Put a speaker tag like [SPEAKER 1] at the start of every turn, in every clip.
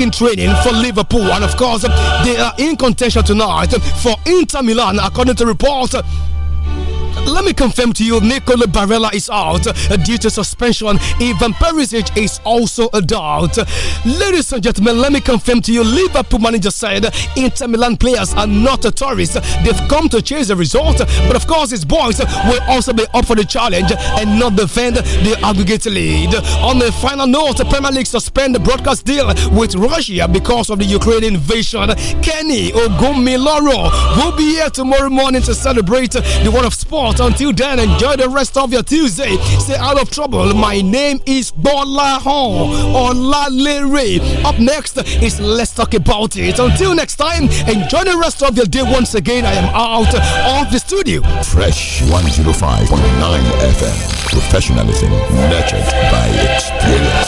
[SPEAKER 1] in training for Liverpool. And of course, they are in contention tonight for Inter Milan, according to reports let me confirm to you, Nicola Barella is out uh, due to suspension. Ivan Perisic is also a doubt. Ladies and gentlemen, let me confirm to you, Liverpool manager said Inter Milan players are not a tourist. They've come to chase a result, but of course his boys will also be up for the challenge and not defend the aggregate lead. On the final note, the Premier League suspend the broadcast deal with Russia because of the Ukraine invasion. Kenny Ogumiloro will be here
[SPEAKER 2] tomorrow morning to celebrate the World of Sport but until then, enjoy the rest of your Tuesday. Stay
[SPEAKER 1] out of trouble. My name is Bola Hon Olalere. Up next is Let's Talk About It. Until next time, enjoy the rest of your day. Once again, I am
[SPEAKER 3] out of the studio. Fresh 105.9 FM. Professionalism nurtured by experience.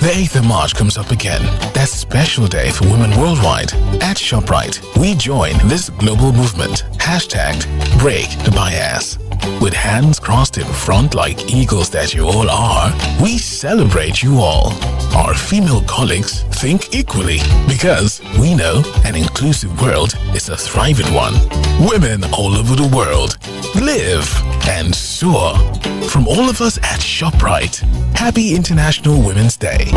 [SPEAKER 4] The 8th of March comes up again. That special day for women worldwide. At ShopRite, we join this global movement. Hashtag break the bias. With hands crossed in front like eagles that you all are, we celebrate you all. Our female colleagues think equally because we know an inclusive world is a thriving one. Women all over the world live and soar. From all of us at ShopRite, happy International National Women's Day.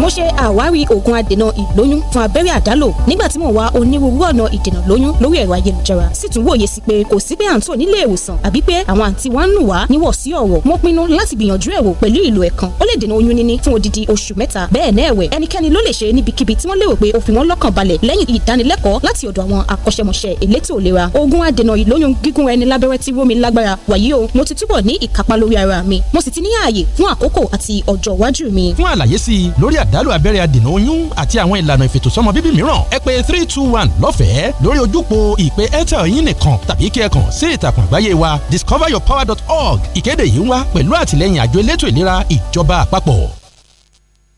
[SPEAKER 5] mo ṣe àwárí oògùn adènà ìlóyún fún abẹ́rẹ́ àdálò nígbà tí mo wá onírúurú ọ̀nà ìdènà lóyún lórí ẹ̀rọ ayélujára sì tún wòye sí pé kò sí pé à ń tò nílé ìwòsàn àbí pé àwọn àǹtí wa ń nù wá níwọ̀ sí ọ̀rọ̀ mo pinnu láti gbìyànjú ẹ̀rọ pẹ̀lú ìlò ẹ̀kan ó lè dènà oyún níní fún odidi oṣù mẹ́ta bẹ́ẹ̀ náà ẹ̀wẹ̀ ẹnikẹ́ni ló lè ṣe níbikíbi tí wọ́n lérò pé ó fi wọ́n lọ́kàn balẹ̀ lẹ́yìn ìdánilẹ́kọ̀ọ́ láti ọ̀dọ̀ àwọn akọ́ṣẹ́mọṣẹ́ elétò ìlera oògùn adènà ìlóyún gígùn ẹni lábẹ́rẹ́ tí rómi lágbára wàyí o mo ti túbọ̀ ní ìkápá lórí ara mi mo sì ti ní ààyè fún àkókò àti ọjọ́ iwájú mi.
[SPEAKER 1] fún àlàyé sí lórí àdálù abẹ́rẹ́ adènà oyún àti àwọn ìlànà ìfètòsọ́mọ bíbí mìíràn ẹ pè three two one lọ́fẹ̀ẹ́ lórí ojúpo ìpè airtel yín nìkan tàbí kí ẹ kàn sí ìtàkùn àgbáyé wa discoveryourpower.org ìkéde yìí ń wá pẹ̀lú àtìlẹ́yìn àjọ elétò ìlera ìjọba àpapọ̀.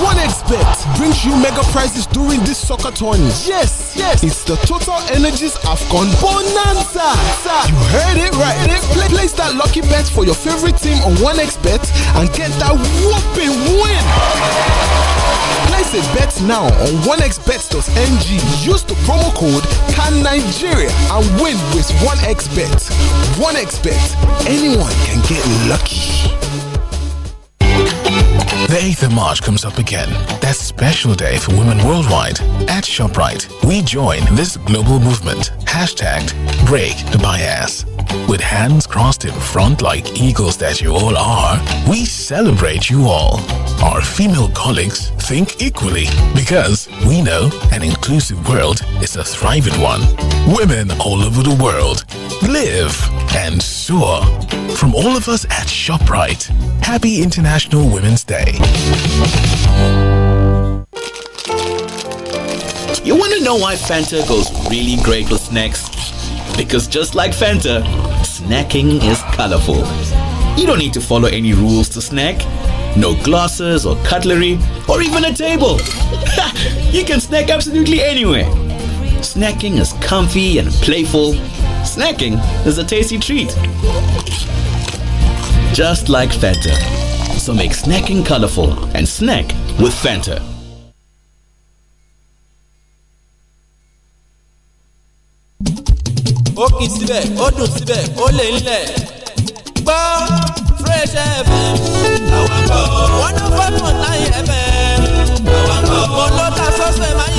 [SPEAKER 4] OneXBet brings you mega prizes during this soccer tournament. Yes, yes, it's the Total Energies AFCON Bonanza. You heard it right. Play, place that lucky bet for your favorite team on OneXBet and get that whooping win. Place a bet now on onexbet.ng. Use the promo code CAN Nigeria and win with One OneXBet, anyone can get lucky. The 8th of March comes up again. That special day for women worldwide. At ShopRite, we join this global movement. Hashtag break the bias. With hands crossed in front like eagles that you all are, we celebrate you all. Our female colleagues think equally because we know an inclusive world is a thriving one. Women all over the world live, and soar. From all of us at ShopRite, happy International Women's Day. You want to know why Fanta goes really great with snacks? Because just like Fanta, snacking is colorful. You don't need to follow any rules to snack. No glasses or cutlery or even a table. you can snack absolutely anywhere. Snacking is comfy and playful Snacking is a tasty treat. Just like Fanta. So make snacking colorful and snack with Fanta.
[SPEAKER 1] síbẹ̀ ó dùn síbẹ̀ ó
[SPEAKER 6] lè gbọ́ fresh fm ló ta sọ́sẹ̀ máa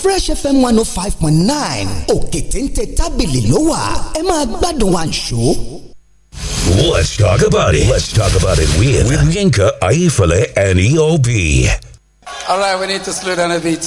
[SPEAKER 7] Fresh FM one oh
[SPEAKER 1] five point nine òkè téńté tábìlì ló wà ẹ máa gbádùn àǹṣó.
[SPEAKER 3] Let's talk about it. Let's talk about it with, with Yinka, Aifale, and EOB. All right, we need to slow down a bit.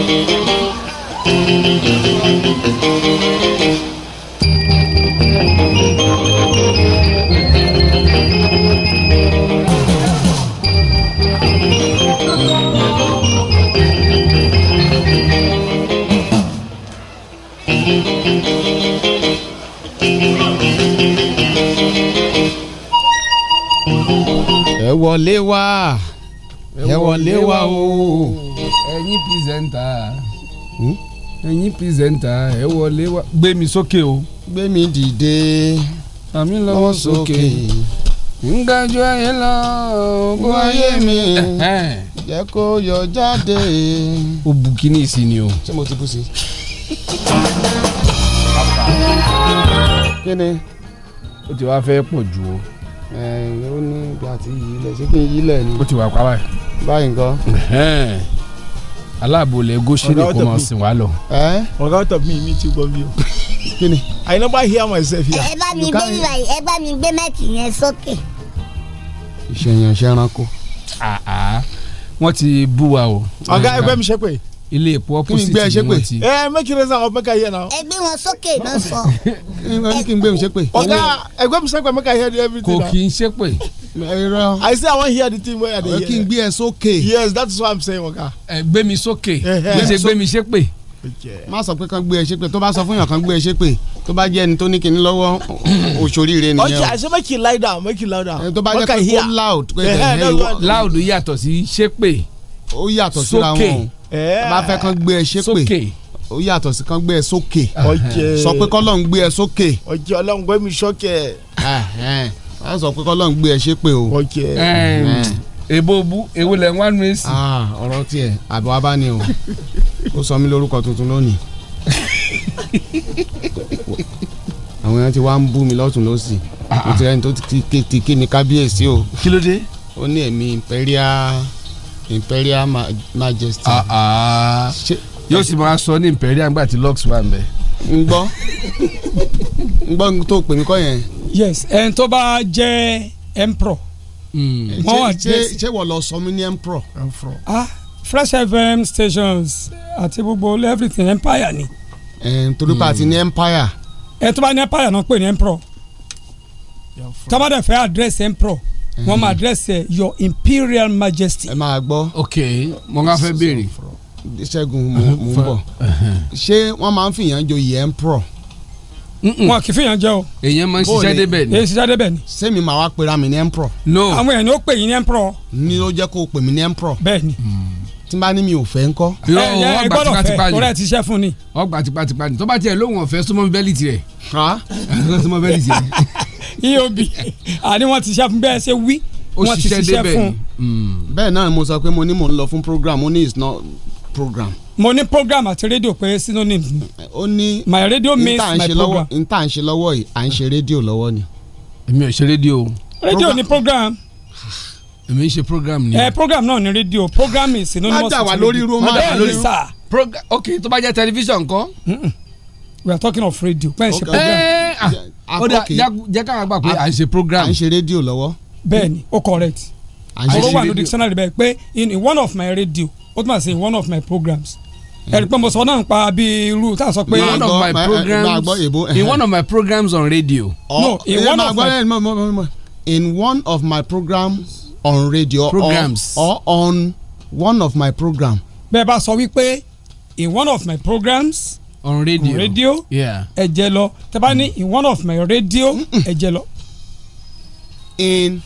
[SPEAKER 2] ẹ wọlé wá
[SPEAKER 8] ẹ wọlé wá
[SPEAKER 2] o ẹ̀yin pírẹsẹ̀ntà hmm? ẹ̀yin pírẹsẹ̀ntà ẹ wọlé wá gbé mi sókè o. gbé mi dìde àmì lọ́wọ́ sókè ngájú ayé lọ ogún ayé mi jẹ́ kó yọ jáde. o bù kíní ìsìn ni o. ṣé mo ti bú sí i. kí ni ó ti wá fẹ́ pọ̀ jù o. ẹ ẹ ó ní ìgbà tí yìí lẹ̀ ṣé kí n yí lẹ̀ ni. ó ti wà pa báyìí. báyìí nǹkan aláàbòlẹ̀ gosiri kò mọ̀ sìn wá lọ.
[SPEAKER 9] ọ̀gá ọ̀tọ̀ mi mi ti gbọ́ bí o. kíni. I never hear myself here. ẹ bá mi gbé ìwà
[SPEAKER 10] ẹ bá mi gbé mẹ́tì yẹn sókè.
[SPEAKER 2] ìṣẹ̀yàn ṣẹranko. wọ́n ti bú wa o. ọ̀gá ẹgbẹ́ mi ṣe pé ilé epo opposite ni wọn ti.
[SPEAKER 9] ẹ mẹ́kì rẹ sàn ọ mẹ́kà yẹ náà. ẹgbẹ́ wọn sókè náà sọ. ẹ ní kí
[SPEAKER 2] n ọ̀gá
[SPEAKER 10] ẹgbẹ́ mi ṣépè mẹ́kà yẹ everything. kò kì í ṣépè. I say I wan
[SPEAKER 2] hear the thing wey I dey hear. Kí n gbé ẹ sókè. Yes that is what I am saying Oga. Ẹ gbé mi sókè. Gbé ṣe gbé mi ṣépè. Má sọ pé kán gbé ẹ ṣépè tó bá sọ fún yàn kán gbé ẹ ṣépè tó bá jẹ́ ẹni tó ní kíní lọ́wọ́ òṣòríire nìyẹn. Ọjà ṣe make you lie down make you lie down. Tó bá jẹ́ pé ó loud. Loud yàtọ̀ sí ṣépè. Ó yàtọ̀ síra wọn. Sókè. Bá fẹ́ kán gbé ẹ ṣépè. Sókè ó yàtọ̀ sí kan gbé ẹ sókè sọ pé kọ́lọ́n gbé ẹ sókè. ọjọ́ ọlọ́run gbé mi sókè a sọ pé kọ́lọ́n gbé ẹ ṣe pé o. èbó bú èwo lẹ̀ ń wá nu èsì. Ah, ọ̀rọ̀ tiẹ̀ àbọ̀ abá ni o ó sọ mí lórúkọ tuntun lónìí àwọn èèyàn ti wá ń bú mi lọ́tún lọ́sì kò ẹni tó ti kí mi kábíyèsí o. kí ló dé. ó ní èmi imperial imperial majesty. Ah, ah. yóò sì máa sọ ní imperial nígbà tí lux wà ń bẹ ń gbọ́ ń gbọ́ tó pè mí kọ́ yẹn. yes ẹni tó bá jẹ́ emperor.
[SPEAKER 8] Hmm. wọ́n
[SPEAKER 2] wà dé. ṣé wọ́n lọ sọ mí ní emperor. ah fresh fm stations àti gbogbo everything empire ni. torí pa àti ní hmm. empire. ẹ tó bá ní empire náà pè ní emperor tó bá dẹ̀ fẹ́ address emperor wọ́n máa hmm. address eh, your imperial majesty. ẹ máa gbọ́. ok mo ń ká fẹ́ béèrè ṣẹ́gun uh-huh. mo ń bọ̀ uh-huh. ṣé wọ́n máa ń fìyàn joyè emperor wọn kì í fìyàn jẹ o. èyàn máa ń ṣiṣẹ́ débẹ̀ ni. èyàn ṣiṣẹ́ débẹ̀ ni. sẹ́mi màá wá pera mi ní emperor. no àwọn èèyàn ni ó pè yín ní emperor. ni ó jẹ́ kó o pè mí ní emperor. bẹ́ẹ̀ni. Hmm. tí n bá ní mi ò fẹ́ ńkọ́. yóò ọgbà tipátipá ni ọ̀rẹ́ ti ṣẹ́ fún ni. ọgbà tipátipá ni tó bá tiẹ̀ lóhùn ọ̀fẹ́ súnmọ́ bẹ́lí tirẹ̀. ha súnmọ́ bẹ́lí tirẹ̀. eob àní wọn ti ṣẹ́ fún bẹ́ẹ̀ ṣe wí wọ́n ti ṣiṣẹ́ fún. bẹ́ẹ̀ hmm. náà mo sọ pé mo ní mò ń lọ fún program mo ní is not program. mo ní program àti rédíò pé synonyms ó ní my radio means my program. n ta n ṣe lọ́wọ́ yìí à ń ṣe rédíò lọ́wọ́ ni. èmi ò ṣe rédíò. rédíò ni program. èmi ń ṣe program ni. ẹ program náà ni rédíò program is synonymous with radio. má dà wá lórí irú má dà lórí sá. ok tó bá jẹ́ tẹlifíṣàn ńkọ́. we are talking of radio. pẹ́ẹ́n ṣe program. Eh, ah, ah, ó dà jẹ́ ká gbà pé à ń ṣe program. à ń ṣe rédíò lọ́wọ́. bẹ́ẹ̀ni o correct. à ń ṣe rédíò. wà ní dictionary bẹ́ẹ̀ pé in one of my radio ó tún máa ṣe one of my programs ẹ̀rí pé mo sọ náà pa bí irú tá a sọ pé one of my programs in one of my programs on radio. no in one of my in one of my programs on radio programs. Or, or on one of my program. bẹ́ẹ̀ bá sọ wípé in one of my programs on radio radio ẹ jẹ́ lọ tẹ́ ní in one of my radio ẹ lọ. in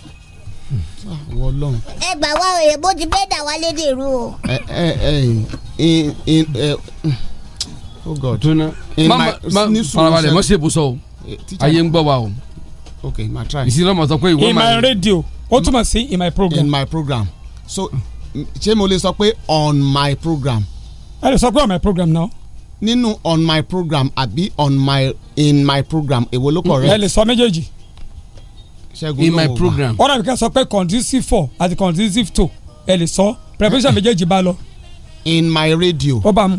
[SPEAKER 2] àwọn Ọlọ́run.
[SPEAKER 10] ẹ gbà wá òye bó ti bẹ́ẹ̀ dà wá lédè rú o.
[SPEAKER 2] ẹ ẹ ẹ ẹ oh god. dunu ní sùúrù sẹ mọ ṣe ibùsọ o eh, ayé ń gbọ́ wa o. ok ma try. ìsinmi ọmọ sọ pé ìwọ máa. in my radio ó túmọ̀ sí in my program. in my program so ṣé mo lè sọ pé on my program. ẹ lè sọ pé on my program náà nínú on my program àbí on my in my program èwo ló correct. ẹ lè sọ méjèèjì in my program. ọ̀rọ̀ àbíkẹ́ sọ pé conducive for àti conducive to ẹ lè sọ preparation méjèèjì bá lọ. in my radio. ọba mu.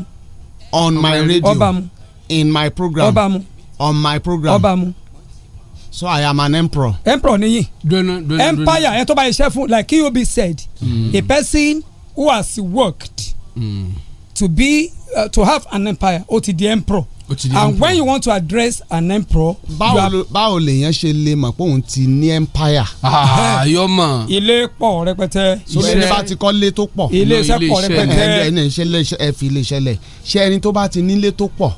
[SPEAKER 2] on my radio. ọba mu. in my program. ọba mu. on my program. ọba mu. so i am an emperor. emperor niyin. dona dona empire ẹ tó bá iṣẹ́ fún like qob said. Mm. a person who has worked. Mm. to be uh, to have an empire ó ti di emperor and when you want to address an emperor. báwo báwo lèèyàn ṣe lè mọ̀ pé òun ti ní empire. ayọ̀ ah, mọ̀. ilé pọ̀ rẹpẹtẹ. sórí ẹni bá ti kọ́ lé tó pọ̀. ilé iṣẹ́ pọ̀ rẹpẹtẹ. ẹni ẹ fi ilé iṣẹ́ lẹ̀ ṣé ẹni tó bá ti nílé tó pọ̀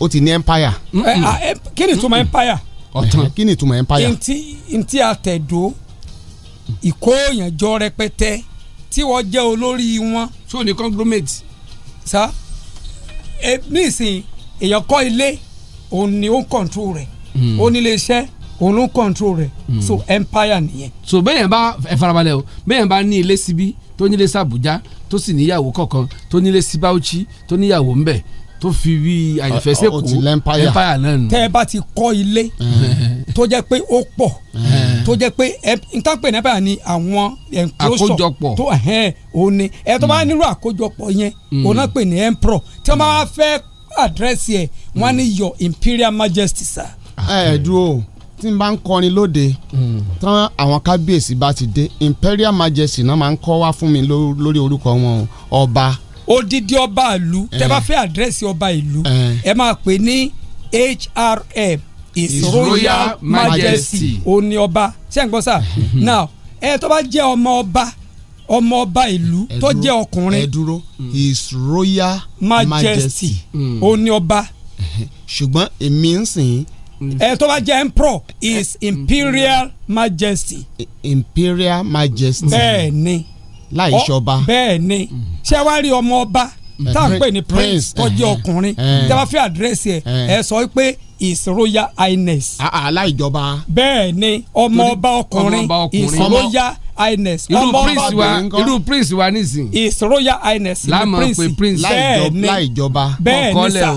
[SPEAKER 2] ó ti ní empire. Eh, ah, kí ni ìtumọ̀ empire. ọ̀tún kí ni ìtumọ̀ empire. ntí ntí àtẹ̀dó ìkóyànjọ rẹpẹtẹ tí wọ́n jẹ́ olórí wọn. so ni conglomerate. sa ní ìsìn èèyàn kọ́ ilé òun ni ó ń control rẹ̀ hmm. ó nílé iṣẹ́ òun ló ń control rẹ̀ hmm. so empire nìyẹn. so bẹ́ẹ̀ yẹn bá ẹ farabalẹ̀ o bẹ́ẹ̀ yẹn bá ní ilé síbí tó nílé sàbújá tó sì níyàwó kọ̀ọ̀kan tó nílé sí Bauchi tó níyàwó ńbẹ tó fi wí àyẹ̀fẹ́sẹ̀ kú empire náà nù. tẹ́ ẹ bá ti kọ́ ilé tó jẹ́ pé ó pọ̀ tó jẹ́ pé ntàpẹ̀ nípa ni àwọn enclosure àkójọpọ̀ tó ẹ̀ ò ní ẹ̀ tó bá hmm. nírú àkójọpọ̀ yẹn òun náà pè ní empro tí wọ́n bá fẹ́ àdírẹ́sì ẹ̀ wọ́n á ní your imperial majesty sir. ẹ dúró tí n bá ń kọrin lóde tán àwọn kábíyèsí bá ti dé imperial majesty náà máa ń kọ́ wá fún mi lórí orúkọ wọn ọba. odidi ọba ìlú tẹ́ bá fẹ́ àdírẹ́sì ọba ìlú ẹ máa pè ní hrm his royal majesty òní ọba ṣé n gbọ́ sá now ẹ tó bá jẹ́ ọmọ ọba ọmọ ọba ìlú tó jẹ́ ọkùnrin. ẹ his royal majesty ó ní ọba. ṣùgbọ́n èmi ń sìn. ẹ tó bá jẹ́ emperor his imperial majesty. imperial majesty. bẹ́ẹ̀ ni. láì ṣọba. bẹ́ẹ̀ ni ṣé wàá rí ọmọ ọba eh, tá à ń pè ní prince tó eh, jẹ́ eh, ọkùnrin tí a bá fẹ́ àdírẹ́sì ẹ̀ ẹ sọ pé his royal highness. Ah, ah, aláìjọba. bẹ́ẹ̀ ni ọmọ ọba ọkùnrin his royal highness. irú prince wa irú prince wa nísìn. his royal highness ni prince prince láìjọba bẹ́ẹ̀ ni sà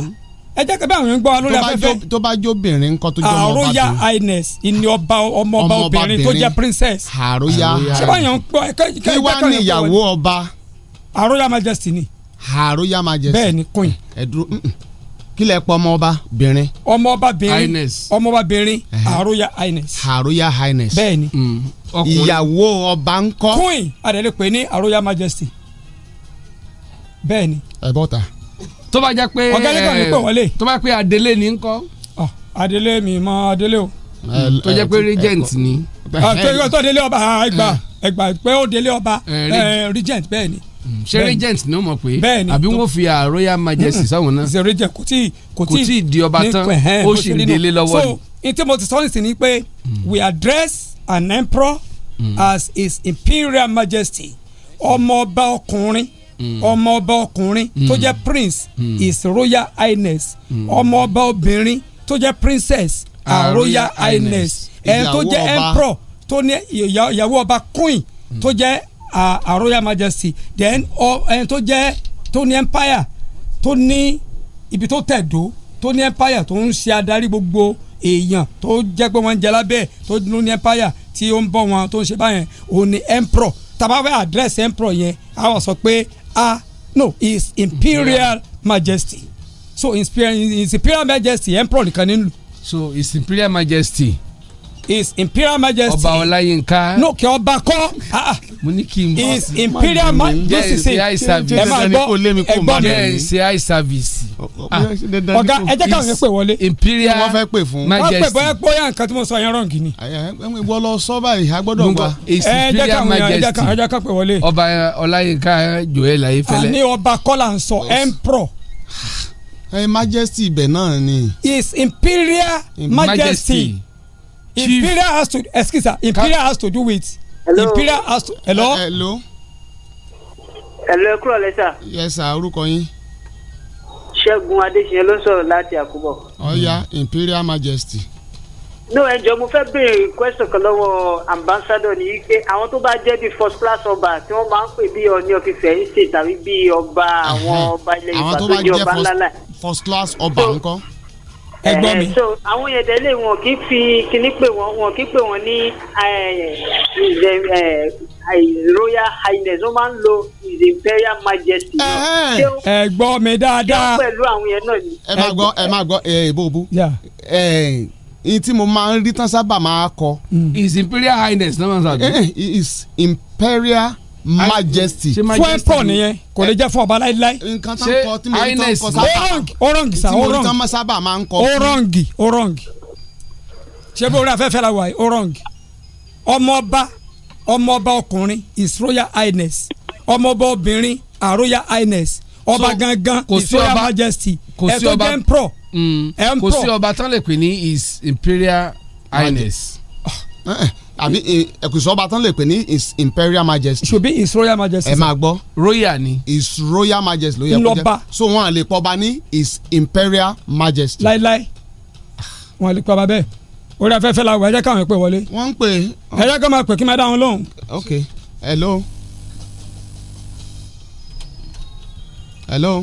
[SPEAKER 2] ẹ jẹ́ kí bá àwọn gbọ́ lórí afẹ́fẹ́. tó bá jóbìnrin nǹkan tó jẹ́ ọmọ ọba tó. royal highness ni ọba ọmọ ọba obìnrin tó jẹ́ princess. àròyà ṣé báyọ̀ ń gbọ́ ẹ kẹ́kẹ́ kí wàá ní ìyàwó ọba. àròyà majesty ni. àròyà majesty. bẹ́ẹ̀ ni queen. ẹ dúró kílẹ̀ pọ̀ ọmọọba bìnrin. ọmọọba bìnrin highness ọmọọba bìnrin àròyà highness. àròyà highness. bẹ́ẹ̀ni. Mm. ìyàwó ọba ń kọ́. queen adẹ́lẹ́ pè ní àròyà majesty. bẹ́ẹ̀ni. ẹ bọ́ ta. tó bá jẹ́ pé ọ̀gá ẹlẹ́kọ̀ọ́ mi pè wọlé. tó bá jẹ́ pé adélé ni ń kọ́. adélé mi mọ adélé o.
[SPEAKER 8] Mm, tó jẹ́ pé regent ni. tó yọ tó délé
[SPEAKER 2] ọba ah, ẹgbà ẹgbà pé ó délé ọba regent bẹ́ẹ̀ni. Mm, ṣé regent ni ó mọ̀ pé àbí wọ́n fi a ah, royal majesty sáwọn náà kò tí kò di ọba tán ó sì délé lọ́wọ́ ni. so n tí mo ti sọ ni pé mm. we address an emperor mm. as his imperial majesty ọmọọba ọkùnrin ọmọọba ọkùnrin tó jẹ́ prince his royal highness ọmọọba obìnrin tó jẹ́ princess her royal highness ẹ̀ tó jẹ́ emperor
[SPEAKER 1] tó ní ìyàwó ọba queen tó jẹ́ our royal majesty then ẹni tó jẹ́ tó ní empire tó
[SPEAKER 2] ní ibi tó tẹ̀dó tó ní empire tó ń ṣe adarí gbogbo èèyàn tó jẹ́ pé wọ́n ń jẹ lábẹ́ tó ní empire tí ó ń bọ̀ wọn tó ń ṣe báyẹn òun ni emperor tàbá fẹ́ address emperor yẹn a wà sọ pé a no his imperial majesty so his imperial majesty emperor nìkan nílùú. so his imperial majesty Is Imperial Majesty. Ọba Ọláyínká. No kí ọba kọ́. Ah, ah. Mo ní kí n bọ̀. His Imperial Majesty. Jẹ́ ìṣe eye service. Ẹ máa gbọ́ ẹgbọ́n mi. Jẹ́ ìṣe eye service. Ọ̀gá ẹ jẹ́ káwọn yẹn pè wọlé. Imperial Majesty. Wọ́n fẹ́ pè fún. Wọ́n pè bóyá bóyá nǹkan tí mo sọ yẹn rọ̀ǹgì ni. Ìwọ lọ sọ báyìí, a gbọ́dọ̀ wá. His Imperial Majesty. Ẹ jẹ́ ká pè wọlé. Ọba Ọláyínká Joel Ayefẹ́lẹ́. Àní ọba Kọ́lá ń sọ Emperor ẹ majesty ibẹ̀ náà ni. his imperial majesty. majesty chief imperial has to excuse me imperial has to do with hello. imperial has to hello. Eh, hello.
[SPEAKER 5] hello ẹ kúrò lẹ́sà.
[SPEAKER 2] yes sir orúkọ yín.
[SPEAKER 5] ṣẹ́gun adéṣe ló sọ̀rọ̀ láti àkúbọ̀.
[SPEAKER 2] ọ̀ya imperial majesty.
[SPEAKER 5] no ẹ jọ̀ọ́ mo fẹ́ béèrè question kan lọ́wọ́ ambassador ní pé àwọn tó bá jẹ́ bí first class ọba tí wọ́n máa ń pè bí ọní ọ̀fíìsẹ̀ ń ṣe tàbí bí ọba àwọn ọba ilẹ̀ Ìbàdàn tó jẹ́ ọba ńlá náà.
[SPEAKER 11] first class ọba ńkọ́. So, ẹ gbọ́ eh, mi.
[SPEAKER 5] so àwọn yẹn tẹ́lẹ̀ wọn kì í fi kíní pè wọ́n wọn kì í pè wọ́n ní eh, eh, royal highness wọ́n máa ń lo his imperial majesty. ẹ gbọ́
[SPEAKER 11] mi dáadáa.
[SPEAKER 5] ṣé pẹ̀lú àwọn yẹn náà ni. ẹ máa gbọ́ ẹ máa
[SPEAKER 2] gbọ́ ìbòbú èyí tí mo máa ń rí tán sábà máa kọ. Mm. his imperial highness náà máa sa. sàdúrà. his imperial majesty. fún ẹ̀pọ̀ nìyẹn kò lè jẹ́ fún ọba láíláí. nǹkan tán kọ tí mo ní tán kọ sábà orangi sa orangi tí mo ní tán sábà máa ń kọ. orangi orangi ṣé bí orí afẹ́fẹ́ la wà yìí orangi ọmọọba ọmọọba ọkùnrin is royal highness ọmọọba obìnrin are royal highness ọba gangan is royal majesty ẹ tó jẹ́ emperor.
[SPEAKER 8] Mm. kò sí ọba
[SPEAKER 2] tán lè pè ní his imperial highness. Eh, eh àbí ẹ̀kùsọ́ba tán lè pè ní imperial majesty. should be his royal majesty. ẹ máa gbọ́ royal ni. his royal majesty ló yẹ kó jẹ́ so wọn à lè pọba ní his imperial majesty. láíláí wọn à lè pọba bẹ́ẹ̀ orí afẹ́fẹ́ la wọ ẹ jẹ́ káwọn pè wọlé. wọ́n ń pè. ẹ jẹ́ máa pè kí n máa dá wọn lóhùn. ok hello. hello.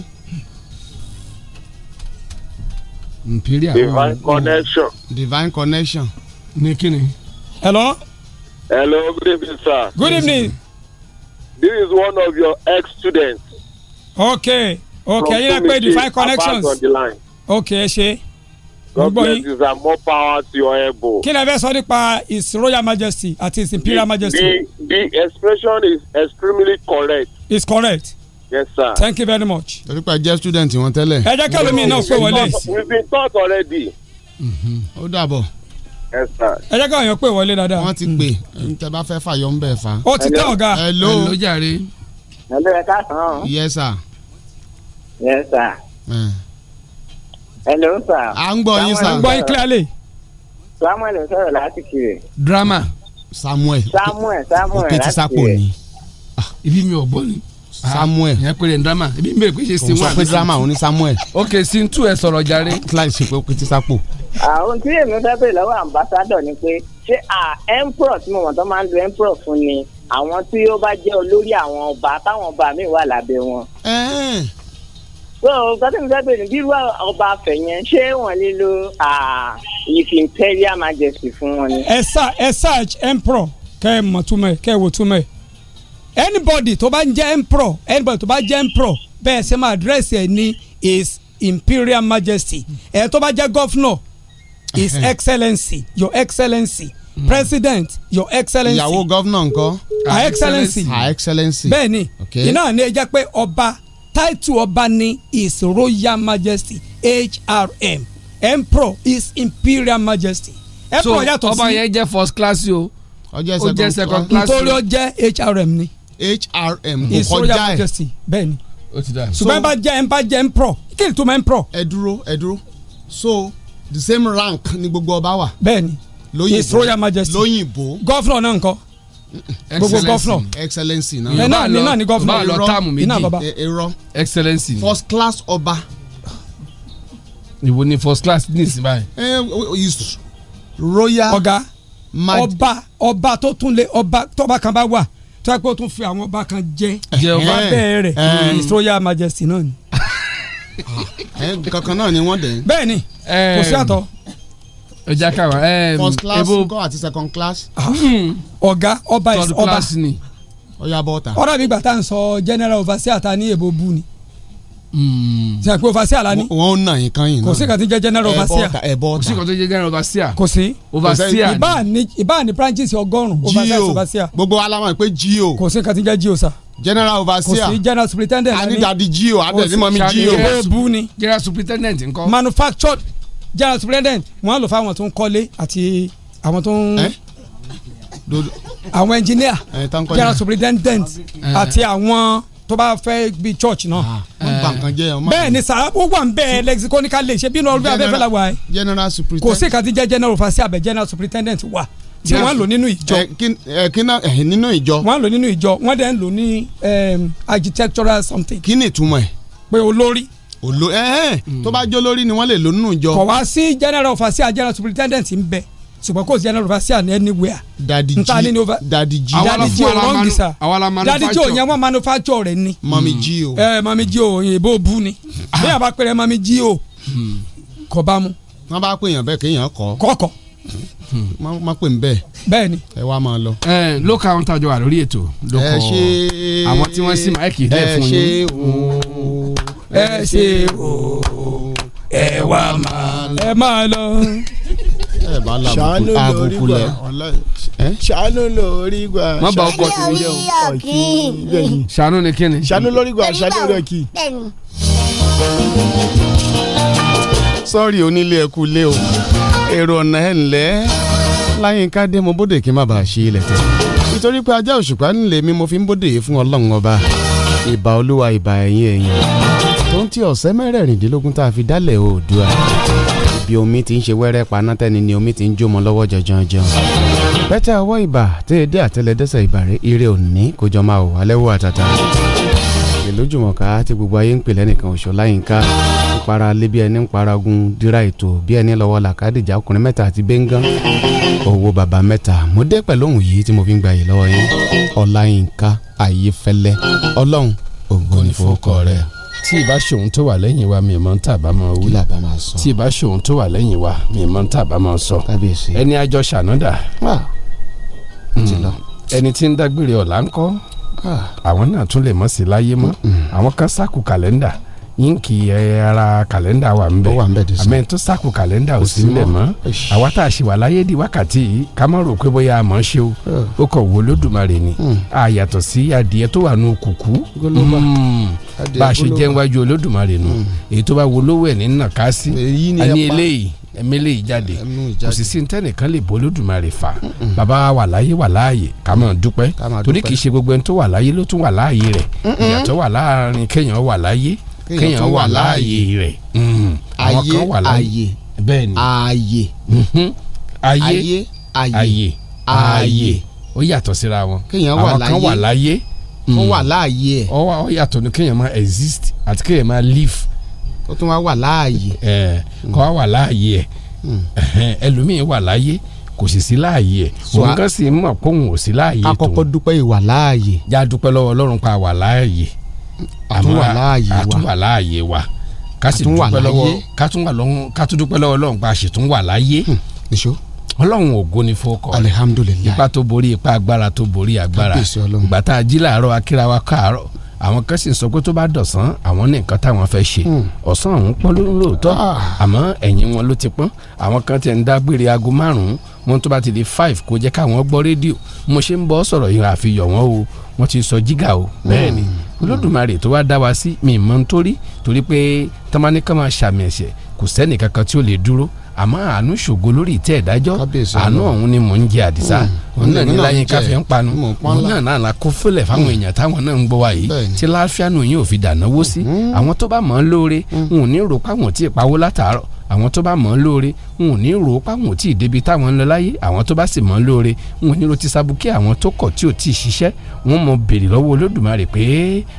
[SPEAKER 2] imperial. divine connection. divine connection. ní kíni. Hello? Hello, good evening, sir. Good evening.
[SPEAKER 11] This is one of your ex-students. Okay. Okay, you like define connections. On the Okay, ẹ ṣe. God bless you, sir. More power to your elbow. Kí ni ẹ fẹ́
[SPEAKER 2] sọ nípa His Royal Majesty àti His Imperial the, Majesty? The,
[SPEAKER 11] the expression is
[SPEAKER 8] extremely correct. It's correct. Yes, sir. Thank
[SPEAKER 2] you very much. torí pa jẹ́ student wọn tẹ́lẹ̀. ẹ jẹ́ kẹ́lómi náà pé wọlé. We've been taught already. Mhm. ó dàbọ̀ ẹ jẹ́ káwọn èèyàn pè wọlé dáadáa. wọ́n ti pè tẹ́ bá fẹ́ fàyọ̀ ń bẹ̀ fa. ó ti tẹ́ ọ̀gá. hello hello
[SPEAKER 6] jàre.
[SPEAKER 5] hello ẹ káàsán. yes sir. yes sir. Eh. hello sir. à ń gbọ́ yín sir. à ń gbọ́ yín clearly. samuel sọ̀rọ̀ láti kiri.
[SPEAKER 2] drama. samuel
[SPEAKER 5] samuel samuel láti kiri. ètò ìsapo
[SPEAKER 2] ni ah, ibi mi ò gbọ́ ni. Ah, samuel. yẹn pé drama ebi n bèrè pé ṣe sin one. kò sọ pé drama òun ni samuel. ok sin two ẹ sọ̀rọ̀ jàre. kíláàsì ṣe pé ó pété sápò.
[SPEAKER 5] àwọn tí èmi fẹ́ bèrè lọ́wọ́ ambassadọ̀ ni pé ṣé emperor tí mo mọ̀ tó máa ń lo emperor fún ni àwọn tí ó bá jẹ́ olórí àwọn ọba táwọn ọba míì wà lábẹ́ wọn. so gbọ́dọ̀ mi fẹ́ bèrè bí irú ọba afẹ́ yẹn ṣé wọ́n lè lo his imperial majesty fún wọn ni.
[SPEAKER 2] ẹ search emperor kẹ́ ẹ mọ̀ túmọ̀ kẹ́ ẹ wò túmọ̀ anybody tó bá ń jẹ́ emperor anybody tó bá jẹ́ emperor bẹ́ẹ̀ ṣe address ẹ̀ ni his imperial majesty ẹ̀ tó bá jẹ́ governor his excellency your excellency hmm. president your excellency. ìyàwó governor ńkọ́. her excellency. her excellency. bẹ́ẹ̀ni iná ni ẹ jẹ́ pé ọba title ọba ni his royal majesty hrm emperor his imperial majesty. emperor yàtọ̀ sí. so ọba yẹn jẹ́ first class o. ó jẹ́ second class o. nítorí ó jẹ́ hrm ni hrm kò kọjá ẹ̀ bẹ́ẹ̀ ni ṣùgbọ́n bá jẹ́ ẹ̀ bá jẹ́ ẹ̀ pro kí ni tó máa ń pro. ẹ dúró ẹ dúró so the same rank ni gbogbo ọba wà. bẹ́ẹ̀ni his royal majesty lóyìnbó gọ́fúnà náà nǹkan gbogbo gọ́fúnà excellency náà ẹ náà ni náà ni gọ́fúnà irọ́ irọ́ táàmù méjì irọ́ excellency first class ọba. ìwo ni first class ní ìsìn royal ọ̀gá ọba ọba tó tún lé ọba tọ́ba kan bá wà tẹ́pẹ́ tún fi àwọn ọba kan jẹ́ ọba bẹ́ẹ̀ rẹ̀ his royal majesty náà ni. kankan ah, náà ni wọ́n dẹ̀. bẹ́ẹ̀ ni kò sí àtọ. ọjà káwa first class kọ́ àti second class. Ah, ọ̀gá ọba ọba ọ̀yà bọ́ta. ọ̀rọ̀ mi gbà tá à ń sọ general overseer ta ní èbó bú ni sẹ hmm. pé overseer la ni. wọn ò nà yín kan yìí náà. kò sí kàtí jẹ general overseer. ẹ bọ ta kò sí kàtí jẹ general overseer. kò sí overseer ni. ìbá ni ìbá ni branches ọgọ́rùn-ún overseer overseer. gbogbo alamọ pé gio. kò sí kàtí jẹ gio sa. general overseer. kò sí general superintendent. ani dadi gio adẹni mami gio. o bu ni. general superintendent ńkọ́. manufactured general superintendent wọn lò fáwọn tó ń kọ́lé àti àwọn tó ń àwọn engineer general superintendent àti àwọn tó bá fẹ́ bí church náà. Ah, bẹ́ẹ̀ ni sara ó wà ń bẹ́ẹ̀ lexiconical lè ṣe bí inú ọlọ́dún abẹ́fẹ́ la wà yìí kò sí ìkàtí jẹ́ general overseer abẹ́ general superintendent wà tí wọ́n lò nínú ìjọ. Eh, eh, eh, nínú ìjọ. wọ́n lò nínú ìjọ wọ́n dẹ̀ ń lò ní architectural something. kí ni ìtumọ̀ ẹ̀. pé olórí olo ẹ ẹ hmm. tó bá jó lórí ni wọn lè lò nínú ìjọ. kọ̀wá sí general overseer general superintendent ń bẹ ṣùgbọ́n kò sí ẹni olùfàṣà ní anywhere. dadi ji ntaani ni o fa dadi ji dadi ji o wrong sa dadi ji o yẹn wọn manufacture rẹ ni. mami ji hmm. o. ẹ eh, mami ji o òyìnbó bu ni ah. bí yàrá bá pèrè mami ji o kò bá mu. wọn bá pè yàn bẹ́ẹ̀ kéèyàn kọ. kọkọ. Hmm. má pè ń bẹ́ẹ̀. bẹ́ẹ̀ ni. ẹ wá máa lọ. Eh, ẹ ló ka tajọ wà ètò. ẹ ṣe àwọn tí wọ́n sì máa kì fún yín. ẹ ṣe o ẹ ṣe o ẹ wá máa lọ. ẹ máa lọ ẹ bá la àbùkù lórí gbà má bá ọkọ tèmi jẹ
[SPEAKER 8] o
[SPEAKER 2] ṣàánú ni kíni ṣàánú lórí gbà ṣàánú lórí ọkì. sọ́ọ̀rì onílé ẹ̀kú lé o èrò ọ̀nà ẹ̀ ńlẹ́ láyínká dé mo bóde kí n má bàa ṣe ilẹ̀ tẹ̀ nítorí pé ajá òṣùpá ńlẹ̀ mi mo fi ń bóde fún ọlọ́run ọba ìbà olúwa ìbà ẹ̀yìn ẹ̀yìn tó ń ti ọ̀sẹ̀ mẹ́rẹ̀ẹ̀rìndínlógún tá a fi dálẹ̀ oòdùà bí omi ti ń ṣe wẹ́rẹ́ paná tẹ́ni ni omi ti ń jómọ lọ́wọ́ jọjọjọ. pẹ́tẹ́ ọwọ́ ìbà tí èdè àtẹlẹdẹsẹ̀ ìbàrẹ̀ ire òní kò jọ máa wà lẹ́wọ́ àtàtà. ìlójúmọ̀ká tí gbogbo ayé ń pè lẹ́nìkan òṣò láyínká ń para lé bí ẹni ń paragun dira ètò bí ẹni lọ́wọ́ làkàdìjà ọkùnrin mẹ́ta àti bẹ́ngàn owó bàbá mẹ́ta mo dé pẹ̀lú ohun yìí tí mo fi ń gba yìí lọ́wọ́ yín ọláyínká ayéfẹ́lẹ́ ọlọ́run ògo ni rẹ̀ tí ìbá ṣòun tó wà lẹ́yìn wa mi mọ́ tá a bá máa wí tí ìbá ṣòun tó wà lẹ́yìn wa mi mọ́ tá a bá máa sọ ẹni àjọ ṣànádà hmm. ẹni tí ń dágbére ọ̀la ń kọ́ àwọn náà tún lè mọ̀ sí láyé mọ́ àwọn kan sákù kàlẹ́ndà yín kì í ara kàlẹ́ndà wà ń bẹ àmẹ́ tó sákù kàlẹ́ndà ò sí lẹ̀ mọ́ àwa tá a ṣì wà láyé di wákàtí yìí ká má rò pé bóyá a mọ̀ ṣe o ó kàn wo Olódùmarè ni hmm. a yàtọ̀ sí adìẹ tó wà nù kùkú bá a ṣe jẹ́ níwájú olódùmarè nù hmm. èyí tó bá wo lówó ẹ̀ ní nàkásí àní eléyìí ẹmílẹ̀ ìjáde kò sì sí ntẹ́nìkan lè bọ́ olódùmarè fà bàbá wà láyé wà láàyè ká máa dúpẹ́ torí kì í ṣe gbogbo ẹni tó wà láyé ló tún wà láàyè rẹ̀ ìyàtọ̀ wà láàrin kéèyàn wà láyé kéèyàn wà láàyè
[SPEAKER 8] rẹ̀ mm.
[SPEAKER 2] àwọn kan bẹ́ẹ̀ ni ààyè ààyè ààyè ààyè ó yàtọ̀ síra wọn àwọn kan wà láyé ó hmm. wà láàyè ẹ̀. ọ wà yàtọ̀ ní kéèyàn máa exist àti kéèyàn máa live. ó tún wá wà láàyè. ẹ hmm. kọ́ wá wà láàyè ẹ̀ hmm. ẹlòmíín wà láàyè kò sì sí láàyè ẹ̀ òun kan sì mọ̀ pé òun ò sí láàyè tó. àkọ́kọ́ dúpẹ́ ìwà láàyè. já dúpẹ́ lọ́wọ́ Ọlọ́run pa wà láàyè. àtúwà láàyè wa àtúwà láàyè wa ká sì dúpẹ́ lọ́wọ́ ká tún dúpẹ́ lọ́wọ́ Ọlọ́run pa àṣetún wà láàyè. nìṣó ọlọ́run ògo ni fún ọkọ alihamudulilayi ipa tó borí ipa agbára tó borí agbára ìgbà tá a jí làárọ̀ akírawa káàárọ̀ àwọn kan sì sọ pé tó bá dọ̀sán àwọn ní nǹkan táwọn fẹ́ ṣe hmm. ọ̀sán ọ̀hún pọ́n ló ah. àmọ́ ẹ̀yìn wọn ló ti pọ́n àwọn kan ti ń dágbére aago márùn-ún wọn tó bá ti di five kó jẹ́ káwọn gbọ́ rédíò mo ṣe ń bọ́ sọ̀rọ̀ yìí àfihàn wọn o wọ́n ti sọ jígà o hmm. bẹ́ẹ̀ ni olódùmarè tó wá dá wa sí mi mọ́ nítorí torí pé tọ́mọ́nìkan máa ṣàmì ẹ̀ṣẹ̀ kò sẹ́nìkankan tí ó lè dúró àmọ́ àánú ṣògo lórí ìtẹ́ ìdájọ́ àánú ọ̀hún ni mò ń jẹ àdìsá mm. òun náà ní láyé káfíń ń panu òun náà náà la kó fúlẹ̀ fáwọn mm. èèyàn táwọn náà ń gbọ́ wa yìí tí láfíàánú yìí ò fi dànáwó sí mm-hmm. àwọn tó bá mọ̀ ọ́n lóore mm. n ò ní rò páwọn tí ì pawó látàárọ̀ àwọn tó bá mọ̀ ọ́n lóore n ò ní rò páwọn tí ì débi táwọn ń lọ láyé àwọn tó bá sì mọ̀ ọ́n lóore n ní rò ti sabuké àwọn tó kọ̀ tí ò tí ṣiṣẹ́ wọ́n mọ̀ béèrè lọ́wọ́ Olódùmarè pé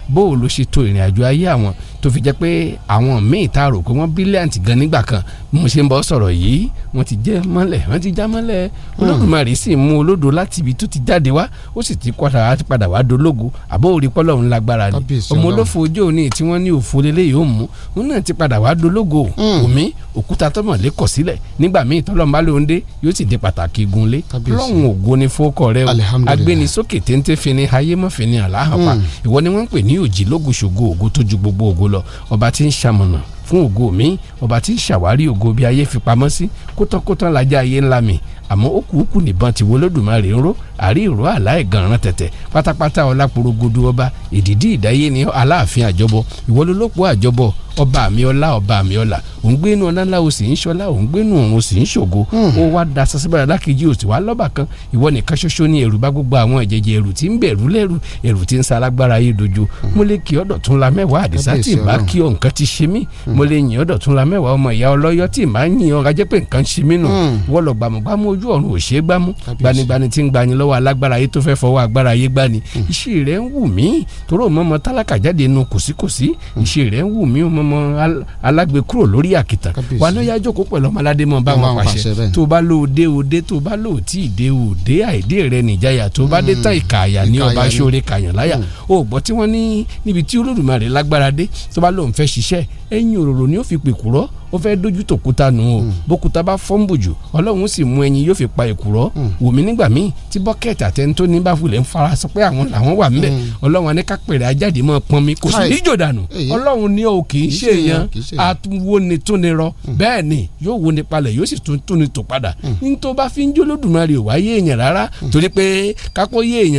[SPEAKER 2] bóò ṣe to ìrìn àjò ayé àwọn tó fi jẹ́ pé àwọn míì tá a rò pé wọ́n brilliant gan nígbà kan mo ṣe ń bọ́ sọ̀rọ̀ yìí wọ́n ti jẹ́ mọ́lẹ̀ wọ́n ti já mọ́lẹ̀ hmm. olódùmarè sì mú olódo láti ibi tó ti jáde wá ó sì ti kọ́ta padà wá dológo àbọ̀ òrí pọ́lọ́run lágbára ni ọmọ olófo ojú òní tí wọ́n ní òfo lélẹ̀ yóò mú òun náà ti padà wá dológo omi hmm. òkúta tọmọlé kọ̀ sílẹ̀ nígbà míì tọ́lọ́mbá ló ń dé yóò sì di pàtàkì gunlé lọ́hùn ògo ni fọ́kọ̀ rẹ o agbénisókè téńté fini ayé mọ́fini àlàáhàpá hmm. ìwọ ni wọ́n ń pè ní òjì lógùṣògo ògo tó gbogbo ògo lọ ọba tí ń ṣamọ̀nà fún ògo mi ọba tí ń ṣàwárí ògo bí ayé fipamọ́ sí kótọ́kótọ́ lajá ayé ńlá mi àmọ́ ó kúkú nìbọn tí wọlódùmarè ń ró àrí ìró àláìganran tẹ̀tẹ̀ pátápátá ọláporogodo ọba ìdìdí ìdáyé ni aláàfin àjọbọ ìwọlólópó àjọbọ ọba àmì ọlá ọba àmì ọlá òun gbénu ọlánlá o sì ń ṣọlá òun gbénu òun sì ń ṣògo hmm. ó wá da sasibara lákejì wá lọ́ba kan ìwọ nìkan ṣoṣo ni ẹ̀rù bá gbogbo àwọn ẹ̀jẹ̀jẹ̀ ẹ̀rù tí ń bẹ̀rù lẹ́rù ẹ̀rù tí ń salágbára yìí dojú hmm. mo lè kí ọ̀dọ̀ tún la mẹ́wàá àdìsá tí ì bá kí ọ nǹkan ti ṣe mí hmm. mo yìn ọ̀dọ̀ tún la mẹ́wàá ọmọ ìyá ọlọ́yọ́ mo yin ì máa ń i ojú ọ̀run ò ṣe é gbámú gbanigbani tí ń gbani lọ́wọ́ alágbára ayé tó fẹ́ fọwọ́ agbára ayé gbani iṣẹ́ hmm. rẹ̀ ń wù mí toró mọ́mọ́ tálákà jáde nu kòsíkòsí iṣẹ́ hmm. rẹ̀ ń wù mí mọ́mọ́ alágbe kúrò lórí àkìtàn wà ló yá jókòó pẹ̀lú ọmọládé mọ́ bá wọn pàṣẹ tó bá lò dé òde tó bá lò tí ì dé òde àìdé rẹ̀ nìjáyà tó bá dé hmm. tán ìkààyà ní ọba ṣoore kàyàn láyà ó gbọ́ tí wọ́n ní níbi tí Olódùmarè lágbára dé tó bá lóun fẹ́ ṣiṣẹ́ ẹ̀yìn òróró ni ó fi pèkúrọ́ ó fẹ́ dojú tòkúta nù o hmm. bókúta bá fọ́nbù jù ọlọ́run sì mú ẹyin yóò fi pa èkùrọ́ hmm. wòmí nígbà míì tí bọ́kẹ́tì àtẹ́ntó ní báfulẹ̀ ń fara sọ pé àwọn làwọn wà ńbẹ̀ hmm. ọlọ́run ní kápẹ̀rẹ̀ ajáde mọ́ pọn mi kò sí níjò dànù ọlọ́run ní o kì í ṣe èèyàn àtúwóni túni rọ bẹ́ẹ̀ ni yóò wo ni palẹ̀ yóò sì túni tò padà ní bá fi ń jó lódùmarè wáyé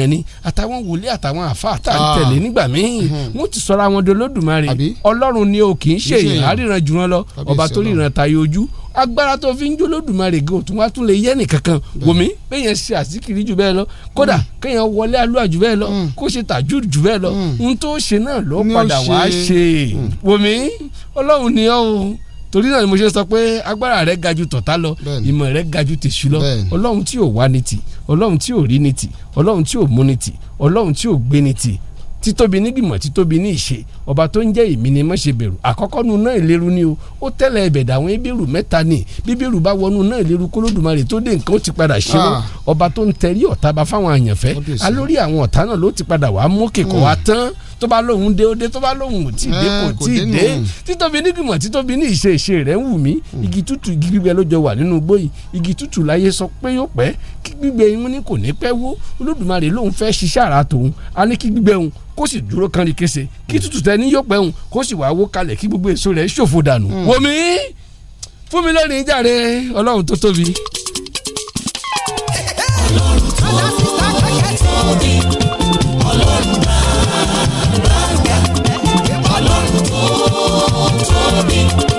[SPEAKER 2] ni àtàwọn wòlé àtàwọn àfa àtàntẹ̀lé ah. nígbà míì wọ́n ti sọra ọba tó lè ràn tayọ ojú agbára tó fi ń jó lódùmarè gan òtún wá tún lè yẹ́ nìkankan wòmí péyàn ṣe àsìkiri jù bẹ́ẹ̀ lọ kódà hmm. kéèyàn wọlé alúwà jù bẹ́ẹ̀ lọ hmm. kó ṣe tàjú jù bẹ́ẹ̀ lọ hmm. ohun tó ṣe náà ló padà wá ṣe wòmí ọlọ́run ni ọ́ o torí náà ni mo ṣe sọ pé agbára rẹ ga ju tọ̀tá lọ ìmọ̀ rẹ ga ju tèṣù lọ ọlọ́run tí ò wá ní ti ọlọ́run tí ò rí ní ti ọlọ́run tí ò mú ní ti ọlọ́run tí ò gbé ní ti títóbi nígbìmọ̀ títóbi ní ìṣe ọba tó ń jẹ́ èmi ni mọ́ ṣe bẹ̀rù àkọ́kọ́ nu náà ìléru ni o ó tẹ́lẹ̀ ẹ̀bẹ̀ dàwọn ebèrú mẹ́ta ni bíbèrú bá wọnú náà ìléru kólódùmarè tó dé nǹkan ó ti padà ṣe wọn ah. ọba tó ń tẹrí ọ̀tá bá fáwọn àyànfẹ́ alórí àwọn ọ̀tá náà ló ti padà wàá mókè kó wa hmm. tán. Mm tó bá lóhùn dé ó dé tó bá lóhùn ò tí ì dé eh, kò tí ì dé títóbi nígbìmọ̀ títóbi ní ìṣe rẹ̀ ń wù mí hmm. igi tútù igi gbígbẹ ló jọ wà nínú igbó yìí igi tútù láyé sọ pé yóò pẹ́ kí gbígbẹ yín ní kò ní pẹ́ wó olódùmarè lóhùn fẹ́ ṣiṣẹ́ àrà tòun á ní kí gbígbẹ òun kó sì dúró kan rí kése kí hmm. tútù tẹ ní yóò pẹ́ òun kó sì wá wó kalẹ̀ kí gbogbo èso rẹ̀ ṣòfò dànù hmm. wòmí fún mi lónìí jàre ọlọ́run tó tóbi. ọlọ́run tó tóbi
[SPEAKER 8] ọlọ́run tó tóbi.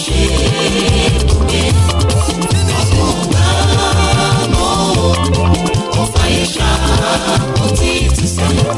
[SPEAKER 8] Thank you.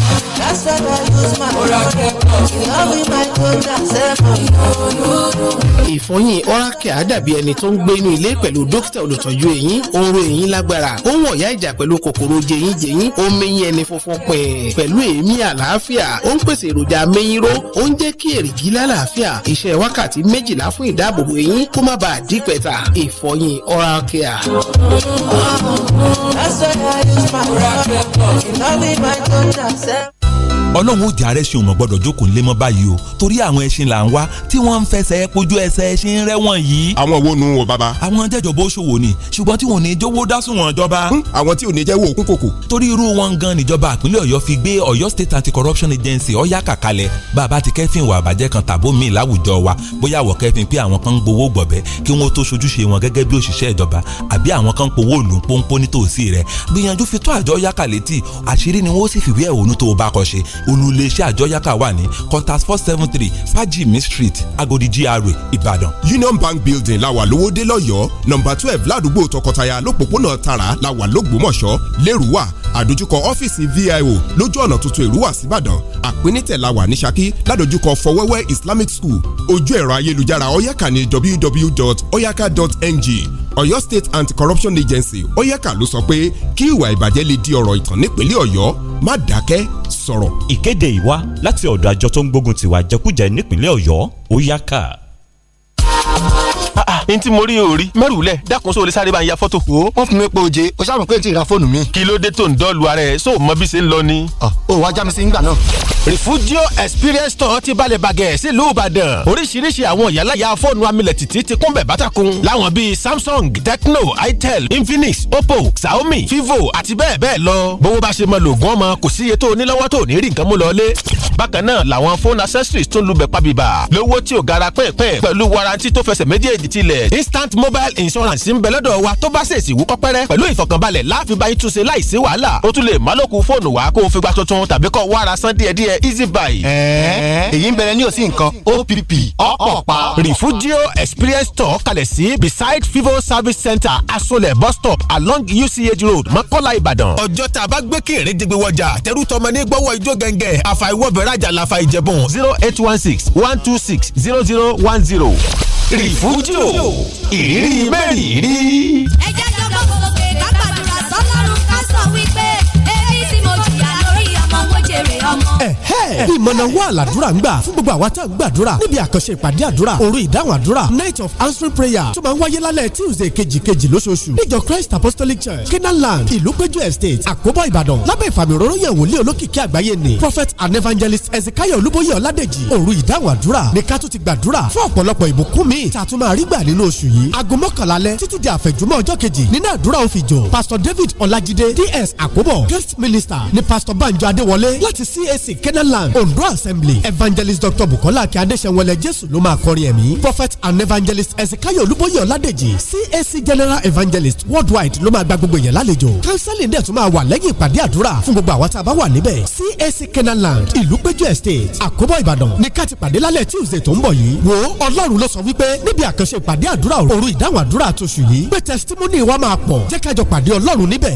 [SPEAKER 6] That's why I use my phone. You love me, my good, that's ìfọyín
[SPEAKER 2] ọ́rákẹ́ àdàbí ẹni tó ń gbé inú ilé pẹ̀lú dókítà olùtọ́jú eyín oró eyín lágbára ó ń wọ̀yá ìjà
[SPEAKER 1] pẹ̀lú kòkòrò jẹyínjẹyín ó ń mẹyín ẹni funfun pẹ̀ẹ́ pẹ̀lú èémí àlàáfíà ó ń pèsè èròjà mẹyìnró ó ń jẹ́ kí èrìgì lálàáfíà iṣẹ́ wákàtí méjìlá fún ìdáàbòbò eyín kó má bàa dí pẹ̀ta ìfọyín ọ́rákẹ́ à.
[SPEAKER 6] That's why I use my phone
[SPEAKER 1] ọlọ́run ó jẹ́ arẹ́sìn ò mọ̀ gbọ́dọ̀ jókòó ńlẹ́ mọ́ báyìí o torí àwọn ẹṣin là ń wá tí wọ́n ń fẹsẹ̀ kojú ẹsẹ̀ ẹṣin rẹ́wọ̀n yìí. àwọn wo nu wo bàbá. àwọn jẹjọ bó ṣòwò ni ṣùgbọ́n tí wọn ò ní jówó dásùn wọn jọba. àwọn tí ò ní jẹ́ wo òkú kòkò. torí irú wọn gan níjọba àpínlẹ̀ ọ̀yọ́ fi gbé ọ̀yọ́ state anti-corruption agency ọ̀yá kàkalẹ̀ bàbá ti kẹ́fìn wà bàjẹ́ kan tàbó mi láwùjọ wa bóyá àwọ̀ kẹ́fìn pé àwọn kan ń gbowó gbọ̀bẹ́ kí wọ́n tó ṣojúṣe wọn gẹ́gẹ́ bí òṣìṣẹ́ ìjọba àbí àwọn kan ń powó òlù ń pónpó nítòsí rẹ̀ olùléṣẹ́ àjọyàká wà ní contact four seven three fajimi street agodi gra ìbàdàn. union bank building làwà lówódé lọ́yọ́ọ́ nọ́mbà twelve ládùúgbò tọkọtaya lọ́pọ̀pọ̀nà tara làwà lógbómọ̀ṣọ́ lẹ́rùwà àdójúkọ ọ́fíìsì vio lójú ọ̀nà tuntun ìrúwà síbàdàn àpínítẹ̀ làwà ní ṣakí ládójúkọ fọwẹ́wẹ́ islamic school ojú ẹ̀rọ ayélujára oyaka ní www.oyaka.ng Ọ̀yọ́ State Anti-Corruption Agency oyeka ló sọ pé kí ìwà ìbàjẹ́ lè di ọ̀rọ̀ ìtàn nípínlẹ̀ Ọ̀yọ́ má dákẹ́ sọ̀rọ̀. Ìkéde ìwá láti ọ̀dọ̀ àjọ tó ń gbógun tiwa jẹkújẹ nípínlẹ̀ Ọ̀yọ́ oyeka. Ah, ah, n tí mo rí o rí mẹ́rù dákun sóò lè sáré bá ń ya fọ́tò. o wọ́n fún mi pé oje o ṣàmì pé n ti ra fóònù mi. kí ló dé tó ń dọ́ọ̀lù ara ẹ̀ sóò mọ bí ṣe ń lọ ni. Ah, o wá já mi sí ngbà náà. Refugio Experience Store ti balẹ̀ bàgẹ́ sílùú Ìbàdàn oríṣiríṣi àwọn ìyálàyà fóònù amilẹ̀ títí ti kún bẹ̀ bátakùn láwọn bíi Samsung Tecno Itel Infinix Oppo Xiaomi Vivo àti bẹ́ẹ̀ bẹ́ẹ̀ lọ bówó bá ṣe mọ lògùn ọmọ kò sí iye tó ní ní accessories tún lubẹ̀ pabìbà lówó tí ò gara pẹ́ẹ́pẹ́ẹ́ pẹ̀lú warranty tó fẹsẹ̀ méjèèjì di tilẹ̀ instant mobile insurance ń bẹ lọ́dọ̀ wa tó bá ṣèṣì wú kọ́pẹ́rẹ́ pẹ̀lú ìfọ̀kànbalẹ̀ láàfin bá ìtúnṣe láìsí wàhálà ó tún lè má lókun fóònù wa kó o fi gba tuntun tàbí kọ́ wàrà san díẹ̀díẹ̀ easy buy. ẹ̀ẹ́ èyí ń bẹ̀rẹ̀ ní òsì nǹkan OPP ọ̀pọ̀pá. refugio experience store kalẹ̀ sí beside vivo service center asolẹ̀ bus stop along UCH road Mọ́kọ́lá Ìbàdàn. ọjọ́ tá a bá gbé kéré dégbé wọjà tẹ́rù tọmọ ní gbọ́wọ́ ijó gẹ́ngẹ́ àfàìwọ́bẹ̀rẹ̀ àjàlá àfàìjẹ̀bùn zero eight one six one two six zero zero one zero rìfújò ìrírí mẹ́rìírí. ẹ jẹ́ jọgbọ́n gbogbo. ìmọ̀nà wà làdúrà ń gbà fún gbogbo àwa tá à ń gbàdúrà níbi àkànṣe ìpàdé àdúrà òru ìdáhùn àdúrà night of answering prayer tó máa ń wáyé lálẹ́ tuesday kejìkejì lóṣooṣù níjọ christ apostolic church kenaland ìlúpéjú estate àkóbọ̀ ìbàdàn lábẹ́ ìfàmì òróró yẹn wòlíì olókìkí àgbáyé ni prophet and evangelist ezekiel olúbóyè ọládèjì òru ìdáhùn àdúrà ní ká tún ti gbàdúrà fún ọ̀pọ̀lọpọ̀ ìbùkún mi tá a tún máa rí gbà nínú oṣù yìí aago mọ́kànlá alẹ́ títí di àfẹ̀júmọ́ ọjọ́ kejì nínú àdúrà òfìjò pastor david ọlájídé ds àkóbọ̀ guest minister ni pastor banjo adéwọlé láti cac kenaland Wonderland Ondo Assembly evangelist Dr. Bukola akíndéṣẹ́wọlẹ̀ Jésù ló máa kọrin ẹ̀mí prophet and evangelist Ezekiel Olúbóyè Ọládèjì CAC general evangelist worldwide ló máa gba gbogbo èèyàn lálejò counseling dẹ̀ tún máa wà lẹ́yìn ìpàdé àdúrà fún gbogbo àwọn tá a bá wà níbẹ̀ CAC Kenaland Ìlúpéjú estate Àkóbọ̀ Ìbàdàn ní ká ti pàdé lálẹ́ Tuesday tó ń bọ̀ yìí wò ó Ọlọ́run ló sọ wípé níbi àkànṣe ìpàdé àdúrà òru ìdáhùn àdúrà àtòṣù yìí pé testimony wa máa pọ̀ jẹ́ kájọ pàdé Ọlọ́run níbẹ̀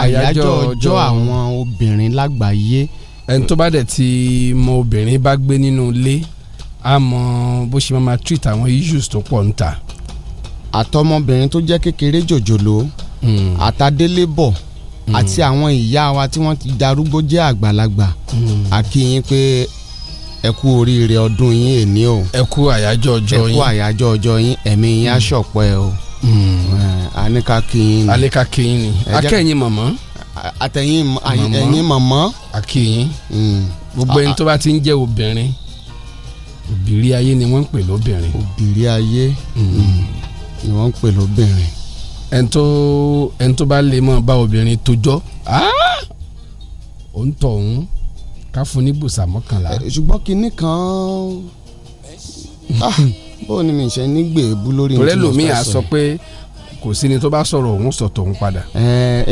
[SPEAKER 2] àyájọ́ ọjọ́ àwọn obìnrin lágbàáyé ẹni tó bá dẹ̀ ti mọ obìnrin bá gbé nínú ilé á mọ bó ṣe máa treat àwọn issues tó pọ̀ níta. àtọmọbìnrin tó jẹ́ kékeré jòjòló hmm. àtàdélébọ̀ hmm. àti àwọn ìyá wa tí wọ́n ti darúgbó jẹ́ àgbàlagbà àkíyín hmm. pé ẹ kú oríire ọdún yín èní o ẹ kú àyájọ́ ọjọ́ yín ẹ kú àyájọ́ ọjọ́ yín ẹ̀mí yín á ṣọ̀pẹ́ o àníkàkíyín eh, ni àníkàkíyín ni akẹ́yìn mọ̀mọ́ àtẹ̀yìn ẹ̀yìn màmá. àkìyìn mm. gbogbo ẹni tó bá ti ń jẹ́ obìnrin òbírí ayé ni wọ́n ń pè lóbìnrin. òbírí ayé mm. Mm. ni wọ́n ń pè lóbìnrin. ẹni tó ẹni tó bá lè mọ̀ bá obìnrin tó jọ́ òun tọ̀ òun ká fún ní gbòòsà mọ́kànlá. Eh, ṣùgbọ́n kinní kan ah, bó ni mi ṣe ní gbèébú lórí. torí ẹlòmíì á sọ pé kò sí ni tó bá sọ̀rọ̀ òun sọ tòun padà.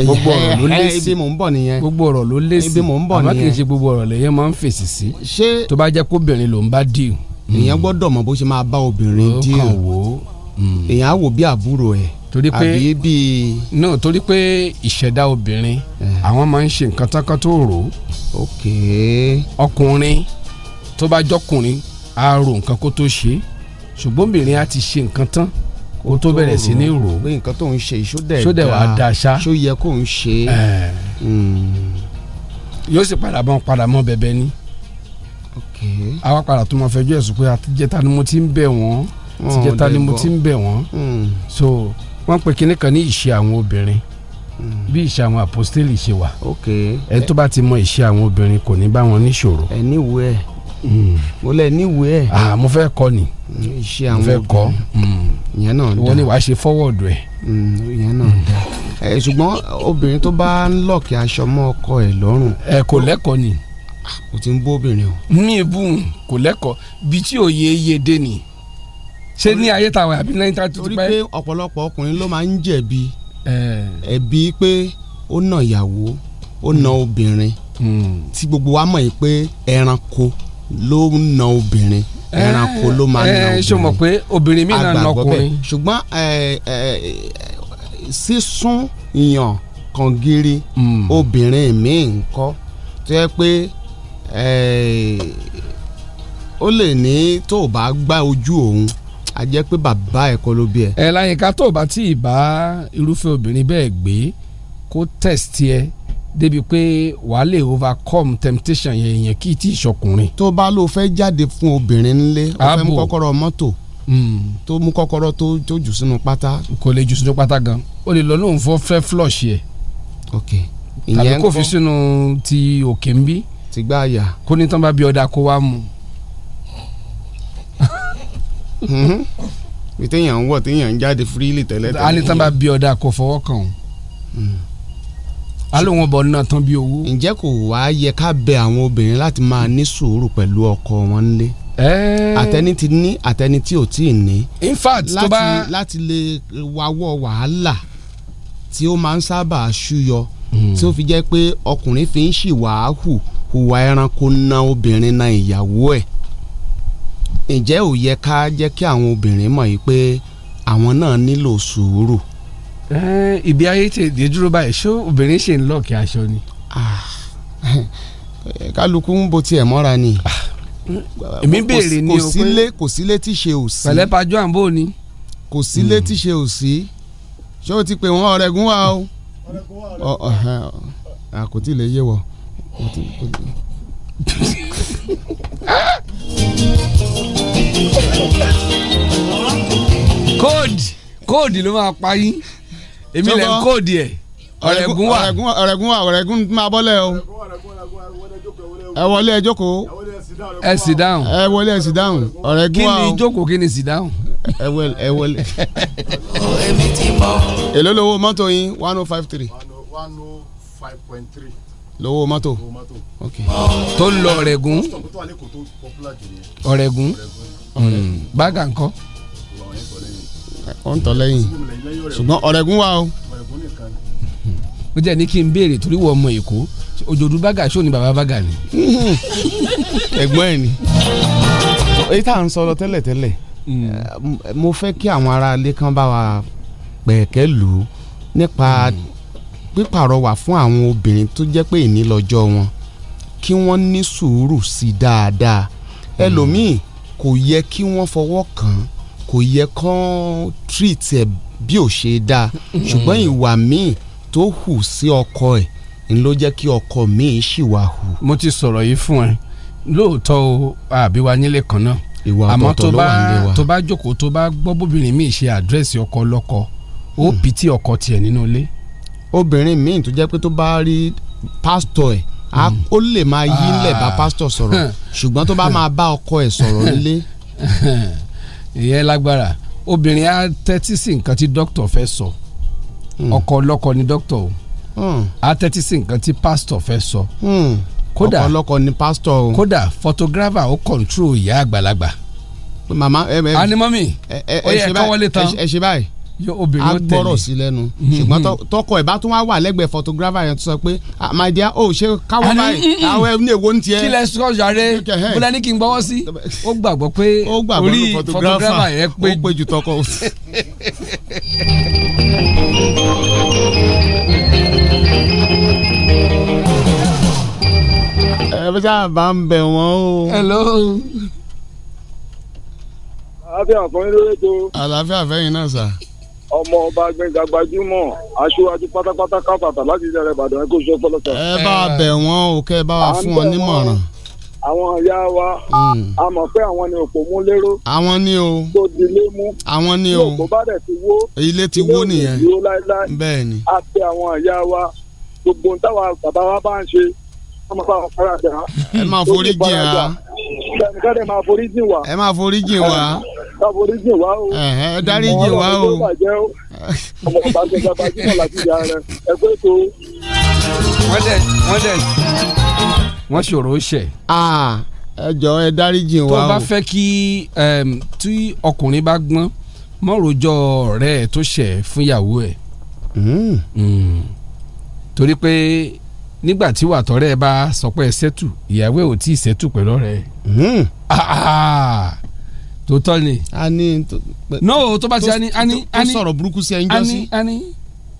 [SPEAKER 2] gbogbo ọ̀rọ̀ ló lé sí ibi mò ń bọ̀ nìyẹn. gbogbo ọ̀rọ̀ ló lé sí ibi mò ń bọ̀ nìyẹn. àmọ́ kì í ṣe gbogbo ọ̀rọ̀ lèyẹn máa ń fèsì sí. ṣé tó bá jẹ́ kóbìnrin ló ń bá díù. èèyàn hmm. gbọ́dọ̀ mọ bó ṣe máa bá obìnrin díù. ó kàn hmm. á wò bí àbúrò ẹ̀ torí pé àbí bíi. no torí pé ìṣẹ̀dá obìnrin àwọn máa ń ṣe nǹkan tọ́kọ́ ok. ọkùnrin tó bá jọkùnrin á ro nǹkan kó tó ṣe ṣùgbọ́n obìnrin á ti ṣe nǹkan tán o tó bẹ̀rẹ̀ sí ní rò. pé nǹkan tó ń ṣe ìṣódẹ̀ ìṣódẹ̀ wàá da ṣá. ṣó yẹ kó ń ṣe. Hmm. yóò sì padà bọ́n padà mọ́ bẹ̀bẹ̀ ni. àwa padà tó máa fẹjọ́ ẹ̀sùn pé àtijẹ́ta ni mo ti ń bẹ̀ wọ́n àtijẹ́ta ni mo ti ń bẹ̀ wọ́n. Hmm. so wọ́n pe kinní kan ní ìṣe àwọn obìnrin hmm. bí ìṣe àwọn apostoli ṣe wà. ẹ tó bá ti mọ ìṣe àwọn obìnrin kò ní bá wọn níṣòro. ẹ níwèé ẹ mo lẹ níwèé ẹ. mo fẹ́ kọ́ ni. Okay iṣẹ́ àwọn fẹ́ kọ́ hmm. hmm, ìyẹn náà dá ìwọ ni wàá ṣe fọ́wọ́dù ẹ̀. ìyẹn náà dá ṣùgbọ́n obìnrin tó bá ń lọ̀kì aṣọ mọ́ ọkọ ẹ̀ lọ́rùn. ẹ kò lẹ́kọ̀ọ́ ni. Ah, o ti ń bó obìnrin o. mi bùn kò lẹ́kọ̀ọ́ bí tí òye iye dé ni ṣé ní ayé tàwọn àbí náírà tó ti pẹ́. torí pé ọ̀pọ̀lọpọ̀ ọkùnrin ló máa ń jẹ̀bi ẹ̀bi pé ó nà ìyàwó ó nà hmm. obìnrin tí gbogbo wa mọ̀ yìí pé ẹranko ló ń nà obìnrin ẹranko ló máa ń na eh, obìnrin ṣe mọ̀ pé obìnrin mi náà nọkùnrin. ṣùgbọ́n eh, eh, sísun ìyàn kàngiri hmm. obìnrin mi ń kọ́ tó yẹ pé ó lè ní tó o bá gbá ojú òun a jẹ́ pé bàbá ẹ̀ kọ́ ló bí ẹ. ẹ̀ láyìnká tó o bá tí ì bá irúfẹ́ obìnrin bẹ́ẹ̀ gbé kó tẹ̀sítì ẹ débi pé wàá lè overcome temptation yẹn yẹn kí tí ìṣọkùnrin. tó bá ló fẹ́ jáde fún obìnrin nílé ó fẹ́ mú kọ́kọ́rọ́ mọ́tò hmm. tó mú kọ́kọ́rọ́ tó jù sínú pátá. kò lè jù sínú pátá gan o lè lọ lóun fọ fẹ́ flush yẹ. ok ìyẹn kọ́ tàbí kò fi sínú ti òkè ń bí. ti gbá àyà. kó ní tán bá bí ọ̀dà kó wá mu. mi mhm. téèyàn ń wọ̀ téèyàn ń jáde freely tẹ́lẹ̀ tẹ́lẹ̀. a ní tán bá bí ọ̀dà kó fọwọ́ kàn ó. Hmm alóhùn ọbọ náà tán bí owó. ǹjẹ́ kò wá yẹ ká bẹ àwọn obìnrin láti máa ní sùúrù pẹ̀lú ọkọ wọn nílé. àtẹni ti ní àtẹni tí ò tí ì ní. in fact tó bá láti lè wáwọ́ wàhálà tí ó máa ń sábà ṣúyọ hmm. tí ó fi jẹ́ pé ọkùnrin fi ń ṣìwàáhù hùwà ẹranko na obìnrin na ìyàwó ẹ̀ ǹjẹ́ ò yẹ ká jẹ́ kí àwọn obìnrin mọ̀ yìí pé àwọn náà nílò sùúrù. Eh, ìbí ayé tè dé dúró báyìí ṣó obìnrin ṣe ń lọ́ọ̀kì aṣọ ni. Ah, kálukú ń bo tiẹ̀ mọ́ra ni. Ah. èmi béèrè ni o pé kò sílé kò sílé tí ṣe ò sí. pẹ̀lẹ́ pajú àǹbò ni. kò sílé hmm. tí ṣe ò sí ṣé o ti pè wọ́n ọ̀rẹ́gun wa
[SPEAKER 8] o.
[SPEAKER 2] kò tí ì lè yé wọ. kóòdì kóòdì ló máa pa yín èmi lè ń kó díẹ̀ ọ̀rẹ́gun wà ọ̀rẹ́gun wà ọ̀rẹ́gun máa bọ́lẹ̀ o ẹ wọlé ẹ jókòó ẹ sì dáhùn ẹ wọlé ẹ sì dáhùn ọ̀rẹ́gun wà o kí ni jókòó kí ni sì dáhùn. ẹ wọlé ẹ wọlé. èló lowó mọ́tò yín one oh five three.
[SPEAKER 8] one oh five point three.
[SPEAKER 2] lowó mọ́tò ok tó ń lọ ọ̀rẹ́gun ọ̀rẹ́gun hmm. bága ńkọ́ ọ̀ ń tọ́ lẹ́yìn ṣùgbọ́n ọ̀rẹ́gun wà o. ó jẹ́ ní kí n béèrè torí wọ́n ọmọ èkó òjòdú bága ṣó ni bàbá bága ni. ẹ̀gbọ́n ẹ̀ ni. èyí tá à ń sọ̀rọ̀ tẹ́lẹ̀ tẹ́lẹ̀ hmm. eh, mo fẹ́ kí àwọn ará ilé kan bá wa pẹ̀kẹ́ lù ú nípa hmm. pípàrọwà fún àwọn obìnrin tó jẹ́ pé ìní wọn kí wọ́n ní sùúrù sí dáadáa hmm. ẹlòmíì kò yẹ kí wọ́n fọwọ́ kàn án kò yẹ kán treat ẹ bí ò ṣe dáa ṣùgbọ́n ìwà míì tó hù sí ọkọ ẹ̀ ń ló jẹ́ kí ọkọ míì ṣì wà hù. mo ti sọ̀rọ̀ yìí fún ẹ lóòótọ́ o àbí wa nílé kan náà àmọ́ tó bá tó bá jókòó tó bá gbọ́ bóbìnrin míì ṣe àdírẹ́sì ọkọ lọ́kọ ó hmm. bì tí ọkọ tiẹ̀ nínú ilé. obìnrin míì tó jẹ́ pé tó bá rí pásítọ̀ ẹ̀ hmm. ó lè máa yí lẹ̀ bá ah. pásítọ̀ sọ̀rọ̀ ṣùgbọ́n tó bá máa bá ọkọ ẹ̀ sọ̀rọ̀ nílé ìyẹn lágbára obìnrin á tẹ́tí sí nǹkan tí dókítà sọ hmm. ọkọ ọlọ́kọ ni dókítà o hmm. á tẹ́tí sí nǹkan tí pásítọ̀ sọ hmm. kódà ọkọ ọlọ́kọ ni pásítọ̀ o kódà photographer ó kọ̀ntró ìyá àgbàlagbà. mama ẹ ẹ ẹ ẹ ẹ a gbọ́rọ̀ sí lẹ́nu ṣùgbọ́n tọkọ ẹ̀ bá tún wá wà lẹ́gbẹ̀ẹ́ photographer yẹn tó sọ pé ah, my dear o ṣe káwọ́ báyìí mm, mm, mm. àwọn ẹ̀ ní èwo ń tiẹ̀. kílẹ̀ sọ́ọ̀jà rẹ bọ́lá ní kí n gbọ́wọ́ sí ó gbàgbọ́ pé orí photographer yẹn pé jù tọkọ. ẹ bí sáà bá ń bẹ̀ wọ́n o. hello àlàáfíà fẹ́yìn náà sà ọmọ ọba gbẹngà gbajúmọ̀ aṣíwájú pátápátá káfàtà láti ìjà rẹ̀ bàdàn kó ṣe pọlọpọ. ẹ bá a bẹ̀ wọ́n o kẹ́ ẹ bá wa fún wọn nímọ̀ràn. àwọn ìyá wa hmm. a mọ̀ pé àwọn ni òpó mú lérò. àwọn ni o. tó di ilé mú. àwọn ni o. òpó bá dẹ̀ ti wó. ilé ti wó nìyẹn. ilé ò láéláé. bẹ́ẹ̀ ni. a pe àwọn ìyá wa gbogbo táwa bàbá wa bá ń ṣe.
[SPEAKER 8] ẹ máa forí jìn á
[SPEAKER 2] ẹnìkan dẹ̀ máa forí jìn wá. ẹ máa forí jìn wá. ká forí jìn wá o. ẹ dárí jìn wá o. ọmọ bàbá tó ga bá jìnnà láti ìyá rẹ ẹ pé tó. wọ́n dẹ̀ wọ́n dẹ̀ wọ́n ṣòro ṣẹ̀. ẹ jọ ẹ dárí jìn wá o. tó bá fẹ́ kí tí ọkùnrin bá gbọ́n mọ̀rọ̀jọ́ ọ̀rẹ́ ẹ̀ tó ṣẹ̀ fún ìyàwó ẹ̀ hmm. hmm. torí pé nígbà tí wà tọ́rẹ́ ẹ bá sọ pé ẹ ṣẹ́tù ìyàwó ẹ ò tí ì ṣẹ́tù pẹ̀lú ọ̀rẹ́ ẹ. tó tọ́ ni. a ní. no tó bá ti a ní. tó sọ̀rọ̀ burúkú sí ẹyin jọ́sí. a ní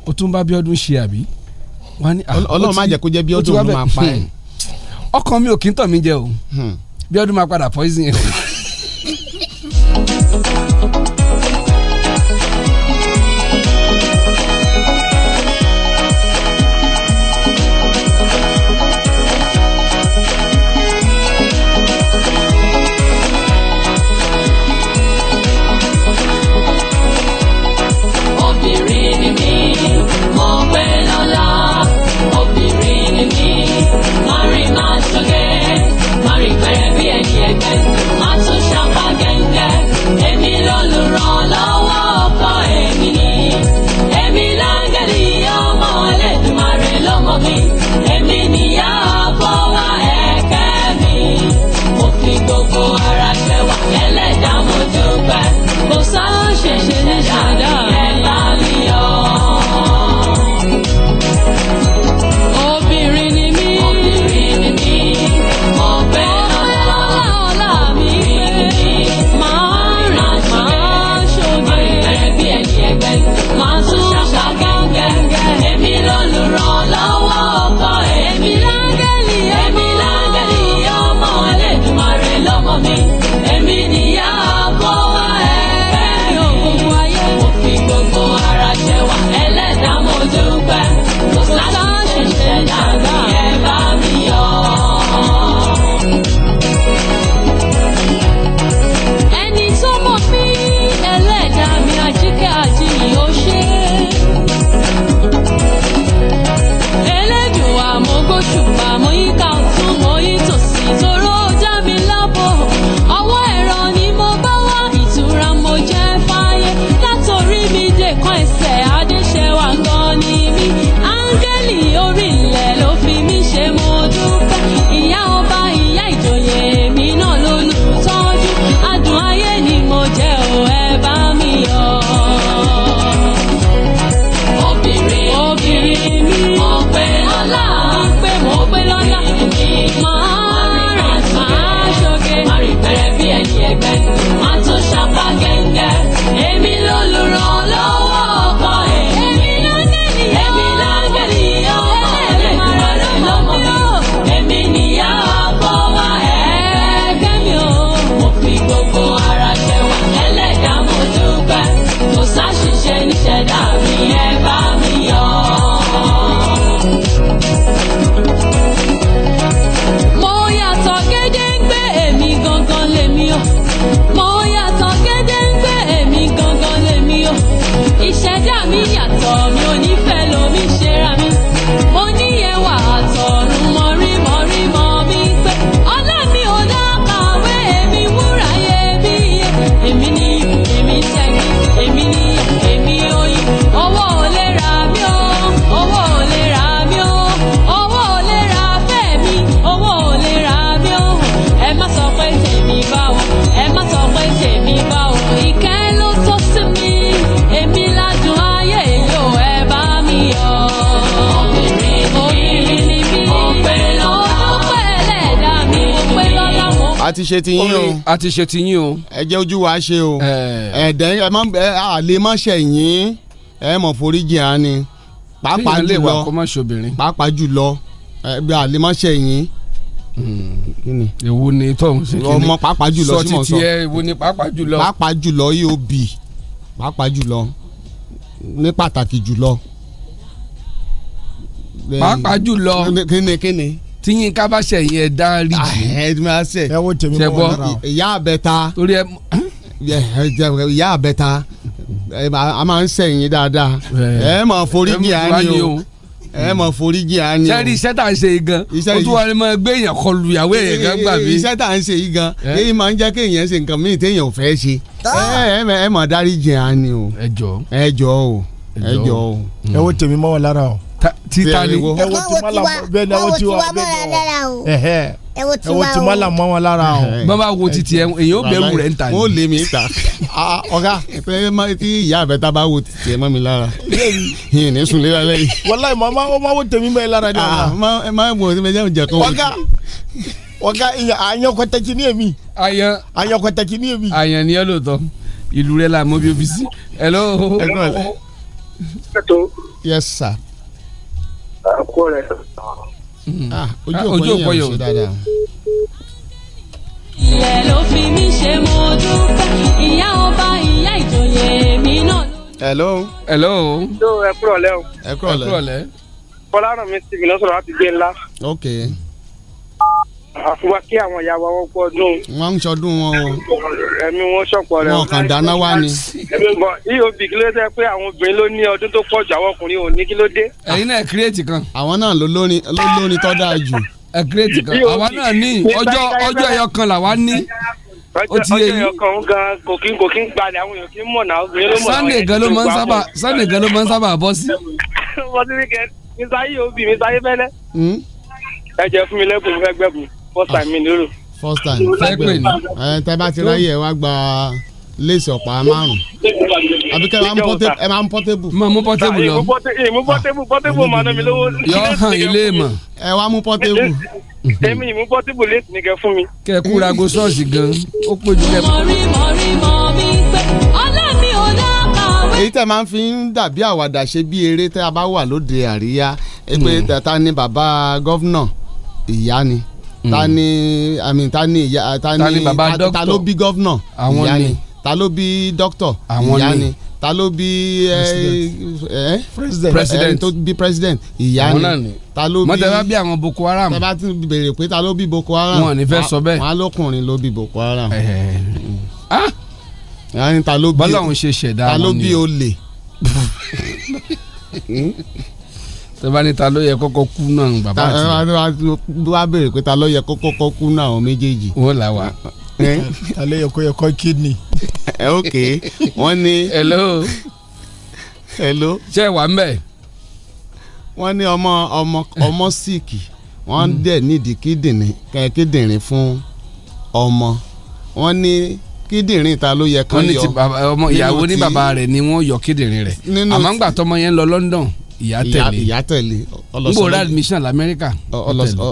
[SPEAKER 2] o tún bá Bíọ́dún ṣe àbí. Ah, Ọlọ́run má jẹ́ kó jẹ́ Bíọ́dún ló máa pa ẹ̀.
[SPEAKER 8] Hmm.
[SPEAKER 2] ọkàn mi ò kí ń tọ̀ mí jẹ o hmm. Bíọ́dún máa padà poison ṣe ti yín o a ti ṣe ti yín o ẹ jẹ́ ojú wa ṣe o ẹ̀ẹ́dẹ́ ẹ má ẹ àlè má ṣe yín ẹ mọ̀ foríjì á ni pàápàá jùlọ pàápàá jùlọ ẹ àlè má ṣe yín èwo hmm. ni tọ́hún ṣe kí ni ọmọ pàápàá jùlọ sí mọ̀ sọ sọ ti tiẹ̀ èwo ni pàápàá jùlọ pàápàá jùlọ yóò bì pàápàá jùlọ ní pàtàkì jùlọ.
[SPEAKER 8] pàápàá jùlọ
[SPEAKER 2] kíni kíni tí yín ká bá ṣẹ̀yìn ẹ̀ dá rí jì. Ah, ẹ máa ṣe ẹ wo tèmi bọ́ wọn rà ìyá àbẹ̀ta torí ẹ ìyá àbẹ̀ta a máa ń ṣẹ̀yìn dáadáa eh. ẹ máa forí jì á ní o ẹ mọ foríjì á ní o. sẹ́ni iṣẹ́ tà ń ṣe yìí gan o tún wà ní mọ gbé èèyàn kọ lu ìyàwó èèyàn gan gbà mí. iṣẹ́ tà ń ṣe yìí gan eh. èyí máa ń jẹ́ kí èèyàn ṣe nǹkan míì téèyàn fẹ́ ṣe. Ah! ẹ mọ̀ dáríjì á ní o. ẹ jọ ẹ jọ o ẹ jọ o. ẹ wo tèmi mọ́ wọn lára o títa ni. ẹ wo
[SPEAKER 8] tí mọ́lá bẹ́ẹ̀ ni ẹ wo tí wa mọ́lá
[SPEAKER 10] lára o. ẹ wo tí mọ́lá mọ́
[SPEAKER 2] wọn lára o. bàbá wo titi ẹ èyí ó bẹ̀rù rẹ̀ ń ta ni. mo lè mi ta ah, ọ̀gá tí ìyá àbẹ̀ta bá wo titi ẹ mọ́ mi lára yìí ní sùn léra lẹ́yìn. wàláhì màmá ó máa wo tèmi mẹ́ lára ni. Ah, ẹ máa wò ó jẹun jẹ kó. ọ̀gá ọ̀gá àyàn kọ́tẹ́kì ní èmi. àyàn àyàn kọ́tẹ́kì ní èmi. àyàn ni ẹ lóòótọ́ ìlú rẹ la mọ bí o fi sí. hello. hello. yes sir.
[SPEAKER 8] Mm-hmm.
[SPEAKER 2] Ah, ah, ojú òpó yóò ṣe dáadáa.
[SPEAKER 12] ilẹ̀ ló fi mí ṣe mo dúpẹ́ ìyá ọba ìyá ìjòyè mi náà.
[SPEAKER 2] hello. hello. ẹ kúrọ̀lẹ́ o. ẹ kúrọ̀lẹ́. fọlárànmi tv ló sọ̀rọ̀ láti gbé ńlá. Ok àfúwá kí àwọn ìyá wa wọ́pọ̀ ọdún. wọ́n ń ṣọdún wọn o. ẹ̀mí wọn ṣọ̀pọ̀ rẹ̀. wọn kàn dáná wá ni. eob kí ló dé pé àwọn obìnrin ló ní ọdún tó pọ̀ jù àwọn ọkùnrin ò ní kí ló dé. ẹ̀yin náà kírètì kan. àwọn náà ló lórin ló lórin tó dáa jù. ẹ kírètì kan àwa náà ní ọjọ́ ọjọ́ ẹyọ kan làwa ní. ọjọ́ ẹyọ kan gan kò kí kò àwọn èèyàn kì í mọ̀nà obìnrin ló mọ̀nà. sunday
[SPEAKER 5] gan first time mi lérò.
[SPEAKER 2] first time fẹ́ pè ní ẹ tẹ bá ti ráyè ẹ wá gba léèsì ọ̀pá márùn-ún àbí kẹ́ ẹ máa ń pọ́tébù. mo mú pọ́tébù lọ. mo pọ́tébù pọ́tébù máa ná mi lówó. yọ hàn ilé mọ̀. ẹ wá mú pọ́tébù. èmi ìmú pọ́tébù léèsì ni kẹ́ fún mi. kẹ́ ẹ kú rago ṣọ́ọ̀ṣì gan-an ó péjú
[SPEAKER 12] lẹ́pọ̀. mo rí mo rí mo mi pé ọlọ́mi ò dá èyí tẹ
[SPEAKER 2] máa ń fi ń dàbí àwàdà ṣe bí eré tẹ a bá wà lóde àríyá pé hmm. tata ni bàbá gọ́vnà ìyá ni Mm. ta ni i mean ta ni ìyá ta ni ta ló bí gọ́vnà ìyá ni ta ló bí dókítà ìyá ni ta ló bí eh, president eh, To bí president ìyá ni ta ló bí mọ̀tẹ́fà bí àwọn boko haram tẹ́ bá ti béèrè pé ta ló bí boko haram wọn ò fẹ́ sọ bẹ́ẹ̀ wọn á ló bí boko haram eh, ah! Ah! ta ló bí ta ló bí olè. Hmm? tó bá ní ta ló yẹ kọ́kọ́ kú náà ń bàbá àti. wá béèrè pé ta ló yẹ kọ́kọ́ kú náà àwọn méjèèjì. wọ́n là wá.
[SPEAKER 9] ta ló yẹ kó yẹ kọ́ kidney.
[SPEAKER 2] ẹ ok wọ́n ní. hello. hello. ṣé wà ń bẹ̀. wọ́n ní ọmọ ọmọ ọmọ síìkì wọ́n mm. dẹ̀ nídìí kíndìnrín kẹ́ kíndìnrín fún ọmọ wọ́n ní kíndìnrín ta ló yẹ kán yọ. wọ́n ní ti ìyàwó ní bàbá rẹ̀ ni wọ́n yọ kíndìnrín rẹ̀ àmọ́ ńgbà tọmọ yẹn lọ London ìyátẹ̀lé ìyátẹ̀lé ngbò rà admission lamẹ́ríkà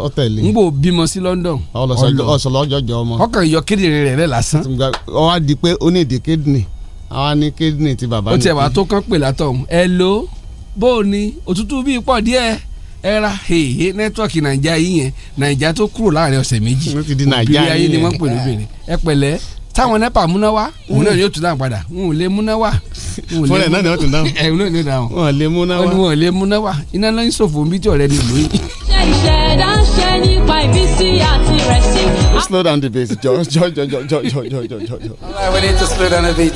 [SPEAKER 2] ọ̀tẹ̀lé ngbò bímọ sí London ọ̀sọ̀lọ́jọjọ ọmọ ọkàn yọ kíndìnrín rẹ̀ rẹ̀ lásán. ó wá di pé ó ní èdè kíndìnrín àwa ní kíndìnrín ti bàbá mi. ó tiẹ̀ wá tó kán pè látọ̀ ẹ lo bó o ní òtútù bíi pọ̀ díẹ̀ ẹ ra hehe Network nàìjà yìí yẹn nàìjà tó kúrò láàrin ọ̀sẹ̀ méjì obìnrin ayé ni wọ́n pè lóbìnrin ẹ pẹ̀lẹ́ táwọn nepa múná wá òun náà yóò tún dáhùn padà n ò lè múná wá. fúnra náà ni wọ́n tún dáhùn. ẹ̀ náà ni wọ́n dáhùn. wọ́n lè múná wá. wọ́n lè múná wá iná náà ń ṣòfò bí tí ọ̀rẹ́ ni lóyún.
[SPEAKER 12] ìṣẹ̀dá ń ṣe nípa ìbísí àti ìrẹsì.
[SPEAKER 2] slow down the bass jọ jọ jọ jọ jọ jọ jọ jọ. all right we need to slow down a bit.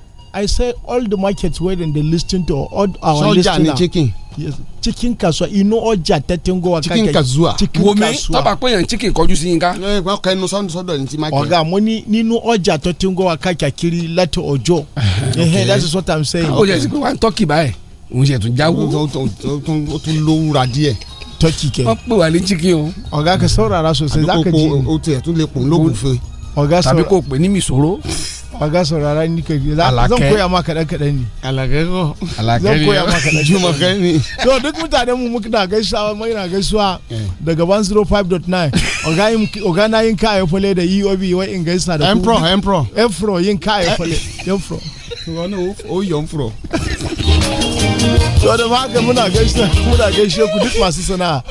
[SPEAKER 9] I say all the markets where they listen to all our Soja listener. Sọ́jà ni chicken. Yes.
[SPEAKER 1] Chicken kasua inú ọjà tẹ́tí ń gọ́ wa káàkiri. Chicken kasua. Chicken kasua. Wòmí tọ́ba pé
[SPEAKER 2] yàn chicken kọjú sí yín ká. Ẹ wá kẹnu sọ́dọ̀ ní ti máa kẹ́. Ọ̀gá
[SPEAKER 1] mo ní nínú ọjà tẹ́tí ń gọ́ wa káàkiri
[SPEAKER 2] láti ọjọ́. That is what I'm saying. O yẹ sọ pé wà á tọ́kì báyìí. Òun ṣe tún jáwó. O tún lówúra díẹ̀ tọ́kì kẹ. wọ́n pè wá ní chicken o. ọ̀gá kẹsàn-án rárá sọ̀sẹ̀ zákàjì. àbíkó o tiẹ̀ tún lè pò lóògùn fún. ọ̀gá sọ̀rọ̀ tàbí kò Paga
[SPEAKER 9] saurara ni ka biyu. Zan koya ma kaɗan kaɗan ne.
[SPEAKER 2] Alakego. Zan koya ma kaɗan Juma kai ne.
[SPEAKER 9] To duk mutane mu muka na gaisuwa mai na gaisuwa eh. daga 105.9. Oga na yin kayan fole da EOB wai in gaisa da ku. Empro, Empro. Empro yin kayan
[SPEAKER 2] fale. Empro. Wani oyon fro. To da
[SPEAKER 9] ka muna gaishe muna gaishe ku duk masu sana'a.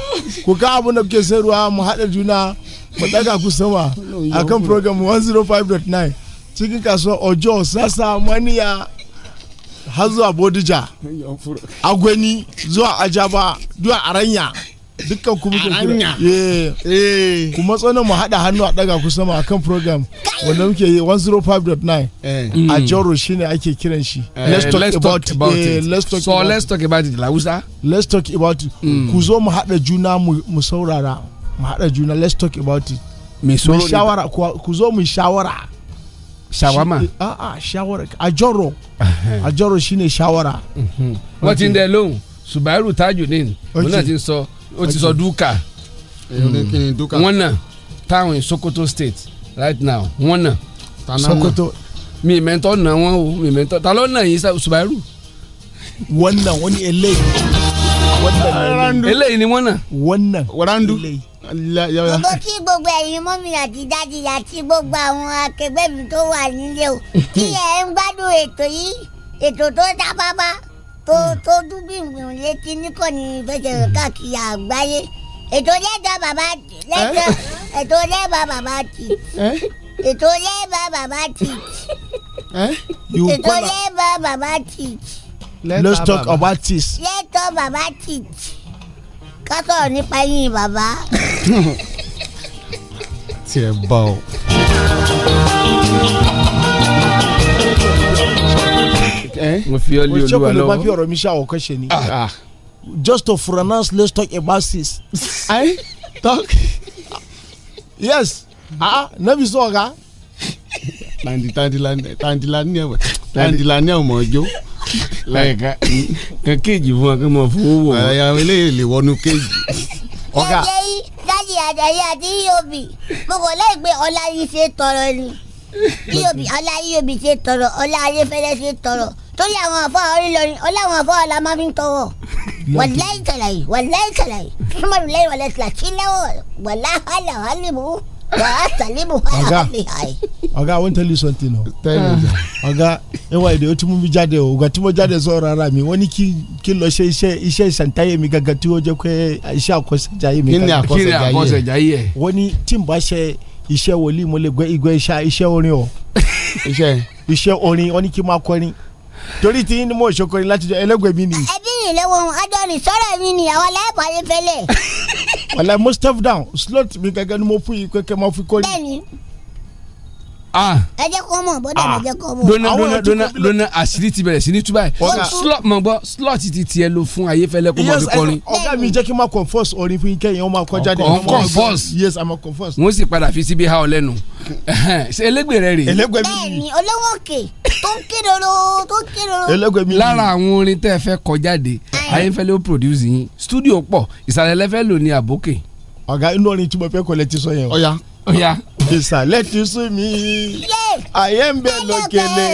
[SPEAKER 9] Ku kawo abin da kuke sayarwa mu haɗa juna mu ɗaga ku sama akan program 105.9. cikin kasuwar ojo sassa maniya har zuwa bodija agweni
[SPEAKER 2] zuwa ajaba zuwa aranya dukkan kuma kuma kira
[SPEAKER 9] eh, eh. ku matso nan mu haɗa hannu a ɗaga ku sama akan program wanda muke yi 105.9 eh. a shi ne ake kiran shi let's talk about it let's
[SPEAKER 2] talk so let's talk about it lausa let's talk about it hmm. ku zo mu haɗa juna mu saurara mu haɗa juna let's talk about it mai shawara ku zo mu shawara shawama ah,
[SPEAKER 9] ah shawara ajọrọ ajọrọ shine shawara. Mhm. wọ́n ti ń
[SPEAKER 2] dẹ lóhùn Subaru Tajudeen òun náà ti sọ ó ti sọ mhm. dúkà wọ́n náà táwọn in Sokoto state right now wọ́n náà. Sokoto mi mẹ́tọ́ náà wọ́n o mi mẹ́tọ́ ta ló náà yín Subaru. wọ́n náà wọ́n ní eléyìí eléyìí ni wọ́n nà. wọ́n nà randu. gbogbo
[SPEAKER 10] kí gbogbo ẹ̀yin mọ́mí àti dájú àti gbogbo àwọn akẹgbẹ́ mi tó wà nílé o kí ẹ̀ ń gbádùn ètò yìí ètò tó dábàbà tó tó dúbìmù létí níkànnì ìfẹsẹ̀rẹ̀ káàkiri àgbáyé ètò lẹ́jọ́ bàbá lẹ́jọ́ ètò lẹ́bàá bàbá tì ètò lẹ́bàá bàbá tì ètò lẹ́bàá bàbá tì
[SPEAKER 2] let's talk about this.
[SPEAKER 10] let's talk about this ká sọ̀rọ̀ nípa yín bàbá.
[SPEAKER 2] tiẹ̀ bá o. Eh? mo fi ọ lé olúwa lọ́wọ́. mo ṣe kò fi ọ̀rọ̀ mi ṣe àwọ̀kọ́ ṣe ni. Ah. Ah. just to pronounce let's talk about this. ayi eh? talk yes ah nabi sọ ọ̀gá. tandilani ẹ̀ mọ̀ ọjọ́. lẹ́yìn kan kéèjì fún wa kí mo fowó wò wọ́n. ẹ̀yà eléyìí lè wọnú kéèjì.
[SPEAKER 10] ọ̀gá dájì àjàyè àti iobi mo kò lẹ́yìn pé ọlá yìí ṣe tọrọ ni iobi ọlá iobi ṣe tọrọ ọlá ayéfẹ́lẹ́ ṣe tọrọ torí àwọn àfọ àwọn olórin ọlá àwọn àfọ àlà máa fi ń tọwọ́ wàláyìí tàlàyé wàláyìí tàlàyé súnmọ́ mi lẹ́yìn wàlẹ́ tìlà kí lẹ́wọ̀ wàlá hàlà hàlì ọ̀gá
[SPEAKER 9] ọ̀gá i wan tell you something o ọ̀gá ẹwà èdè o tí mo fi jáde o ọ̀gá tí mo jáde sọ̀rọ̀ ara mi wọ́n ní kí kí lọ ṣe iṣẹ́
[SPEAKER 1] iṣẹ́ ìṣàǹtayé mi gàgà tí ó jẹ́ pé iṣẹ́ àkọsẹ̀jayé mi gàgà kí ni àkọsẹ̀jayé ẹ̀ wọ́n ní tí n bá ṣe iṣẹ́ wòlíì mo lè gbé igbẹ́ iṣẹ́ orin o iṣẹ́ orin wọ́n ní kí n máa kọrin torí tí mo ṣokòrin láti ẹlẹ́gbẹ̀ẹ́ mi ni.
[SPEAKER 10] ẹbí mi
[SPEAKER 1] wàlẹ́ mo step down
[SPEAKER 10] slot mi gẹ́gẹ́ ni
[SPEAKER 2] mo fún yìí kékeré mo fi kórè. bẹ́ẹ̀ni Ah.
[SPEAKER 10] ẹ jẹ́ kó mọ̀ bọ́dà ah. ẹ jẹ́ kó mọ̀.
[SPEAKER 2] dona dona dona dona àṣírí ti bẹ̀rẹ̀ sí ní túbà slot mọ̀ gbọ́ slot ti tiẹ̀ lo fún
[SPEAKER 1] ayéfẹ́lẹ́ kó mọ̀ fi kọrin. ọ̀gá mi jẹ́ kí n máa confess orin fún ike yẹn ó máa kọjá dé. ọ̀n confess
[SPEAKER 2] yes i'm a confess. wọ́n sì padà fi síbi ha ọ lẹ́nu ṣe elégbè rẹ rèé. elégbè mi
[SPEAKER 10] bẹ́ẹ̀ni olówó òkè tó ń kéròrò tó ń kéròrò. elégbè mi lára
[SPEAKER 2] àwọn orin tẹ́ ẹ fẹ́ kọjá dé ayéfẹ́lẹ́ ó produce yín studio pọ̀ ìsàlẹ̀ lẹ́fẹ́ lò ní àbókè. ọ̀gá inú orin tí mo ìsàlẹ̀ ti sú mi àyè ń bẹ lókèlè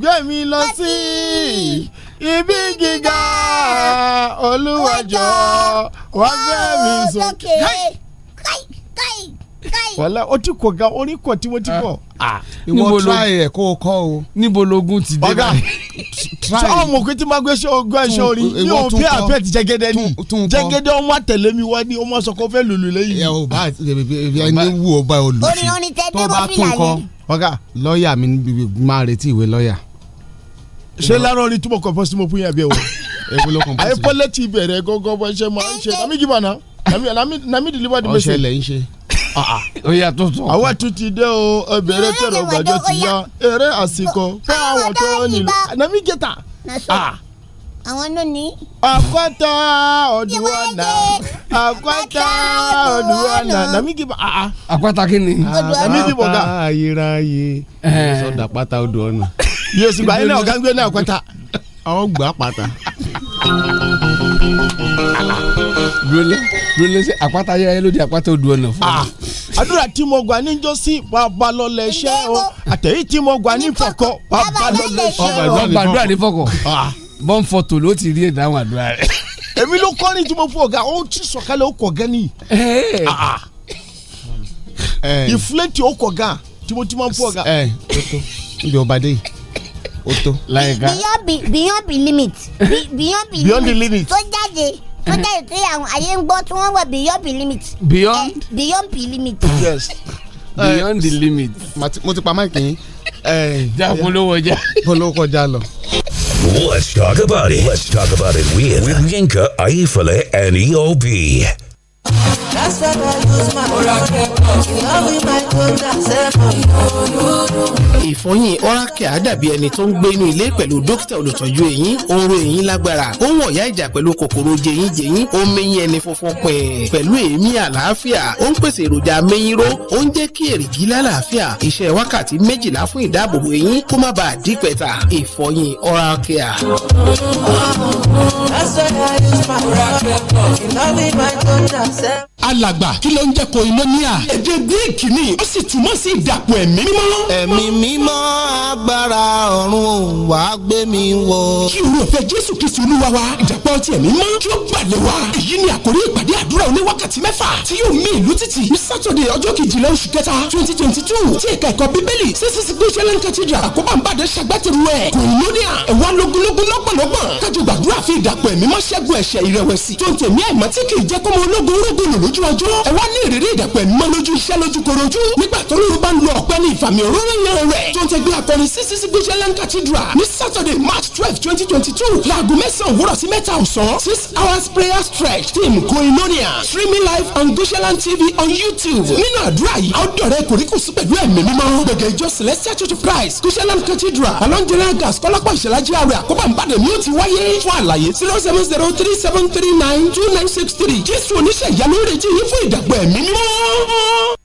[SPEAKER 6] gbé mi lọ sí ibi gíga olúwàjọ wàá fẹ́ mi sókè
[SPEAKER 2] wala ó ti kọ̀ ga orí kọ̀ tí mo ti kọ̀. ìwọ try ẹ kó o kọ́ o. níbo logun ti dé báyìí. ọgá ọmọ òkú tí máa gbé ṣọgbọ́n ẹ̀ṣọ́ orí ní òun bí àbẹ́ẹ̀ ti jẹ́gẹ́dẹ́ ni jẹ́gẹ́dẹ́ ọmọ àtẹ̀lé mi wá ní ọmọ sọ kó fẹ́ lùlù lẹ́yìn. ẹ ò bá ẹni wù ọ bá olùsí tó bá tún kọ ọgá lọ́ọ̀yà mi máa retí ìwé lọ́ọ̀yà ṣé lárọ ni túbọ̀ kọ̀ọ̀fọ́ sí mo fún yà bí ẹ wò. ewu ló Ah, ah. oya tuntun. àwa tún ti dé o obìnrin tẹ̀rọ gbàjọ ti yá eré àsìkò fún àwọn tó nílò
[SPEAKER 10] anami ah. jẹta. àwọn ló ní. àkọ́tà ọ̀dùwọ̀nà àkọ́tà ọ̀dùwọ̀nà
[SPEAKER 3] nami
[SPEAKER 2] kì í bọ̀. àkọ́tà kí ni. nami kì í bọ̀ ká. àkọ́tà ayérayé eh. sọ̀dà pátá odò ọ̀nà. yéésù gbà yín náà ọ̀gá ń gbé náà àkọ́tà ọ gbà pàtà. dúró dúró ṣe àpáta ayẹyẹ ló di àpáta odò ọ̀nà fún mi.
[SPEAKER 1] Ah, àdúrà tí mo gbà ní jọ́sí bàbá lọ́lẹ̀ iṣẹ́ o àtẹ̀yí tí mo gbà ní fọkọ bàbá lọ́lẹ̀ iṣẹ́ o. ọgbà àdúrà ní
[SPEAKER 2] fọkọ bọ́n ah. fọtò ló ti rí ìdáhùn àdúrà
[SPEAKER 3] rẹ.
[SPEAKER 1] èmi ló kọ́ ni tí mo fún ọ̀gá ó ti sọ̀kalẹ̀ ó kọ̀ gan ni.
[SPEAKER 2] ìfúlẹ̀tì
[SPEAKER 11] eh. ah, eh. ó kọ̀ gan tí mo ti máa fún ọ̀gá.
[SPEAKER 2] ẹ eh. ẹ tó tó níbi ọba dé yìí ó tó. láyìíká beyond
[SPEAKER 11] be beyond be limit beyond be limit,
[SPEAKER 2] limit. tó
[SPEAKER 10] jáde tó jáde tó yà àwọn ayé ń gbọ́ tí wọ́n wọ beyond be limit. beyond eh, beyond be limit.
[SPEAKER 2] yes beyond the eh, limit. mo ti pa máìkì yín. Eh, já polówó já. polówó kọjá lọ.
[SPEAKER 3] Let's talk about it. Let's talk about it with, with Yinka Aifale and EOB.
[SPEAKER 6] Last time I lose my oracle, you love me my daughter, seven. Ìfọyín
[SPEAKER 2] Oracle àdàbí ẹni tó ń gbé inú ilé pẹ̀lú dókítà olùtọ́jú eyín, ó ń ro eyín lágbára, ó ń wọ̀yá ìjà
[SPEAKER 1] pẹ̀lú kòkòrò jẹyínjẹyín, ó ń mẹyín ẹni funfun pẹ̀ẹ́. Pẹ̀lú èémí àlàáfíà, ó ń pèsè èròjà mẹyìnró, ó ń jẹ́ kí èrìgì lálàáfíà. Iṣẹ́ wákàtí méjìlá fún ìdáàbòbò eyín kó má bàa dí pẹ̀ta. Ìfọyín Oracle. Last
[SPEAKER 6] time I lose my oracle, you love myself.
[SPEAKER 1] alàgbà kí ló ń jẹ́ koinonia. èdè greek ni ó sì túmọ̀ sí ìdàpọ̀ ẹ̀mí mímọ́. ẹ̀mí mímọ́ agbára ọ̀run wà á gbé mi wọ. kí o rò fẹ́ jésù kristu olúwa wa ìdàpọ̀ ti ẹ̀mí mọ́ kí ó gbàlẹ̀ wa. èyí ni àkórí ìpàdé àdúrà oní wákàtí mẹ́fà tí yóò mì ìlú títì ní sátọ̀dé ọjọ́ kejìlá oṣù kẹta twenty twenty two tí ẹ̀ka ẹ̀kọ́ bíbélì ccc gbéṣẹ́lẹ̀ cathedral àkóbá fi ìdàpọ̀ ẹ̀mí mọ́ ṣẹ́gun ẹ̀ṣẹ̀ ìrẹ̀wẹ̀sì tó ń tẹ̀mí àìmọ́ tí kì lójú ọjọ́ ẹ wá ní ìrírí ìdàpọ̀ ẹ̀mọ́ lójú iṣẹ́ lójú korojú nígbà tó lóru bá lo ọ̀pẹ ní ìfàmì òróró yẹn rẹ̀ tó ń tẹgbẹ́ akọrin ccc gbẹ́sẹ̀lẹ̀ cathedral ní saturday march twelve twenty twenty two láago mẹ́sàn-án òwúrọ̀ sí mẹ́ta ọ̀sán six hours prayer stretch team koinonia streaming live on gbẹ́sẹ̀lẹ̀ tv on youtube nínú àdúrà yìí àwòdọ̀rẹ́ kòríkòsí pẹ̀lú ẹ̀mí mímọ́ gbẹ̀gẹ̀ ìjọ celestial church of christ gbẹ́sẹ̀lẹ̀ cathedral alonjẹ́lẹ̀ gas kọ́lọ́pọ̀ ìṣẹ̀lájì àrẹ àkọ́bà ìbàdàn ni ó yín fún ìdàgbọ́ ẹ̀mí mímọ́.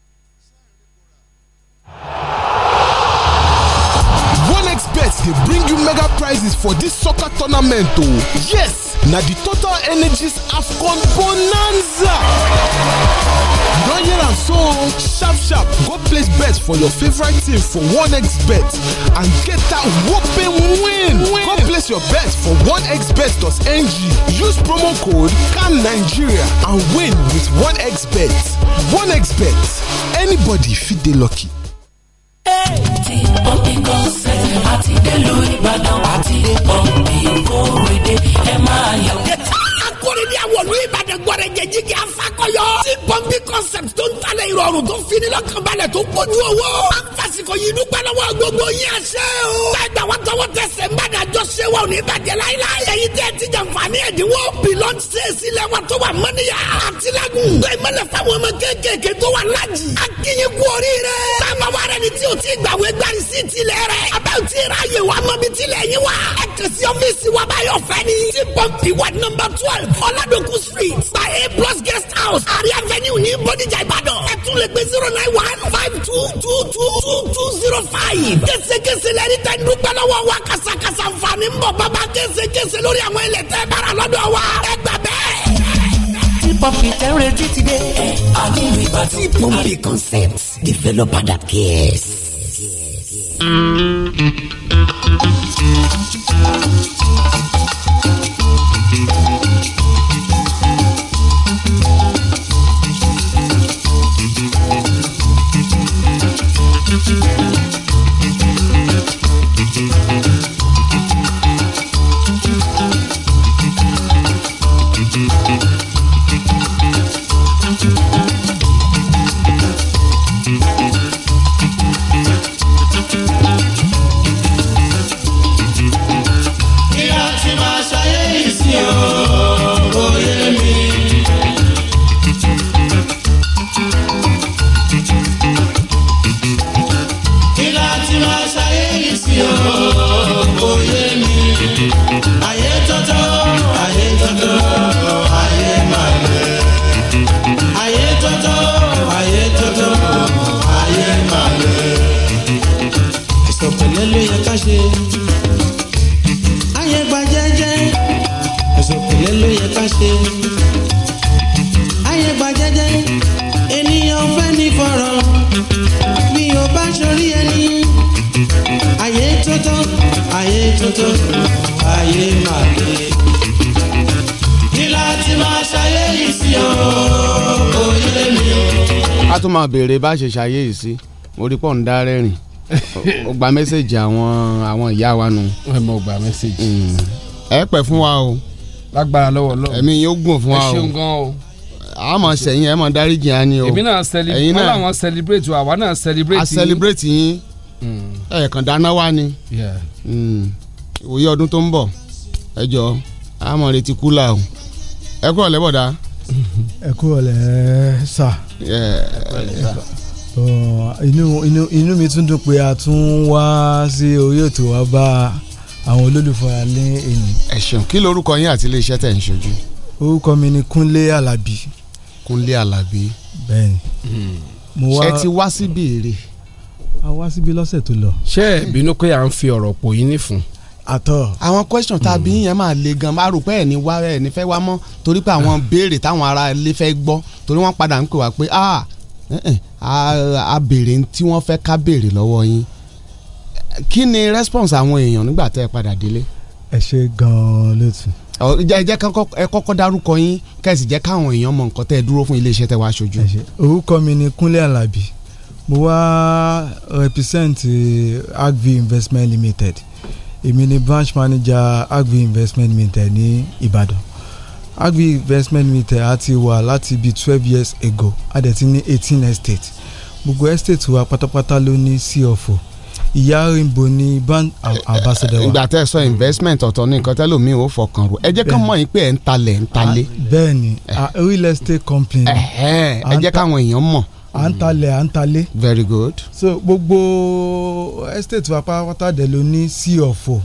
[SPEAKER 4] dey bring you mega prizes for dis soccer tournament o. Oh. yes na di total energies afcon bonanza. you don hear am so sharp sharp go place bet for your favourite team for one x bet and get that whopping win. win go place your bet for one x bet.ng use promo code can nigeria and win with one x bet one x bet anybody fit dey lucky
[SPEAKER 12] tí pọ́ǹpì concept àti délùú ìbàdàn àti pọ́ǹpì kórèdè ẹ máa yọ.
[SPEAKER 1] akórèdè àwọn olú ìbàdàn gbọ́dọ̀ jẹ́ jíjẹ́ afákọ́yọ́ pọ́ńpì concept tó ń talẹ̀ ìrọ̀rùn tó fi ní lọ́kànbalẹ̀ tó kojú owó. a ń fasikọ̀ yìí dúpẹ́ lọ́wọ́ gbogbo yín àṣẹ o. gbàgbà wa tọwọ́ tẹsẹ̀ ń bàdà jọ ṣe wa ò ní bàjẹ́ láíláí. èyí tẹ́ ti jàǹfààní ẹ̀dínwó. pilọ́n ṣe é sílẹ̀ wa tó wà mọ́níyà. àtìlágùn. bẹ́ẹ̀ mẹ́lẹ̀ fáwọn ọmọ kéékèèké tó wà lájì. a kì í kú oríire. bàbá wa rẹ ni tí o ti gbàwé gbari sí tilẹ̀ rẹ. abẹ́ ò ti ra àyè wa mọ́ bí tilẹ̀ yín wa. ẹ kàn sí ọ́fíìsì wa báyọ̀ fẹ́ ni. ti pọ́ǹpì ward number twelve ọ̀làdọ̀kù street by a plus guest house àríyá fẹ́ avenue ní bódìjà ìbàdàn ẹ tún lè gbé zero nine one five two two two two two zero five. kẹsẹkẹsẹ lẹni tẹ ń dúpẹ́ lọ́wọ́ wa kàṣàkàṣà nfààní ń bọ̀ bàbá kẹsẹkẹsẹ lórí àwọn ilẹ̀ tẹ́ bára lọ́dọ̀ wa ẹ gbà bẹ́ẹ̀
[SPEAKER 12] pọ́ǹpì tẹ́ ń retí ti dé. ẹ a nílò ìbàdàn. tí pọ́ǹpì concepts developer that cares.
[SPEAKER 8] Thank you.
[SPEAKER 2] tún máa béèrè bá ṣe ṣayé yìí sí mo rí pọ̀ ń dá rẹ́rìn
[SPEAKER 8] ó
[SPEAKER 2] gba mẹ́sẹ̀gì àwọn àwọn ìyá wa nu. ẹ mọ gba mẹ́sẹ̀gì. Mm. ẹ pẹ́ fún wa o. lágbára lọ́wọ́ lọ́wọ́. ẹ̀mí yóò gùn fún wa o. ẹ ṣeun gan o a mọ̀ sẹ́yìn ẹ̀ mọ̀ dáríjì á ní o. èmi náà celebrate wọ́n làwọn celebrate o náà celebrate a celebrate yín mm. ẹ̀ dáná wá ni mm. òye ọdún tó ń bọ̀ ẹ jọ a mọ̀ retí kúlà o ẹ kúrò lẹ́bọ̀dá
[SPEAKER 9] ẹ kú ọ̀lẹ́ sà inú inú inú mi tún dùn pé a tún wá sí orí ètò wa bá àwọn olólùfẹ́ alẹ́ èyí.
[SPEAKER 2] ẹ ṣeun kí lorúkọ yín àti iléeṣẹ́ tẹ̀ ń ṣojú.
[SPEAKER 9] orúkọ mi ni Kúnlé Alábí.
[SPEAKER 2] Kúnlé Alábí. bẹ́ẹ̀ni. Hmm. mo wá ṣe ti wá síbi èrè. a wá síbi lọ́sẹ̀ tó lọ. ṣé ẹ bínú pé à ń fi ọ̀rọ̀ pò yín nífun àtọ. àwọn question tá a bí yẹn máa le gan a rò pé ẹ̀ ní wá ẹ̀ ní fẹ́ wá mọ́ torí pé àwọn béèrè táwọn ará ilé fẹ́ gbọ́ torí wọ́n padà ń pè wá pé ah, eh, eh, a béèrè tí wọ́n fẹ́ ká béèrè lọ́wọ́ yín kí ni response àwọn èèyàn nígbà tẹ́ ẹ padà délé.
[SPEAKER 9] ẹ ṣe gan-an lótú.
[SPEAKER 2] ẹ jẹ́ ẹ kọ́kọ́ dárúkọ yín kẹ́sì jẹ́ káwọn èèyàn mọ nǹkan tẹ́ ẹ dúró fún iléeṣẹ́ tẹ́ wàá ṣojú.
[SPEAKER 9] orúkọ mi ni Kúnlé Alábí mo wá represent eh, Agvi Investment Limited èmi ni branch manager agri investment mintel ní ìbàdàn agri investment mintel a ti wà láti bíi twelve years ago a dẹ̀ ti ní eighteen estate gbogbo estate wa pátápátá ló ní cfo ìyá rainbow ni Ban ambassador wa. ìgbà
[SPEAKER 2] tẹ́ sọ investment ọ̀tọ̀ ní nǹkan tẹ́lẹ̀ mi ò fọkàn rò ẹ jẹ́ ká mọ̀ yín pé ẹ̀ ń talẹ̀ ń talẹ̀.
[SPEAKER 9] bẹ́ẹ̀ni real estate company. ẹ jẹ́ káwọn èèyàn mọ̀ à ń talẹ̀ à ń talé. very good. so gbogbo estate wa pátápátá dẹ̀ ló ní sí ọ̀fọ̀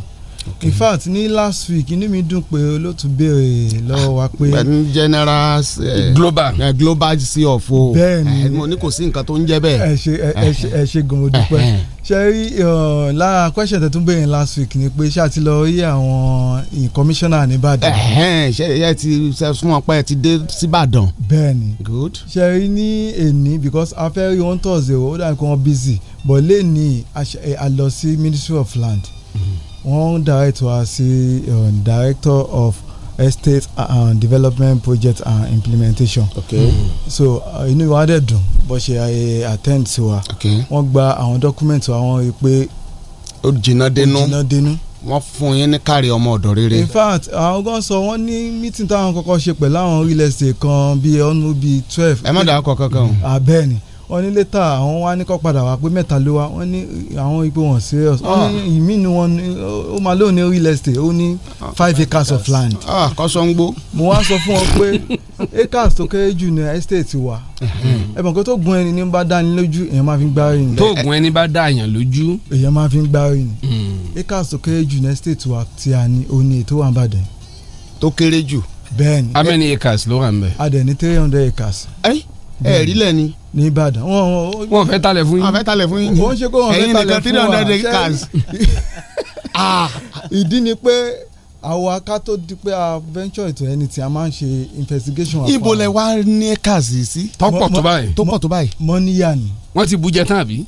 [SPEAKER 9] in fact ní last week inú mi dùn pé olóòtú béèrè lọ́wọ́ wa pé. pẹ̀lú
[SPEAKER 2] general eh, global eh, global of e o bẹ́ẹ̀ni eh,
[SPEAKER 9] mo ní kò sí nǹkan tó ń jẹ́ bẹ́ẹ̀. ẹ ṣe ẹ ṣe ẹ ṣe gòmò dúpẹ́ ṣe rí lára question tẹ̀ tún béèrè last week ni pé ṣé a ti lọ rí àwọn commissioner nìbàdàn. ṣe ẹ ti fún ọpẹ ẹ ti dé síbàdàn. bẹ́ẹ̀ni ṣe rí ní èní because a fẹ́ rí one thursday ó dàbí kí wọ́n busy but lẹ́ẹ̀ni a lọ sí ministry of land. Mm -hmm. One direct wa sí um, director of estate and development project and implementation. okay. so uh, inú wa dẹ̀ dùn bó ṣe uh, attend sí wa. okay. wọ́n gba àwọn document wa i pé. ó jìnnà dénú ó jìnnà dénú wọ́n fún yín ní kárí ọmọ ọ̀dọ̀ rere. in fact àwọn gan sọ wọ́n ní meeting táwọn kọ́kọ́ ṣe pẹ̀lú àwọn real estate kan bíi ọ̀nù bíi twelve. ẹ má dàá kọ kankan o. àbẹ́ẹ̀ni ah, wọ́n ní létà àwọn wá ní kọ́ padà wá pé mẹ́ta ló wá wọ́n ní àwọn ipò wọn serious wọ́n ní ah. ìmínú wọn ó máa lóun ní real estate ó ní ah. five acres of land. Ah, kọ́sọ́ngbó. mo wá sọ fún wọn pé acres tó kéré jù ní estate wa ẹ̀bùn kó tó gun ẹni ní bá dá ni lójú èèyàn máa fi ń gbárí ni. tó gun
[SPEAKER 2] ẹni bá dá èèyàn
[SPEAKER 9] lójú. èèyàn máa fi ń gbárí ni hmm. acres tó kéré jù ní estate wa ti a ní òní ètò wà ń bàdàn. tó kéré jù. bẹ́ẹ̀ni. how many acres ló wà ń bẹ̀. a dẹ̀ ní three hundred acres. ẹ ẹ rí lẹ́ni ní Ìbàdàn. wọn fẹ́ talẹ̀ fún yín. wọn fẹ́ talẹ̀ fún yín. wọn ṣe kó wọn fẹ́ talẹ̀ fún wa ẹ̀yin nìkan three hundred cars. ìdí ni pé àwa ká tó di pé a venture into anything a máa ń ṣe investigation. ibo lẹ wá ní cars yìí sí. tọpọ tó báyìí. tọpọ tó báyìí. mọ́níyà ni. wọ́n ti bu jẹ tán àbí.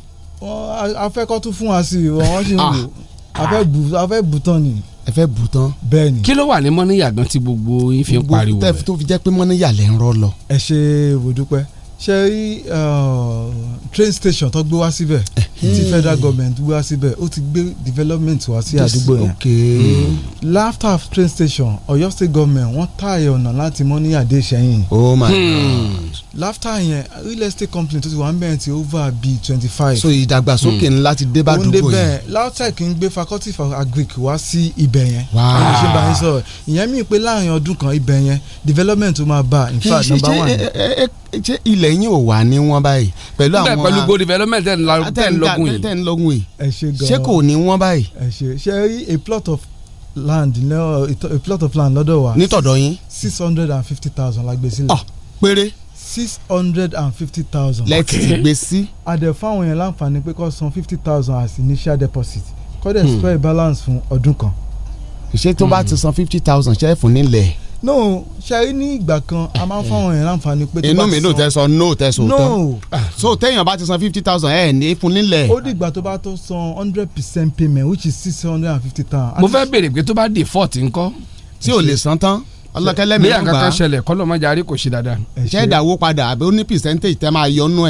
[SPEAKER 9] afẹ́kọ́ tún fún wa sí i wọ́n ṣe ń ah. lò afẹ́ bù tán ni ẹ fẹ́ bù tán. bẹ́ẹ̀ni. kí ló wà ní mọ́níyà gan tí gbogbo yín fi ń pariwo rẹ̀. gbogbo tẹ́ẹ̀ tó fi jẹ́ pé mọ́níyà lẹ́ ń rọ́ lọ. ẹ ṣe ibùdókẹ́ ṣe rí uh, train station tó gbé wá síbẹ̀ eh. tí federal hmm. government gbé wá síbẹ̀ ó ti gbé development wá sí àdúgbò yẹn láfta hmm. train station Ọ̀yọ́ state government wọ́n tààyè ọ̀nà láti mọ́ ní Adé Ìṣẹ̀yìn. oh my hmm. god. Hmm láftà yẹn real estate company tó ti wà ń bẹ̀rẹ̀ ti over bíi twenty five. so ìdàgbàsókè hmm. ńlá ti dé bá dùgbò yẹn. LAUTECH ń gbé faculty for agric wá sí ibẹ̀ yẹn. wáá ẹni ṣe bá yín sọ̀rọ̀ ìyẹn mi pé láàrin ọdún kan ibẹ̀ yẹn development ó máa bá in fact number one. ṣé ilẹ̀ yín ò wà ní wọ́n báyìí pẹ̀lú àwọn. nígbà pẹ̀lú go
[SPEAKER 2] development tẹ̀ ń ah, lọ́gùn yìí. tẹ̀
[SPEAKER 9] ń lọ́gùn yìí ṣé kò ní wọ́n báyìí. ẹ ṣe ṣe rí a plot of land a plot of land lọ́dọ̀ wa. nítọ̀dọ̀ yín. six hundred and fifty thousand la gbé sílẹ̀. ọ ah, péré six hundred and fifty thousand. lẹ́tì ti gbé sí. àdẹ̀ fáwọn yẹn láǹfààní pé kó san fifty thousand as initial deposit kó dẹ̀ hmm. spare balance fún ọdún kan.
[SPEAKER 2] ṣé tó bá ti hmm. san fifty thousand ṣe é fún nílẹ̀.
[SPEAKER 9] no ṣe ní ìgbà kan a máa ń fáwọn yẹn láǹfààní pé tó bá ti san. inú mi ló tẹ sọ no tẹ sọ tán ah, so téèyàn bá ti san fifty thousand ẹ ní fún nílẹ̀. ó dìgbà tó bá tó san hundred percent payment which is six hundred and fifty thousand. mo fẹ́ béèrè pé tó bá default ńkọ́. tí ò lè san tán ọlọ́kẹ́lẹ́
[SPEAKER 2] mi ń bá bí àkàkà ṣẹlẹ̀ kò ṣe dáadáa. ṣé ìdáwó padà àbí ó ní percentage tẹ́ máa yọ nú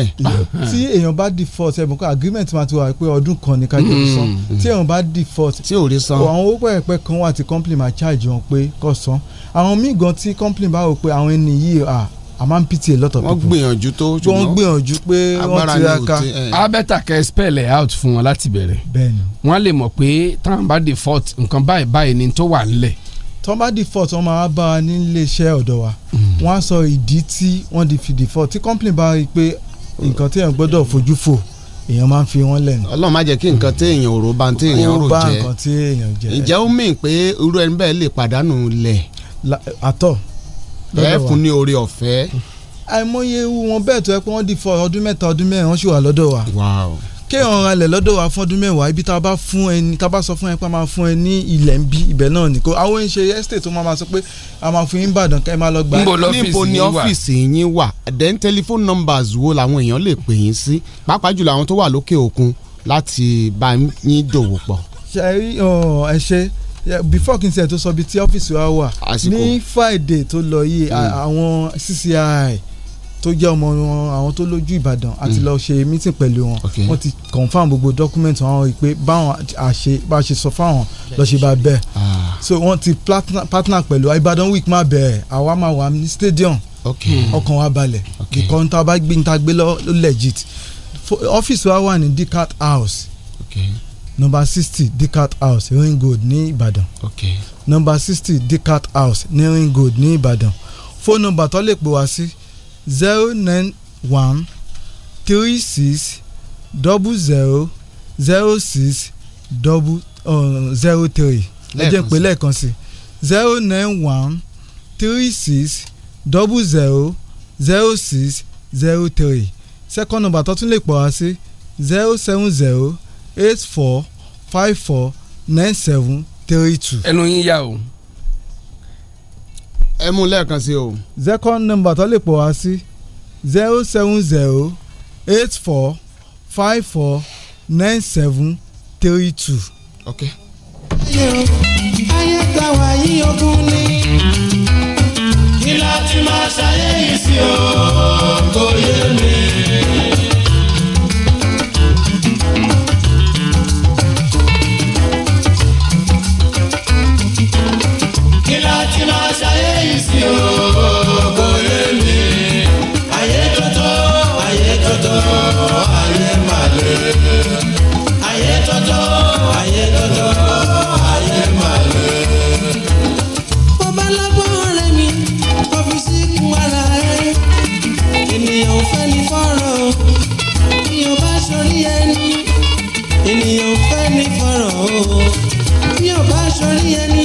[SPEAKER 2] tí
[SPEAKER 9] èèyàn bá default ẹ̀ bùkún agreement máa ti wà pé ọdún kan ní ká jẹ́ san hmm. tí èèyàn bá default. tí ò rí san. àwọn owó pẹ̀pẹ̀ kan wà tí company máa charge wọn pé kó san àwọn míì gan tí company bá wò pé àwọn ẹni yìí à a máa ń pity a lot of people. wọ́n gbìyànjú tó ṣùgbọ́n wọ́n gbìyànjú pé wọ́n ti eh tó bá default wọ́n máa bá wa ní iléeṣẹ́ ọ̀dọ̀ wa hmm. wọ́n á sọ ìdí tí wọ́n di fi default tí complain bá rí i pé nǹkan téèyàn gbọ́dọ̀ fojú fò èèyàn máa ń fi wọ́n lẹ́nu.
[SPEAKER 2] Ọlọ́run má jẹ́ kí nǹkan téèyàn ò rò bá téèyàn rò jẹ́ ǹjẹ́ ó mìn pé irú ẹni bẹ́ẹ̀ lè pàdánù lẹ̀. àtọ̀ ẹ fún ní oore ọ̀fẹ́.
[SPEAKER 9] àìmọye ewu wọn bẹ́ẹ̀ tó yẹ pé wọ́n di ọdún mẹ́ta ọdún mẹ́rin wọ́n sì wà lọ́dọ̀ wa. Wow kéèyàn ra ilẹ̀ lọ́dọ̀ wa fọ́dún mẹ́wàá ibi tá a bá fún ẹni tá a bá sọ fún ẹ pé a máa fún ẹ ní ilẹ̀ ń bí ibẹ̀ náà nìkó àwọn ń ṣe estate tó máa ma sọ pé a máa fún yín Ìbàdàn kẹ́ ẹ máa lọ gbà. níbo ni ọ́fíìsì
[SPEAKER 2] yín wà then telephone numbers wo làwọn èèyàn lè pè yín sí pàápàá jùlọ àwọn tó wà lókè òkun láti bá yín dòwò pọ̀.
[SPEAKER 9] ṣe ẹ ṣe before kí n ṣe ẹ tó sọ ibi tí ọ́fíìsì wa wà ní Friday tó lọ yìí hmm. àwọn CCI tó jẹ́ ọmọ àwọn tó lójú Ìbàdàn àti mm. lọ ṣe meeting pẹ̀lú wọn wọ́n ti confam gbogbo document wọn pé báwọn àṣe bá ṣe sọ fáwọn lọ ṣe bá bẹ́ẹ̀ ah. so wọ́n ti partner pẹ̀lú Ìbàdàn week má bẹ̀rẹ̀ àwa máa wà ní stadium ọkàn wa balẹ̀ ìkọ́ni tá a bá gbé ní ta gbé lọ legit ọ́fíìsì wa wà ní Decat House number sixty Decat House Ring Road ní Ìbàdàn number sixty Decat House ní Ring Road ní Ìbàdàn fóònù nọ́mbà tó lè pè wá sí zero nine one three six double zero zero six double zero uh, three ẹ jẹ́ pé lẹ́ẹ̀kan sí zero nine one three six double zero zero six zero three second number tó tún lè pọ̀ wá sí zero seven zero eight four five four nine seven three two.
[SPEAKER 2] ẹnu yín yá o ẹ mú
[SPEAKER 9] lẹ́ẹ̀kan sí o. second number tó lè pọ̀ wá sí zero seven zero eight four five four nine seven three two. ok.
[SPEAKER 6] ayé ta wà yí ogún ni kí láti máa ṣayé yìí sí o kò yé mi. ṣayé yìí sí òkò lé mi. Ayé tọ́tọ́, ayé tọ́tọ́, ayé màlè. Ayé tọ́tọ́, ayé tọ́tọ́, ayé màlè. Ọba lábọ́ ọ̀rẹ́ mi, ọ́fíìsì kún ara ẹ̀. Ènìyàn ò fẹ́ ní fọ́rọ̀, ènìyàn bá ṣorí ẹni. Ènìyàn ẹni.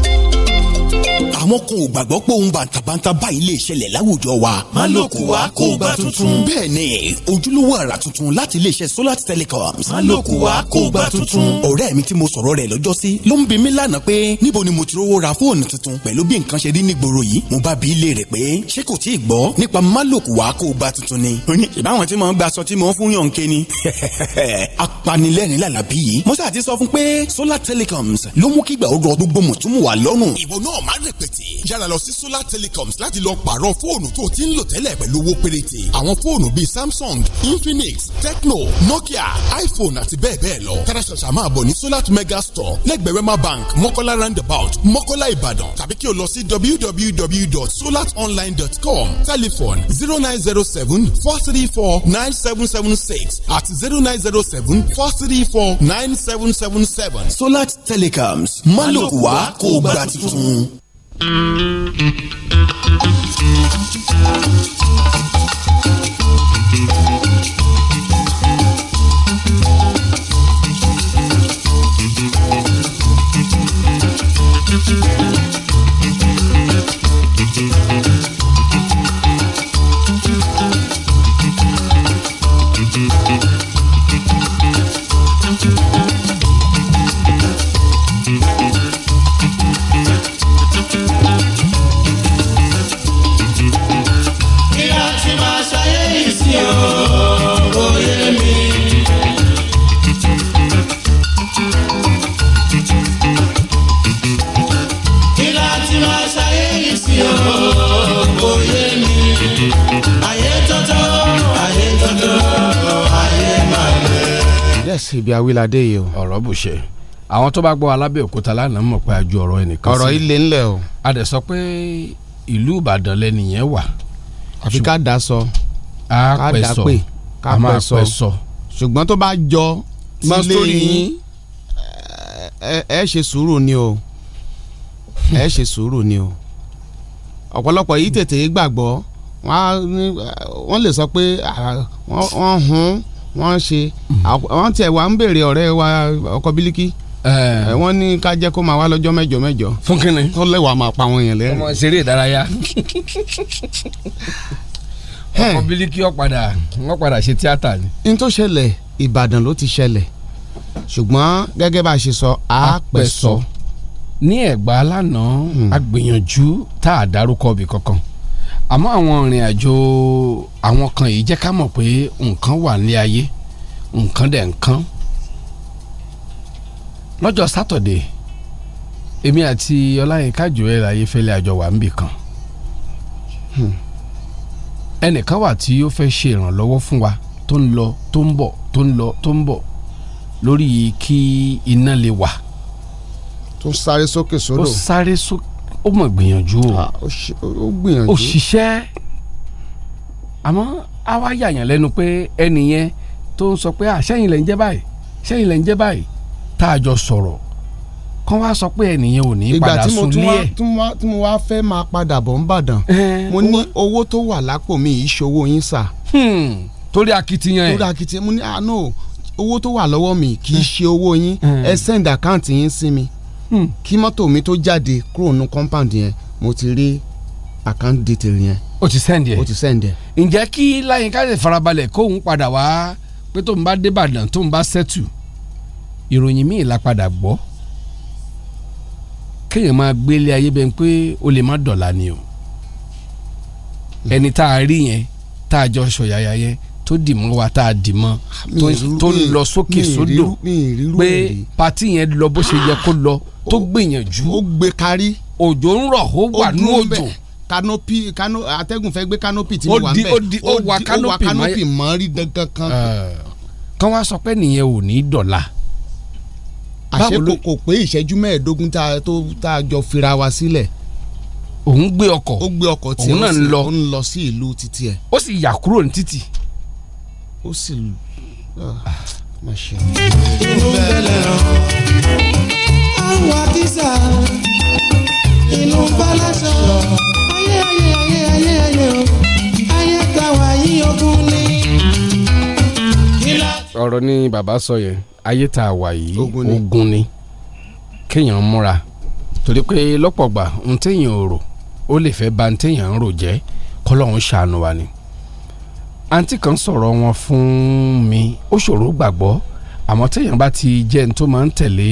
[SPEAKER 1] àwọn kan gbàgbọ́ pé ohun bàǹtàbàǹtà báyìí lè ṣẹlẹ̀ láwùjọ wa. má ló kù wá kó o gbà tuntun. bẹ́ẹ̀ ni ojúlówó àrà tuntun láti iléeṣẹ́ solar telecoms. má ló kù wá kó o gbà tuntun. ọ̀rẹ́ mi tí mo sọ̀rọ̀ rẹ̀ lọ́jọ́ sí ló ń bi mí lánàá pé níbo ni mo ti rówó ra fóònù tuntun pẹ̀lú bí nǹkan ṣe rí nígboro yìí mo bá bi ilé rẹ̀ pé ṣé kò tíì gbọ́ nípa má ló kù wá kó o gbà tuntun ni. ìbáwọn tí solar telecoms ló mú kígbà ó rọ gbogbo mọ̀túnmù wà lọ́rùn péréte. yára lọ sí solar telecoms láti lọ pààrọ̀ fóònù tó ti ń lò tẹ́lẹ̀ pẹ̀lú owó péréte. àwọn fóònù bíi samsung infinix tecno nokia iphone àti bẹ́ẹ̀ bẹ́ẹ̀ lọ. tara ṣàṣà máa bọ̀ ní solar mega store lẹ́gbẹ̀ẹ́ wema bank mọ́kọ́lá roundabout mọ́kọ́lá ìbàdàn tàbí kí o lọ sí www.solatonline.com telephone zero nine zero seven four three four nine seven seven six at zero nine zero seven four three four nine seven seven seven.
[SPEAKER 9] solar telecoms má lòkùwá kó gbà tuntun.
[SPEAKER 1] Outro
[SPEAKER 2] yes ibi awilade yìí o. ọ̀rọ̀ bù ṣe àwọn tó bá gbọ́ alábẹ́òkúta lánàá mọ̀ pé àjọ ọ̀rọ̀ ẹnìkan sí. ọ̀rọ̀ ilé ńlẹ̀ o. a dẹ̀ sọ pé ìlú ìbàdàn lẹ́nìyẹn wà. àfi ká da sọ. a pẹ sọ a máa pẹ sọ. ṣùgbọ́n tó bá jọ sílé yín ẹ ṣe sùúrù ni o ẹ ṣe sùúrù ni o ọ̀pọ̀lọpọ̀ yìí tètè gbàgbọ́ wọ́n lè sọ pé wọ́n hun wọ́n ṣe àwọn tiẹ̀ wà ń béèrè ọ̀rẹ́ wa ọkọ bílíkì wọ́n ní ká jẹ́ kó máa wá lọ́jọ́ mẹ́jọ mẹ́jọ fún kínní tó lẹ́wàá máa pa wọn yẹn lẹ́rìn. ọmọ ṣeré ìdárayá ọkọ bílíkì ọ̀padà wọ́n padà ṣe tíátà ni. n tó ṣẹlẹ̀ Ìbàdàn ló ti ṣẹlẹ̀ ṣùgbọ́n gẹ́gẹ́ bá a ṣe sọ àápẹ́ sọ. ní Ẹ̀gbá lánàá hmm. a gbìyànjú tá a dárúkọ bì kankan àmọ́ àwọn ìrìn àjò àwọn kan yìí jẹ́ ká mọ̀ pé nǹkan wà ní ayé nǹkan dẹ̀ nǹkan lọ́jọ́ sátọ̀dé èmi àti ọláyínká joel ayéfẹ́lẹ́ àjọ wà níbì kan hmm. ẹnìkan wà tí ó fẹ́ ṣe ìrànlọ́wọ́ fún wa tó ń lọ tó ń bọ̀ tó ń lọ tó ń bọ̀ lórí kí iná lè wà. tó sáré sókè sódò. ó sáré sókè ó mọ̀ gbìyànjú o ah, ó gbìyànjú ṣiṣẹ́ àmọ́ a wá yàyàn lẹ́nu pé ẹnì yẹn tó ń sọ pé àṣẹyìn lẹ́ ń jẹ́ báyìí ṣẹyìn lẹ́ ń jẹ́ báyìí tá a jọ sọ̀rọ̀ kán wá sọ pé ẹnìyẹn ò ní padà sùn lé ẹ̀. ìgbà tí mo wá fẹ́ máa padà bọ̀ ń bàdàn mo ní owó tó wà lápò mi yìí ṣòwò yín sà. Hmm, torí akitiyan ẹ torí akitiyan mo ní àánú ah, owó tó wà lọ́wọ́ mi kì í ṣe owó yín ẹ send account yín sí mi. Hmm. kí mọ́tò mi tó jáde kúrò nínú compound yẹn mo ti rí account detail yẹn. o ti send yẹ o ti send yẹ. ǹjẹ́ kí láyínká lè farabalẹ̀ kóun padà wá pé tóun bá débàdàn tóun bá sẹ́tù ìròyìn míì la padà gbọ́ kéèyàn máa gbélé ayé bẹ́ẹ̀ pé o lè má dọ̀la ni o ẹni tá a rí yẹn tá a jọ sọ̀yàyà yẹn tó dì mọ́ wa tá a dì mọ́ tó ń lọ sókè sódò pé pati yẹn lọ bó ṣe yẹ kó lọ tó gbìyànjú ó gbé kárí òjò ń rọ̀ ó wà ní òjò kanopi kano atẹ́gùn fẹ́ gbé kanopi tí mo wà nbẹ ó wà kanopi mọ́ rí dankan kan. kán wá sọ pé nìyẹn ò ní dọ̀la àṣẹ kò kò pé ìṣẹ́jú mẹ́ẹ̀ẹ́dógún tá a tó tá a jọ fira wa sílẹ̀. òun gbé ọkọ̀ òun náà ń lọ sí ìlú títí ẹ̀. ó sì yà
[SPEAKER 1] kúrò ní títì ó sì ah, má ṣe. inú
[SPEAKER 6] bẹ̀lẹ̀ rán àwọn akísà inú bẹ̀lẹ̀ sọ ayé ayé ayé ayé ayé o ayé
[SPEAKER 2] ọ̀rọ̀ ni bàbá sọ yẹn ayé tá a wà yìí ogun ni kéèyàn múra torí pé lọ́pọ̀ gbà ohun téèyàn rò ó lè fẹ́ ba ohun téèyàn rò jẹ́ kọ́lọ́hún ṣàánú wa ni àǹtí kan sọ̀rọ̀ wọn fún mi ó ṣòro gbàgbọ́ àmọ́ téèyàn bá ti jẹ́ ní tó máa ń tẹ̀lé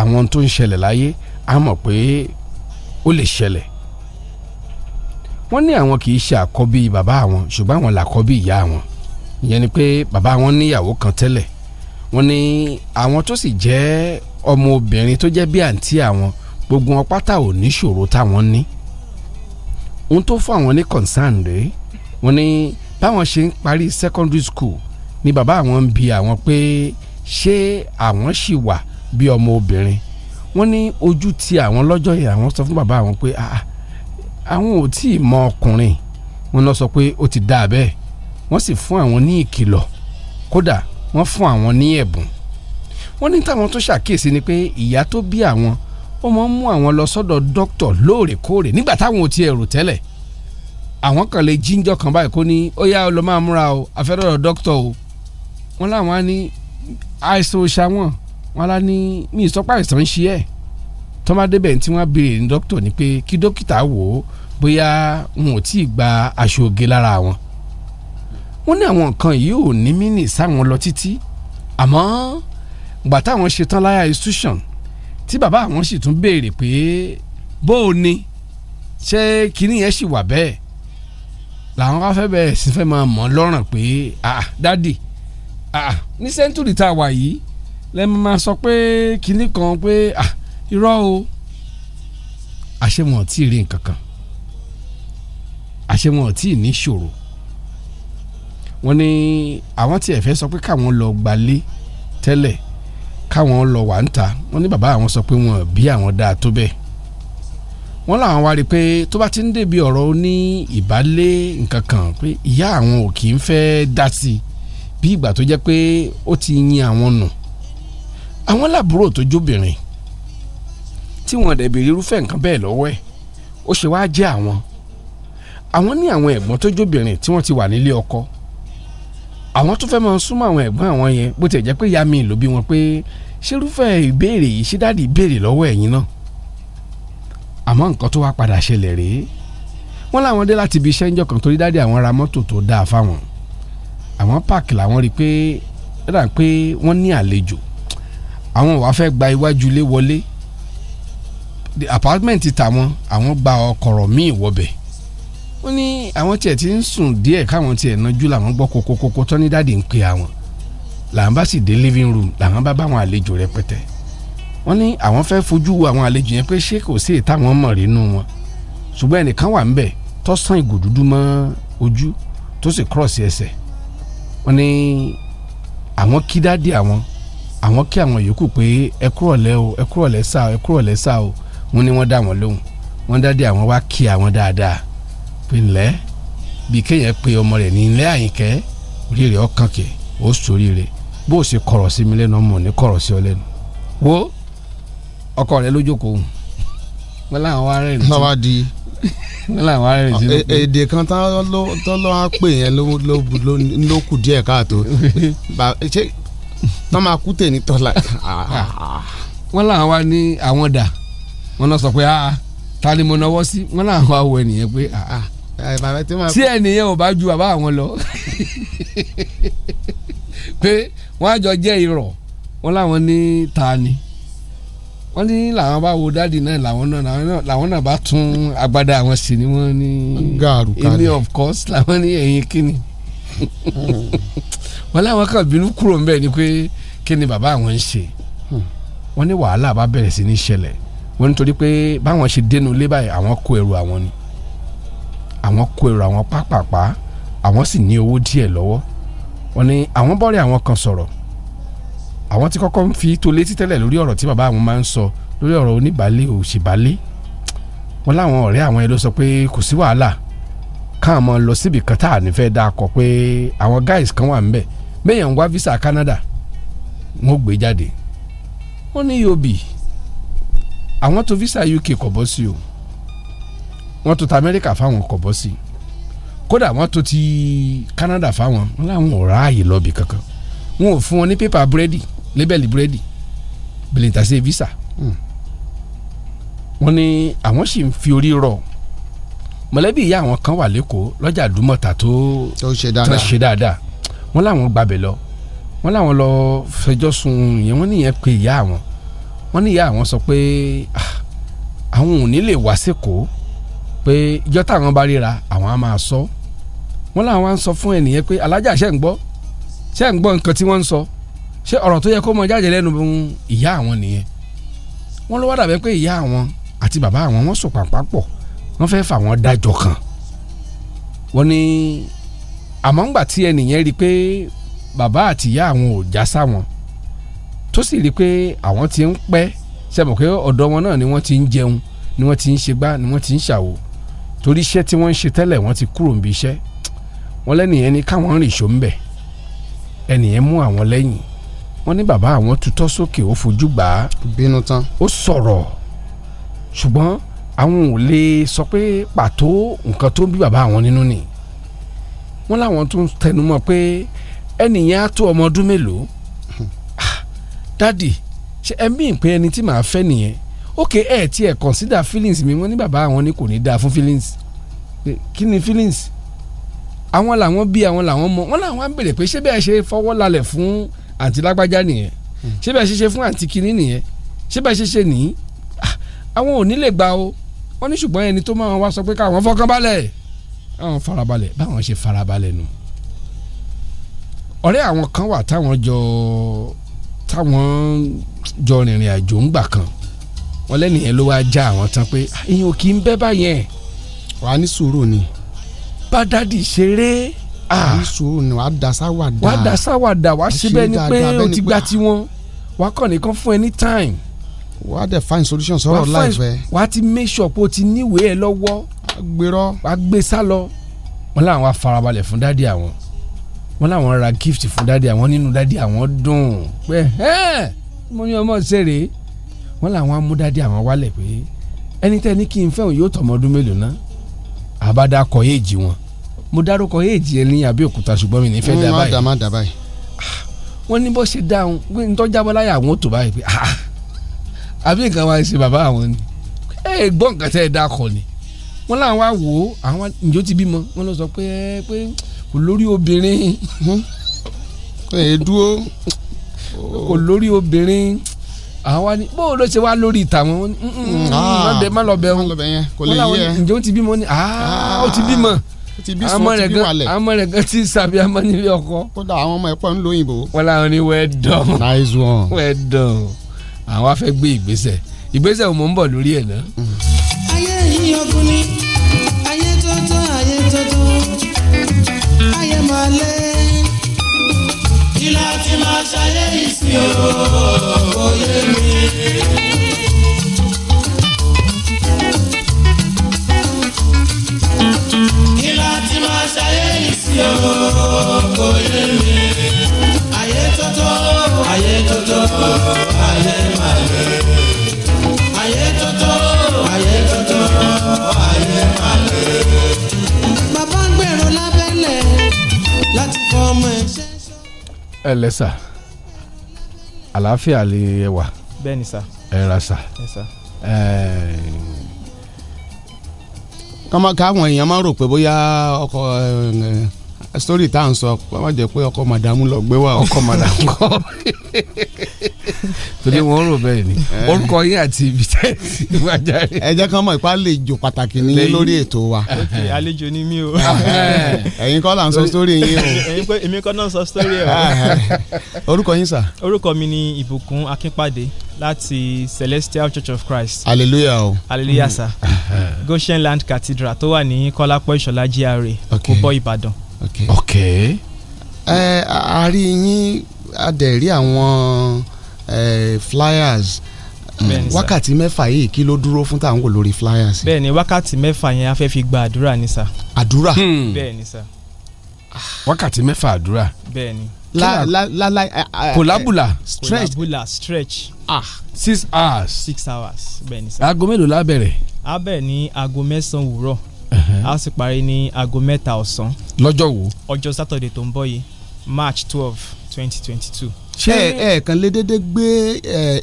[SPEAKER 2] àwọn tó ń ṣẹlẹ̀ láyé á mọ̀ pé ó lè ṣẹlẹ̀ wọ́n ní àwọn kì í ṣe àkọ́bí bàbá àwọn ṣùgbọ́n àwọn làkọ́bí ìyá àwọn ìyẹn ni pé bàbá wọn níyàwó kan tẹ́lẹ̀ wọ́n ní àwọn tó sì jẹ́ ọmọ obìnrin tó jẹ́ bí àǹtí àwọn gbogbo wọn pátá ò ní ṣòro táwọn ní ohun tó fún àwọn ní concern rèé wọ́n ní báwọn ṣe ń parí secondary school ni bàbá àwọn ń bi àwọn pé ṣé àwọn ṣì wà bí ọmọ obìnrin wọ́n ní ojú ti àwọn lọ́jọ́ yẹn àwọn sọ fún bàbá àwọn pé ah, ah, àwọn ò tí ì mọ ọkùnrin wọ́n lọ sọ pé ó ti dáa bẹ́ẹ̀ wọ́n sì fún àwọn ní ìkìlọ̀ kódà wọ́n fún àwọn ní ẹ̀bùn wọ́n ní táwọn tó ṣàkíyèsí ni pé ìyá tó bí àwọn ó máa ń mú àwọn lọ sọ́dọ̀ dókítà lóòrèkóòrè nígbà táwọn ò tiẹ̀ rò tẹ́lẹ̀ àwọn kan lè jíjọ kan báyìí kó ní ó yá ọ lọ máa múra o àfẹ́rọ̀rọ̀ dókítà o wọ́n láwọn á ní àìsàn òòṣà wọn wọ́n á ní mí ìsọpá àìsàn ń ṣe ẹ̀ tọ́mádébẹ̀ tí wọ́n béèrè ní dókítà ni pé kí dókítà wò ó bóyá wọn ò tí ì gba aṣọ oge lára wọn wọ́n ní àwọn nǹkan yìí ò ní mínì sáwọn lọ títí àmọ́ gbà táwọn ṣetán láyà institution tí bàbá àwọn sì tún béèrè pé bó o ṣé kinní yẹn sì wà bẹ́ẹ̀ làwọn wá fẹ́ bẹ̀rẹ̀ sí fẹ́ máa mọ̀ lọ́rùn pé ah dádì ah ní sẹ́ńtúrì tá a wà yìí lẹ́nu máa sọ pé kinní kan pé ah irọ́ o àṣemọ̀ tí ì rí nǹkan kan àṣemọ̀ tí ì ní ṣòro wọ́n ní àwọn tí ẹ̀ fẹ́ sọ pé káwọn lọ gbalé tẹ́lẹ̀ káwọn lọ wà ń ta wọ́n ní bàbá àwọn sọ pé wọn bí àwọn dáa tó bẹ́ẹ̀ wọ́n làwọn wá rí i pé tó bá ti ń débi ọ̀rọ̀ ní ìbálé nǹkan kan pé ìyá àwọn ò kì í fẹ́ dá sí i bí ìgbà tó jẹ́ pé ó ti yin àwọn nù àwọn làbúrò tó jóbìnrin tí wọ́n dẹ̀ irúfẹ́ nǹkan bẹ́ẹ̀ lọ́wọ́ ẹ̀ ó ṣe wá jẹ́ àwọn àwọn ní àwọn ẹ̀gbọ́n tó jóbìnrin tí wọ́n ti wà nílé ọkọ àwọn tó fẹ́ máa súnmọ́ àwọn ẹ̀gbọ́n àwọn yẹn bó tiẹ̀ jẹ́ pé ìyá mi ló bí wọn pé ṣerúfẹ́ ìbéèrè yìí ṣé dáàdi ìbéèrè lọ́wọ́ ẹ̀yin náà àmọ́ nǹkan tó wá padà ṣẹlẹ̀ rèé wọ́n láwọn dé láti ibi iṣẹ́ ńjọ́ kan torí dáadé àwọn ra mọ́tò tó dáa fáwọn àwọn páàkì làwọn rí i pé rà pé wọ́n ní àlejò àwọn wàá fẹ́ gba iwájú ilé wọlé the apartment tàwọn àwọn gba ọkọ̀rọ̀ míì wọbẹ̀ wọ́n ní àwọn tiẹ̀ ti ń sùn díẹ̀ káwọn tiẹ̀ nájú làwọn gbọ́ kokokoko tọ́ni dáadé ń pe àwọn làwọn bá sì dé living room làwọn bá bá àwọn àlejò rẹpẹtẹ wọ́n ní àwọn fẹ́ fojú àwọn àlejò yẹn pé ṣé kò sí ìta wọn mọ̀ rínú wọn ṣùgbọ́n ẹnìkan wà ńbẹ̀ tó sán ìgò dúdú mọ́ ojú tó sì kírọ̀sì ẹsẹ̀ wọ́n ní àwọn kí dádì àwọn àwọn kí àwọn yòókù pé ẹ kúrọ̀lẹ́ o ẹ kúrọ̀lẹ́ sá o ẹ kúrọ̀lẹ́ sá o wọ́n ní wọ́n dá wọn lóhùn wọ́n dádì àwọn wá kí àwọn dáadáa pé ńlẹ́ bí kéèyàn pe ọmọ rẹ̀ ní ńlẹ́ àyìnkẹ́ oríire ọkàn kẹ́ ó sóríire bó o ṣe kọ̀rọ̀ sí mi lẹ́nu ọmọ ò ní kọ̀rọ̀ sí ọ lẹ́nu wo ọkọ rẹ̀ lójókòó wọn làwọn wá rẹ̀ nìyí. lọ́wọ́ di wọn làwọn wá rẹ̀ nìyí. E-, èdè kan tọ́lọ́ á pè yẹn ló kù díẹ̀ káàtó ṣé tọ́ máa kú tèmi tọ́lá. wọn làwọn wá ní àwọn dà wọn náà sọ pé ta ni mo náwó sí wọn làwọn wá wọ ẹnìyẹn pé tí ẹnìyẹn ò bá ju bàbá àwọn lọ pé wọn á jẹ́ irọ́ wọn làwọn ní ta ni wọ́n ní làwọn bá wo dáàdi náà làwọn náà làwọn náà bá tún agbádá àwọn sí ni wọ́n ní èmi of course làwọn ní ẹ̀yìn kíni hmm. wọ́n láwọn kan bínú kúrò ń bẹ̀ ni pé kíni bàbá àwọn ń ṣe hmm. wọ́n ní wàhálà bá bẹ̀rẹ̀ sí ní ṣẹlẹ̀ wọ́n nítorí pé báwọn ṣe dénú ilé báyìí àwọn kó ẹrù àwọn ni àwọn kó ẹrù àwọn pápápá àwọn sì ní owó díẹ̀ lọ́wọ́ wọ́n ní àwọn bọ́ọ̀rẹ́ àwọn kan sọ̀rọ̀ àwọn ti kọ́kọ́ ń fi tó létí tẹ́lẹ̀ lórí ọ̀rọ̀ tí bàbá àwọn máa ń sọ lórí ọ̀rọ̀ oníbàálé òṣìbàálé wọn láwọn ọ̀rẹ́ àwọn yẹn ló sọ pé kò sí wàhálà káà mọ lọ síbi kan tá à ní fẹ́ dáa kọ pé àwọn guys kan wà ńbẹ̀ mẹ́yàn wá visa Canada wọ́n gbé jáde wọ́n ní yob àwọn tó visa UK kọ̀ bọ́ sí o wọ́n tó ta Amẹ́ríkà fáwọn kọ̀ bọ́ sí kódà wọ́n tó ti Canada fáwọn wọn láwọn ọ̀rá àyè lọ́ọ̀bì kankan wọn ò fún wọn ní pépà búrẹ́dì lébẹ̀lì búrẹ́dì bìlìntàsí visa hmm. wọ́n ní àwọn sì ń fi orí rọ̀ mọ̀lẹ́bí ìyá àwọn kan wà lẹ́kọ̀ọ́ lọ́jà àdúmọ̀tà tó tán ṣe dáadáa wọ́n láwọn gbàbẹ̀ lọ wọ́n láwọn lọ fẹjọ́ sùn yẹn wọ́n níyẹn pé ìyá àwọn wọ́n ní ìyá àwọn sọ pé ah, àwọn ò ní lè wá sẹ́kọ̀ọ́ pé ìjọ táwọn bá ríra àwọn á máa sọ wọ́n láwọn á sọ fún ẹnìyẹn pé alájà ṣẹ́ ń gbọ́ ṣẹ́ ń gbọ́ nǹkan tí wọ́n ń sọ ṣé ọ̀rọ̀ tó yẹ kó mọ jáde lẹ́nu ìyá àwọn nìyẹn wọ́n ló wá dàbẹ́ pé ìyá àwọn àti bàbá àwọn wọ́n sùn pàpà pọ̀ wọ́n fẹ́ fà wọ́n dájọ́ kan wọ́n ní àmọ́ ńgbà tí ẹnìyẹn rí i pé bàbá àti ìyá àwọn ò já sáwọn tó sì rí pé àwọn ti ń pẹ́ sẹ́mọ̀ pé ọ̀dọ̀ wọn náà ni wọ́n ti ń jẹun ni wọ́n ti ń ṣe gbá ni wọ́n ti ń ṣàwò torí iṣẹ́ tí wọ́n ń ṣe tẹ́lẹ̀ wọ́n ti kúrò níbi iṣẹ́ wọ́n lẹ́nìyẹn ni káwọn rìn ṣó ń bẹ̀ ẹnìyẹn mú àwọn lẹ́yìn wọ́n ní bàbá àwọn tutọ́ sókè ó fojú gbà á. bínú tán. ó sọ̀rọ̀ ṣùgbọ́n àwọn ò lè sọ pé pàtó nǹkan tó ń bí bàbá àwọn nínú ni wọ́n láwọn tún tẹnumọ́ pé ẹnìyẹn á tó ọmọ ọdún mélòó ah, dádì ṣe ẹ mí pé ẹni tí màá fẹ́ nìyẹn ok ẹ eh, ti ẹ consider feelings mi wọ́n ní bàbá àwọn ni kò ní dáa fún feelings kí ni feelings àwọn làwọn bí àwọn làwọn mọ wọn làwọn á béèrè pé ṣé bẹ́ẹ̀ ṣe fọwọ́ lálẹ̀ fún àǹtí lágbájá nìyẹn ṣé bẹ́ẹ̀ ṣe ṣe fún àǹtí kinní nìyẹn ṣé bẹ́ẹ̀ ṣe ṣe nìyí ah, àwọn ò ní lè gbà o wọ́n ní ṣùgbọ́n ẹni tó máa wá sọ pé káwọn fọkànbalẹ̀ àwọn farabalẹ̀ báwọn ṣe farabalẹ̀ nù ọ̀rẹ́ àwọn kan wà táwọn jọ táwọn jọ rìnrìn àjò ńgbà kan wọn lẹ́nìyẹn ló wáá já àwọn tán pé ah, ìyẹn ò kì í bẹ́ báyẹn wàá ní sùúrù ni bá dádì ṣeré Ah. ní sùúrù ni wàá da sáwàdà wàá da sáwàdà wàá ṣe bẹ́ẹ̀ ni pé o ti gba ah. tiwọn wàá kàn nìkan fún ẹ ní time. wàá dẹ̀ find solution sọ̀rọ̀ láìpẹ́. wàá ti make sure pé o ti níwèé ẹ lọ́wọ́. gbèrọ. wàá gbé sá lọ. wọn làwọn afarabalẹ̀ fún dádì àwọn wọn làwọn ra gift fún dádì àwọn nínú dádì àwọn dùn pé ẹ mo ní ọmọ ṣeré wọn làwọn amúdádì àwọn wálẹ̀ pé ẹni tẹ́ ní kí n fẹ́ òun yóò tọmọ ọdún mélòó ná àbádá kọ yéèjì wọn mo dárúkọ éèjì ẹ ní Abẹ́òkúta ṣùgbọ́n mi ní fẹ́ mm, dá báyìí. má dá báyìí. Ah, wọ́n ní bó ṣe dáhùn pé ní tọ́jábọ́ láyà àwọn òtò báyìí pé ah, àbí nǹkan wá ṣe bàbá àwọn ni ẹ gbọ́ nǹkan tẹ́ ẹ dákọ̀ ni wọ́n láwọn wá wò ó àwọn ìjọ ti bímọ wọ́n lọ sọ pé pé kò lórí obìnrin. ẹ dúró. kò lórí obìnrin àwọn wa ni bó o ló ṣe wá lórí ìtàwọn mm, mm, ah, má lọ bẹ wọn wọ́n láwọn ìjọ ti bímọ ni ó ti bímọ
[SPEAKER 8] ti bí sọ ti bí wàlẹ̀. àmọ́
[SPEAKER 2] rẹ̀ kan ti sàbí àmọ́ nílé ọkọ. kódà àwọn ọmọ ẹ̀pọ̀ ń lo òyìnbó. wọ́n láwọn ní wẹ́ẹ́ dán. nice one. wẹ́ẹ́ dán o àwọn á fẹ́ gbé ìgbésẹ̀ ìgbésẹ̀ ò mọ̀ ń bọ̀ lórí ẹ̀ náà. Hmm.
[SPEAKER 6] ayé yìí ọkùn ni ayé tọ́tọ́ ayé tọ́tọ́ ayé máa lé kí láti máa ṣayé ìsìn òòyè mi. yọ kò yé mi. Ayé tótó, ayé tótó, ayé má lè. Ayé tótó, ayé tótó, ayé
[SPEAKER 2] Ẹ lẹ́sà, àlàáfíà lè wà. Bẹ́ẹ̀ni sà. kọ́mọ káwọn èèyàn máa rò pé bóyá ọkọ̀ sórí tá à ń sọ kó má jẹ́ pé ọkọ màdàmú lọ gbé wa ọkọ màdàmú kọ́ torí wọn rò bẹ́ẹ̀ ni eh. orúkọ yín àti ibi tẹ́ ìwà jáde. ẹ jẹ́ kán mọ̀ ipá àlejò pàtàkì ní lórí ètò wa. Eh.
[SPEAKER 11] àlejò ni mí o. Eh. ẹ̀yin kọ́ là ń sọ sórí yín o. èmi kọ́ náà ń sọ sórí ẹ̀ o. orúkọ yín sà. orúkọ mi ni ìbùkún akínpàdé láti celestial church of christ. hallelujah o. hallelujah mm. sir. goshen land cathedral tó wà ní kọ́lápọ̀ ìṣọ̀lá GRA kò bọ́ ìbàdàn
[SPEAKER 2] ok ẹ a rí yín a dẹ̀ àwọn flyers wákàtí mẹ́fà yìí kí ló dúró fún táwọn kò lórí flyers.
[SPEAKER 11] bẹ́ẹ̀ni wákàtí mẹ́fà yẹn a fẹ́ fi gba àdúrà ni sa. àdúrà. Hmm. bẹ́ẹ̀ni sa. wákàtí mẹ́fà àdúrà. bẹ́ẹ̀ni. la la la la. kòlábùlà. stretch kòlábùlà stretch. ah six hours. six hours bẹ́ẹ̀ni sa.
[SPEAKER 2] aago mélòó la bẹ̀rẹ̀.
[SPEAKER 11] a bẹ̀rẹ̀ ní aago mẹ́sàn-án òwúrọ̀ Uh-huh. a sì parí ní aago mẹ́ta ọ̀sán. lọ́jọ́ wo. ọjọ́ sátọ̀dẹ̀ tó ń bọ̀ yìí march twelve twenty twenty two ṣé ẹ
[SPEAKER 2] kàn lè dédé gbé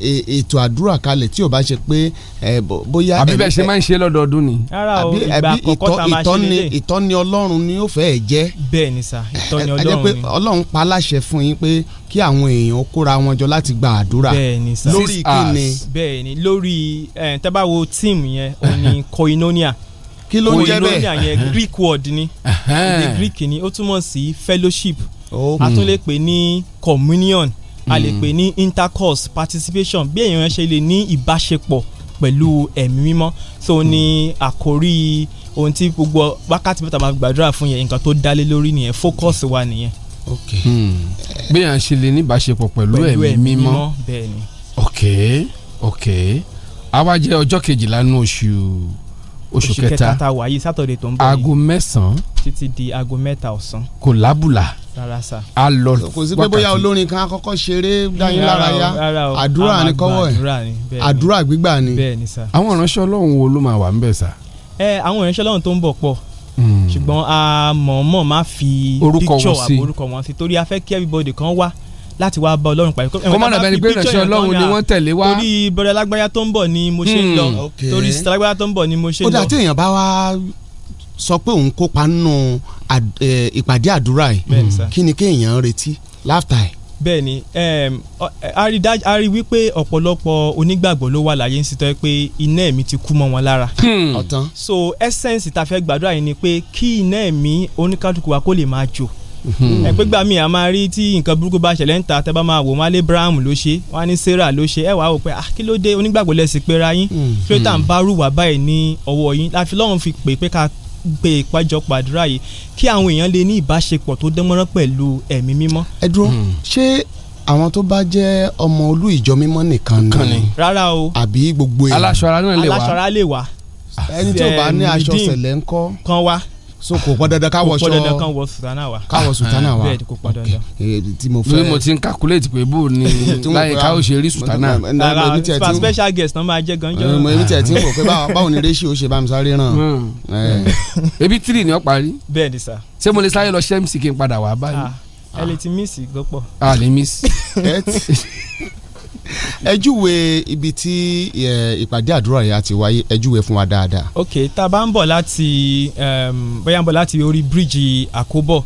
[SPEAKER 2] e, ètò àdúrà kalẹ̀ tí o bá ṣe pé bóyá. àbí bẹ́ẹ̀ ṣe máa ń ṣe lọ́dọọdún ni. rárá o ìgbà àkọ́kọ́ tá a máa ṣe lélẹ̀. ìtọ́ni ọlọ́run ni ó fẹ́ẹ̀ jẹ́. bẹ́ẹ̀ ni
[SPEAKER 11] sà ìtọ́ni ọlọ́run ni. ẹ jẹ́ pé
[SPEAKER 2] ọlọ́run pa aláṣẹ fún yín pé kí àwọn èèyàn kóra wọn jọ láti gba
[SPEAKER 11] àdúrà. bẹ́ẹ̀ ni sà lórí kíni. bẹ́ẹ̀ ni lórí tẹ́ bá wo tíìmù yẹn òun ni koinonia kí ló ń jẹ́ bẹ́ẹ̀ koinonia yẹn greek word ni èdè greek ni ó túmọ̀ sí fellowship a tún lè pè ní communion a lè hmm. pè ní intercourse participation bí èèyàn ṣe lè ní ìbáṣepọ̀ pẹ̀lú ẹ̀mí mímọ́ tó hmm. ní àkórí ohun tí gbogbo wákàtí mẹ́ta máa gbàdúrà fún yẹn nǹkan tó dálé lórí nìyẹn focus wa nìyẹn. ok
[SPEAKER 2] hmm. bí a ṣe lè ní ìbáṣepọ̀ pẹ̀lú ẹ̀mí mímọ́ ok ok àwa jẹ́ ọjọ́ kejìlá nínú oṣù oṣù kẹta tá a
[SPEAKER 11] wà yìí sátọ̀dẹ̀ tó ń bọ̀ yìí aago mẹ́sàn-án títí di aago mẹ́ta ọ̀sán
[SPEAKER 2] kò lábùlà a lọ wákàtí kò sí pé bóyá olórin kan akọ́kọ́ ṣeré dáyín lára àdúrà ni kọ́wọ́ ẹ̀ àdúrà gbígbà ni àwọn ìránṣẹ́ ọlọ́run wo ló máa wà ń
[SPEAKER 4] bẹ̀ sà.
[SPEAKER 11] ẹ àwọn ìránṣẹ́ ọlọ́run tó ń bọ̀ pọ̀ hmm. ṣùgbọ́n a mọ̀ọ́mọ̀ má fi picture àbórúkọ wọn sí torí a fẹ́ kí everybody kan wá láti wá bá ọlọ́run pàdé. kó má dàbẹ́ ni pé ìrẹsì ọlọ́run ni wọ́n tẹ̀lé wá. torí bọ̀dẹ̀ lágbáyà tó ń bọ̀ ni mo ṣe ń lọ hmm, torí sita lágbáyà tó ń bọ̀ ni mo ṣe ń lọ. ó dà tí èèyàn
[SPEAKER 2] bá wá sọ pé òun kópa nínú ìpàdé àdúrà yìí kí ni kéèyàn retí láftà ẹ̀
[SPEAKER 11] bẹ́ẹ̀ni a rí wípé ọ̀pọ̀lọpọ̀ onígbàgbọ́ ló wà láyé ń sitọ́ pé iná ẹ̀mí ti kú mọ́ wọn lára. Hmm. so essence ta fẹ́ gbàdúrà yìí ni pé kí iná ẹ̀mí oníkálukú wa kó lè máa jò ẹgbẹ́gbà mi a máa rí tí nǹkan burúkú bá ṣẹlẹ̀ ń ta tẹ́ bá máa wò wọ́n á lé Abraham ló ṣe wọ́n á ní Sarah ló ṣe ẹ wàá wò pé ah kí ló dé onígbàgbọ́ lẹ́sìn péra yín hmm. kí ló tà ń hmm. bá rúwà báyìí ní ọwọ́ yín láfi lọ́run fi pè pé ká gbé ìpàjọpọ̀ e àdúrà yìí kí àwọn èèyàn lè ní ìbáṣepọ̀ tó dánmọ́rán pẹ̀lú ẹ̀mí mímọ́. ẹ dúró hmm. ṣé àwọn tó bá jẹ́ ọmọ olú
[SPEAKER 2] ìjọ mímọ́ nìkan ni
[SPEAKER 11] rárá o àbí gbogbo èèyàn aláṣọra náà lè wá aláṣọra lè wá ẹni tó bá ní aṣọ sẹ̀lẹ̀ ńkọ́ kan wá
[SPEAKER 1] so kò pọn dandan
[SPEAKER 11] káwọ sọ kò pọn dandan káwọ sùtánà wa
[SPEAKER 2] káwọ sùtánà wa bẹ́ẹ̀ kò pọn dandan. tí mo fẹ́ mo ti ń calculate pé bó ni láyé káwọ ṣe rí sùtánà. ara super special
[SPEAKER 11] guest náà máa jẹ́ ganjọ́. mo ebi tẹ̀ tí n kò pé báwo ni ratio
[SPEAKER 2] ṣe bá mi sáré ràn. Hmm. Eh.
[SPEAKER 11] ebi three ni ó parí. bẹ́ẹ̀ ni sá.
[SPEAKER 2] ṣé mo lè sáré lọ ṣẹ́mìsì kí
[SPEAKER 11] n padà wá báyìí. Ah, ẹ lè ti míìsì gbọ́pọ̀.
[SPEAKER 2] Ah, a lè míìsì. ẹ júwe ibi tí ìpàdé àdúrà yà ti wáyé ẹ fún wa dáadáa.
[SPEAKER 11] ok tá a bá ń bọ̀ láti bóyá ń bọ̀ láti orí bíríìjì àkóbọ̀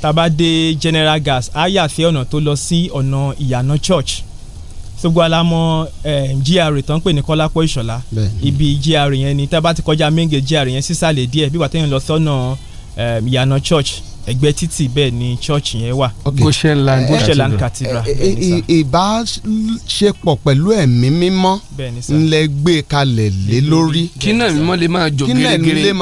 [SPEAKER 11] tá bá dé general gas á yàfẹ́ ọ̀nà tó lọ sí ọ̀nà ìyànà church sogbo alamọ GRA tó ń pè ní Kọ́lápọ̀ Ìṣọ̀lá ibi GRA yẹn ni tá a bá ti kọjá méje GRA yẹn sísàlẹ̀ díẹ̀ bí wàá tẹ̀yìn lọ sọ́nà ìyànà church ẹ̀gbẹ́ títì bẹ́ẹ̀ ni church yẹn wà. Goshenland Goshenland Cathedral. Eh, eh,
[SPEAKER 9] eh, ìbáṣepọ̀
[SPEAKER 2] pẹ̀lú ẹ̀mí mímọ́ ńlẹ̀ kalẹ̀ lé lórí. kí náà mímọ́ lè máa jọ gẹ́gẹ́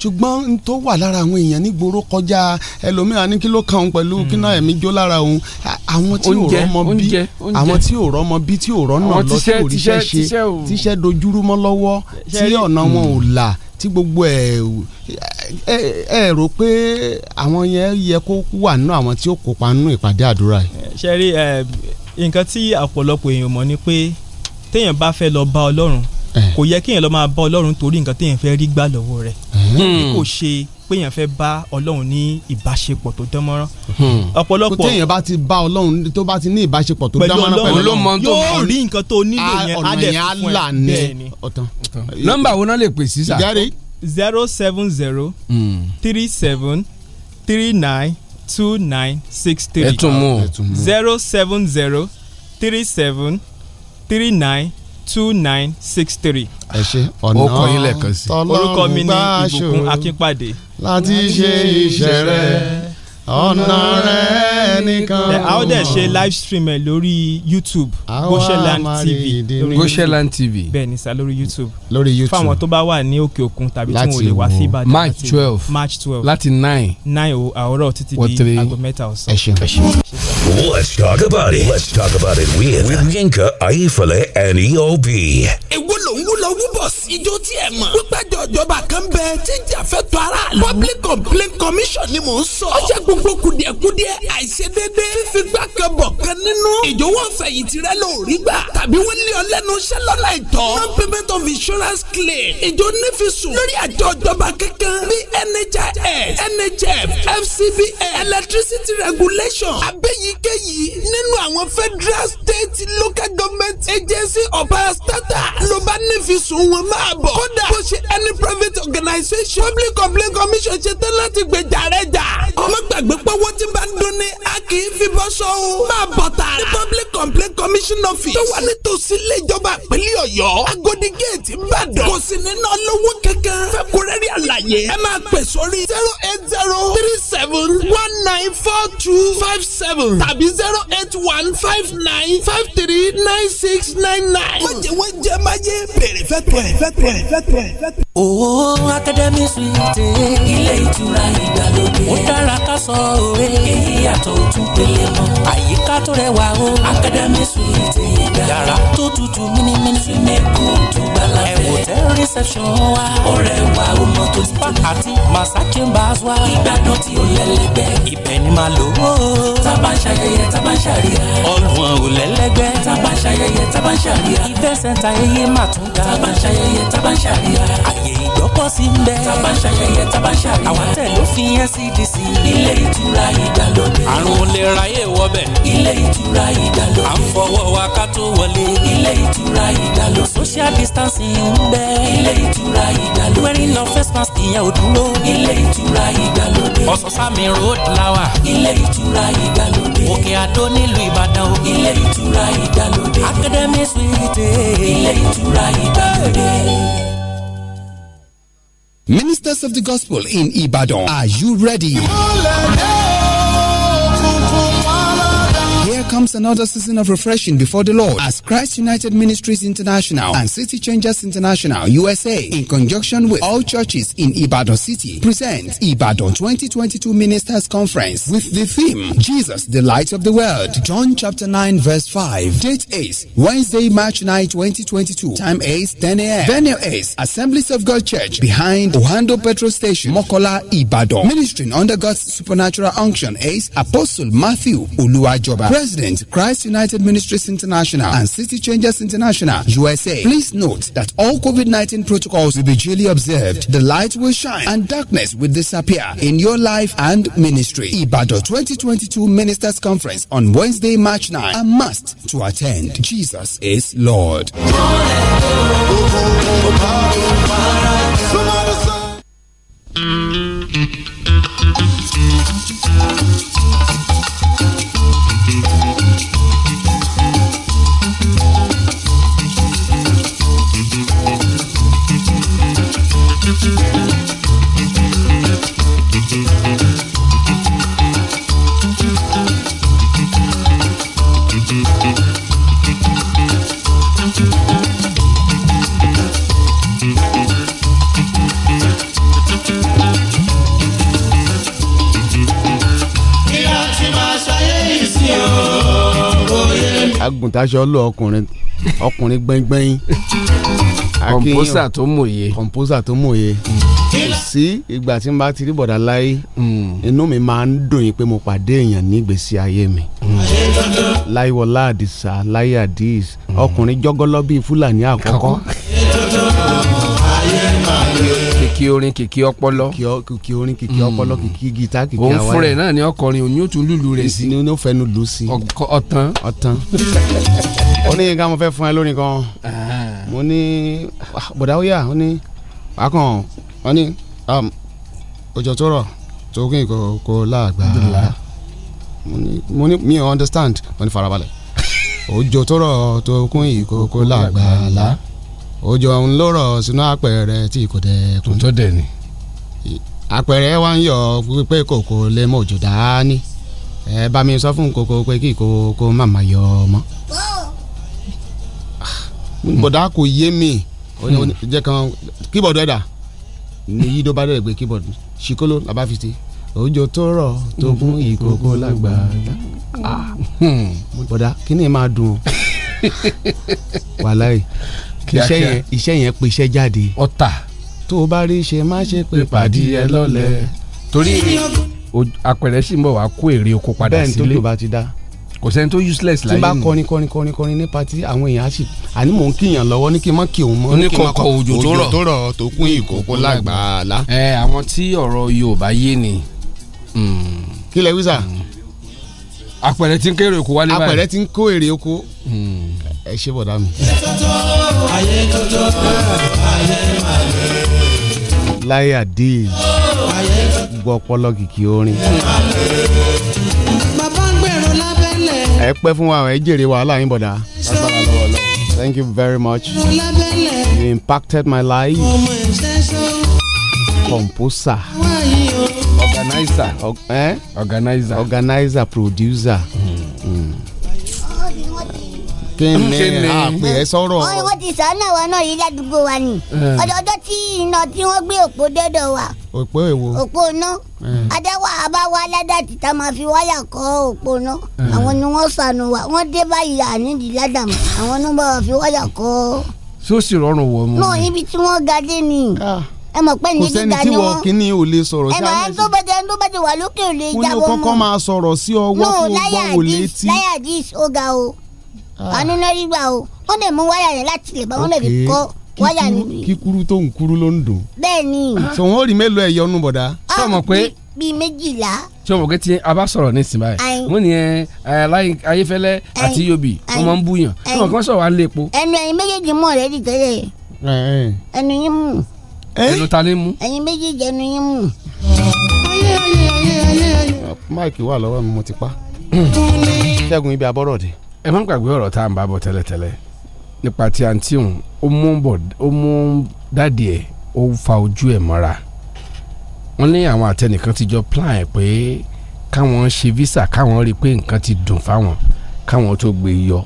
[SPEAKER 2] ṣùgbọ́n n tó wà lára àwọn èèyàn nígboro kọjá ẹlòmíràn ní kí ló kàn án pẹ̀lú kí náà hmm. ẹ̀mí jó lára òun àwọn tí ò rọ́mọ bí àwọn tí ò rọ́mọ bí tí ò rọ́nà lọ tí ò ríṣẹ́ ṣe tíṣẹ́ dojúrú lọ́wọ́ tí ọ̀nà wọn ò hmm. là tí gbogbo ẹ ẹ rò pé àwọn yẹn yẹ kó wà nínú àwọn tí ó kópa nínú ìpàdé àdúrà yìí.
[SPEAKER 11] ṣe rí nǹkan tí ọ̀pọ̀lọpọ̀ èèyàn mọ̀ ni pé téèyàn bá fẹ́ lọ bá Ọlọ́run Eh. kò yẹ kéèyàn lọ máa bá ọlọ́run torí nǹkan téèyàn fẹ́ rí gbà lọ́wọ́ rẹ̀ hmm. kò ṣe péèyàn fẹ́ bá ọlọ́run ní ìbáṣepọ̀ tó dánmọ́rán.
[SPEAKER 2] Hmm. ọ̀pọ̀lọpọ̀ téèyàn bá ti bá ọlọ́run tó bá ti ní ìbáṣepọ̀ tó dánmọ́rán pẹ̀lú ọlọ́run yóò rí nǹkan tó nílò ah, yẹn á dẹ̀ fún ẹ bẹ́ẹ̀ ni.
[SPEAKER 11] nọ́mbà wo náà lè pè sí sáà. zero seven zero hmm. three seven three nine two nine six three zero seven zero three seven three nine two nine six three. ẹ ṣe ọ̀nà orúkọ mi ní ìbùkún akínpàdé. láti ṣe iṣẹ́ rẹ̀ ọ̀nà rẹ̀ nìkan. a ó dẹ̀ ṣe live stream ẹ̀ lórí YouTube Goshenland TV Goshenland TV bẹ́ẹ̀ ni sá lórí YouTube lórí YouTube fáwọn tó bá wà ní òkè òkun tàbí tí wọn ò lè wá sí Ìbàdàn March twelve March twelve láti nine nine àárọ̀ títí di aago mẹ́ta ọ̀sán.
[SPEAKER 3] ẹ ṣeun ẹ ṣeun. Let's talk about it. Let's talk about it with, with Yinka Ayefele and EOB.
[SPEAKER 1] Ewo ló ń wúlọ wúbọ̀ sí ijó tí ẹ e mọ̀? Pípẹ́jọ ìjọba kan bẹ tí jàfẹ́ tó aráàlú. Public Complaint Commission ni mò ń sọ. Ó ṣe gbogbo gbogbo kùdìẹ̀kùdìẹ̀ àìṣedédé fífi gbàkẹ́bọ̀ kan nínú ìjọ̀wọ́ fẹ̀yìntì rẹ lórí gbà tàbí wọ́n lé ọ lẹ́nu iṣẹ́ lọ́nà ìtọ́ non payment of insurance claim ìjọ nífisùn lórí àjọ ìjọba kankan bí NHIS NHF
[SPEAKER 6] FCBN electricity regulation abẹ́yíkéyìí nínú àwọn federal state local government agency ọ̀pá state? ló bá nífisùn wọn máa bọ̀ kódà bó ṣe any private organization public complaint commission ṣe tán láti gbèjà rẹ̀ jà ọmọ gbà gbàgbé pọ́wọ́ tí bá ń dunni a kì í fi bọ́ sọ́hun. máa bọ̀ tààrà ní public complaint
[SPEAKER 1] commission office tó wà nítòsí ilé ìjọba ìpínlẹ̀ ọ̀yọ́ agodi gate ìbàdàn kò sì ní ná lówó kankan. fẹ́kúrẹ́rì àlàyé ẹ máa pè sórí zero eight zero three seven one nine four two five seven tàbí zero eight one five nine
[SPEAKER 6] five three nine six nine nine. wọ́n jẹ́ wọ́n jẹ́ máa yé bèrè fẹ́ tọ́ ẹ̀ fẹ́ ẹ̀ fẹ́ ẹ̀. Owó Akademi Suite. Ilé ìtura ìgbàlódé. Ó dára
[SPEAKER 12] ká sọ òwe. Èyí yàtọ̀ ojú pele mọ́. Àyíká tó rẹwà o. Akademi Suite ìgbà. Yàrá tó tutù mímímí. Súnmẹ́kù tó gbala fẹ́. Hotel reception wa.
[SPEAKER 1] Ọ̀rẹ́ wa ó mọ tó ti tó. Àti Massa
[SPEAKER 12] Chambers wa. Ìgbádùn tí ó lẹ́lẹ́gbẹ́. Ibẹ̀ ni màá lò ó. Tábà Ọlùwọ̀n ò lẹ́lẹ́gbẹ́. Tábà ń ṣayẹyẹ, ẹyẹ ààyè ìgbọ́kọ̀ sí ń bẹ. tábà ń ṣayẹyẹ tábà ń ṣàríyá. àwọn àtẹ ló fi NCDC. E ilé ìtura ìdàlódé. àrùn olè ráyè wọbẹ̀. ilé ìtura ìdàlódé. à ń fọwọ́ wa ká tó wọlé. ilé ìtura ìdàlódé. social distancing ń bẹ. ilé ìtura ìdàlódé. wearing no face mask ìyẹn ò dúró. ilé ìtura ìdàlódé. ọ̀sánsámi road lawa. ilé ìtura ìdàlódé. òkè àdó nílùú ìbàdàn o. ilé ìtura ìdàlódé. academy suite. ilé ìtura ìdàlódé.
[SPEAKER 7] Ministers of the Gospel in Ibadan, are you ready? comes another season of refreshing before the Lord as Christ United Ministries International and City Changers International USA, in conjunction with all churches in Ibadan City, present Ibadan 2022 Ministers Conference with the theme Jesus, the Light of the World. John chapter 9, verse 5. Date is Wednesday, March 9, 2022. Time is 10 a.m. Venue is Assemblies of God Church behind Ohando Petrol Station, Mokola, Ibadan. Ministering under God's supernatural unction is Apostle Matthew Uluajoba. President President, Christ United Ministries International and City Changers International, USA. Please note that all COVID 19 protocols will be duly observed. The light will shine and darkness will disappear in your life and ministry. Ibadan 2022 Ministers Conference on Wednesday, March 9. A must to attend. Jesus is Lord.
[SPEAKER 2] atẹ́gùn táṣọ lọ ọkùnrin ọkùnrin gbẹ́ngbẹ́yìn. kọ̀ǹpósà tó mòye. kọ̀ǹpósà tó mòye. kò sí ìgbà tí n bá ti rí bọ̀dà láyé hmm. inú mi máa ń dùn yín pé mo pàdé èèyàn ní ìgbésí ayé mi. láyéwọlá àdìsá láyé àdìs hmm. ọkùnrin jọgọlọ bíi fúlàní àkọ́kọ́ kìkì orin kìkì ọpọlọ. kìkì orin kìkì hmm. ọpọlọ kìkì gita kìkì àwa. òun fúnra ẹ̀ náà ni ọkọrin òun yóò tún lùlù rẹ̀ sí. ni ó fẹnu lù sí. ọ̀tán. ọ̀tán. ó ní nǹkan mo fẹ́ fún ẹ lórí kan. Ah. mo ní bọ̀dá ó yà ó ní akàn ó ní ọjọ́ tó rọ̀ tó kí n kò kò láàgbà. mo ní mi ò understand mo ní farabalẹ̀ ọjọ́ tó rọ̀ tó kún ìkòkò láàgbà lá. La òjò ọ̀hún ló rọ̀ sínú àpẹẹrẹ tí kò dẹ̀ kún. tó dẹ̀ ni. àpẹẹrẹ wa ń yọ pé kòkó lè mọ òjò dání ẹ bá mi sọ fún kòkó pé kí kòkó má má yọ ọmọ. Ah, bọ̀dá kò yé mi jẹ́ kan kíbọ̀dù ẹ̀dà ni yìí ló bá dẹ̀ gbé kíbọ̀dù ṣìkóló làbá fi ti òjò tó rọ̀ tó gún ìkòkó lágbàdá. Ah, hmm, bọ̀dá kí ni máa dùn o wàláì kíákíá iṣẹ́ yẹn iṣẹ́ yẹn pe iṣẹ́ jáde. ọ̀tà tó o bá rí ṣe má ṣe pé pàdí ẹ lọ́lẹ̀. torí apẹ̀rẹ̀ sì ń bọ̀ wá kó èrè oko padà sílé bẹ́ẹ̀ ni tó bá ti dá. kò sẹ́ni tó useless láyé nù. tí bá kọrin kọrin kọrin kọrin ní patí àwọn èèyàn á sì àní mò ń kíyàn lọ́wọ́ ní kí n má kí òun mọ́. ní kò kọ òjò tó rọ̀ òjò tó rọ̀ tó kún ìkókó lágbàlá ẹ ṣe bọ̀dá mi. láyé àdé gbọ́ ọpọlọ kìkì orin.
[SPEAKER 6] bàbá ń gbèrò lábẹ́lẹ̀.
[SPEAKER 2] ẹ pẹ́ fún wa ẹ jèrè wàhálà yín bọ̀dá. thank you very much you impacted my life composer organizer eh? organizer organizer producer kí ni àpè ah, ẹ sọ̀rọ̀. wọ́n wọ́n
[SPEAKER 10] ti sọ́nà wọn náà yí ládùúgbò wa ni ọjọ́ tí iná tí wọ́n gbé òpó dọ́dọ̀ wa. òpó èwo. òpó iná. adáwà abáwá aládà títà máa fi wáyà kọ́ òpó iná. àwọn ni wọ́n sànù wa wọ́n dé báyìí ànídìí ládàmú àwọn ni wọ́n fi wáyà kọ́.
[SPEAKER 2] ṣé ó sì rọrùn wọ mu. náà
[SPEAKER 10] ibi tí wọ́n ga dé ni ah. ẹ mọ̀ pé ní gíga ni wọ́n kò sẹ́ni tí wọ́n kí
[SPEAKER 2] ni ò lè sọ̀rọ̀ sí àná. ẹ máa ń tó
[SPEAKER 10] bẹ́tẹ̀ ń tó bẹ́tẹ̀ wà lókè ò lè jábọ́ mọ́. mo ní kọ́kọ́ máa sọ̀rọ̀ sí ọwọ́ fún ọgbọ́n wò létí. láyà dis ó ga o ọ̀nù ah. náà rí gbà o ó lè mú wáyà yẹn láti lè bá wọn lè fi kọ́ wáyà níbi.
[SPEAKER 2] kíkúrú tó ń kúrú ló ń dùn.
[SPEAKER 10] bẹ́ẹ̀ni. sọ wọn
[SPEAKER 2] ò rí mélòó ẹ yọnu bọ̀dá. sọ ah, ma pé méjìlá. tí wọn kò tí a bá sọ̀rọ̀ ní ìsìn báyìí wọn ni eh, eh, ayéfẹ́lẹ́ àti yobi wọn máa ń búyàn tí wọn kàn sọ̀rọ̀ à ń lè po.
[SPEAKER 10] ẹnu ẹyin méjèèjì mú ọ̀rẹ́ dìde rẹ̀ eh, ẹnu yín mú.
[SPEAKER 2] ẹnu ta ni mú.
[SPEAKER 10] ẹyin méjèèjì ẹnu yín mú.
[SPEAKER 2] máìkì wà lọ́wọ́ mi mo ti pa hmm. ṣẹ́gun ibi abọ́rọ̀ dé ẹ má gbàgbé ọ̀rọ̀ tá à ń bá bọ̀ tẹ́lẹ̀tẹ́lẹ̀ nípa tí àǹtí òun ó mú bọ̀ ó mú dáàdì ẹ̀ ó fa ojú ẹ̀ mọ́ra wọ́n ní àwọn àtẹnìkan ti jọ plan ẹ̀ pé káwọn ṣe visa káwọn rí i pé nǹkan ti dùn fáwọn káwọn tó gbé e yọ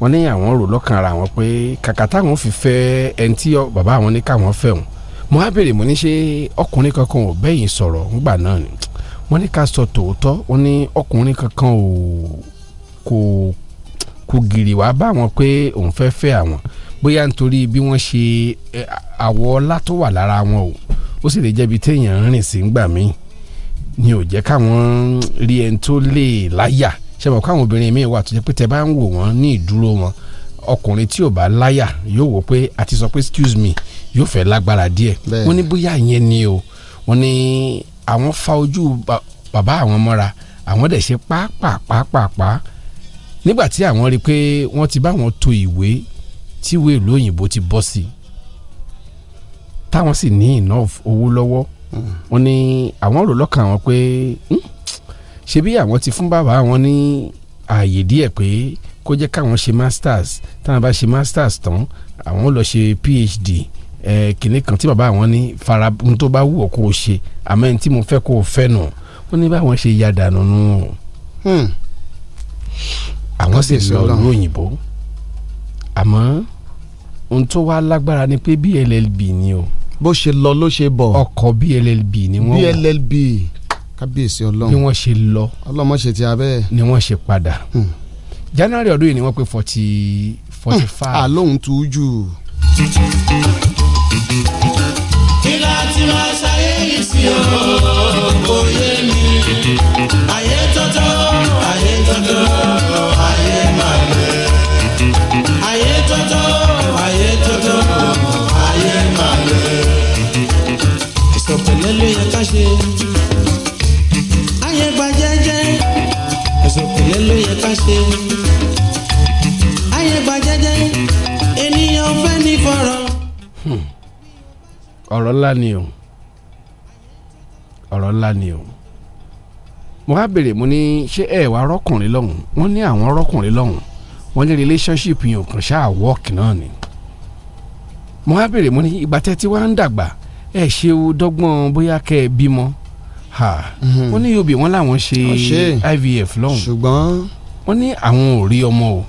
[SPEAKER 2] wọ́n ní àwọn rò lọ́kàn ara wọn pé kàkà táwọn fi fẹ́ ẹni tí bàbá àwọn ní káwọn fẹ́ òun mo á béèrè mo ní ṣe ọkùnrin kankan ò bẹ́yìn sọ̀rọ̀ ńgbà náà ni wọ́n ní ká sọ tòótọ́ wọ́n ní ọkùnrin kankan ò kò kò gìrì wá bá wọn pé òun fẹ́ fẹ́ àwọn bóyá nítorí bí wọ́n ṣe àwọ̀ ọlá tó wà lára wọn o ó sì lè jẹ́bi téèyàn ń rìn sí ńgbà míì ni ò jẹ́ káwọn rí ẹni tó lè láyà ṣe mọ̀ káwọn obìnrin míì wà tó jẹ́ pé tẹ bá ń wò wọ́n ní ìdúró wọn ọkùnrin tí ò bá láyà yóò wò pé àti sọ pé excuse me yóò fẹ́ lágbára díẹ̀ wọ́n ní bóyá yẹn ni o wọ́n ní àwọn fa ojú bàbá àwọn mọ́ra àwọn dẹ̀ ṣe pàápàá pàápàá pàápàá nígbà tí àwọn rí i pé wọ́n ti bá wọn to ìwé tí ìwé ìlú òyìnbó ti bọ́ sí táwọn sì ní enough owó lọ́wọ́ wọ́n ní àwọn rò lọ́kàn àwọn pé hmm, ṣebí àwọn ti fún bàbá àwọn ní ààyè díẹ̀ pé kó jẹ́ káwọn ṣe masters táwọn bá ṣe masters tán àwọn lọ ṣe phd ẹ kìnìún kan tí bàbá àwọn ní fara n tó bá wù ọ́ kó o ṣe àmọ́ ẹni tí mo fẹ́ kó o fẹ́ nù wọ́n ní báwọn ṣe ya dànù nù. Hmm
[SPEAKER 3] àwọn sì lọ ìlú òyìnbó
[SPEAKER 2] àmọ́ ohun tó wá lágbára ni pé BLLB ni o. bó ṣe lọ ló ṣe bọ̀. ọkọ̀ BLLB ni wọ́n BLLB kábíyèsí ọlọ́run. bí wọ́n ṣe lọ. ọlọ́mọ ṣe ti abẹ́. ni wọ́n ṣe padà. Hmm. January ọdún yìí ni wọ́n pé forty forty five. Hmm. àlóhùn tó jù.
[SPEAKER 6] kí láti máa ṣayé yìí sí ọ̀rọ̀ òye
[SPEAKER 8] mi àyè tọ́tọ́ àyè tọ́tọ́.
[SPEAKER 6] bá ṣe. ayẹgba jẹ́jẹ́ ẹ̀sọ̀kùnlé ló yẹ ká ṣe. ayẹgba jẹ́jẹ́ ènìyàn fẹ́ ní fọ̀rọ̀.
[SPEAKER 8] Hmm.
[SPEAKER 2] ọ̀rọ̀ ńlá ni o ọ̀rọ̀ ńlá ni o mo wá béèrè mo ní ṣé ẹ wá rọ́kùnrin lọ́hùn wọ́n ní àwọn rọ́kùnrin lọ́hùn wọ́n ní relationship yẹn ò kàn ṣáà work náà ni mo wá béèrè mo ní ìgbà tẹ́ wá ń dàgbà ẹ ṣe o dọ́gbọ́n bóyá kẹ́ ẹ bímọ wọ́n ní yorùbá wọn làwọn ṣe IVF lọ́hùn ṣùgbọ́n wọ́n ní àwọn ò rí ọmọ o.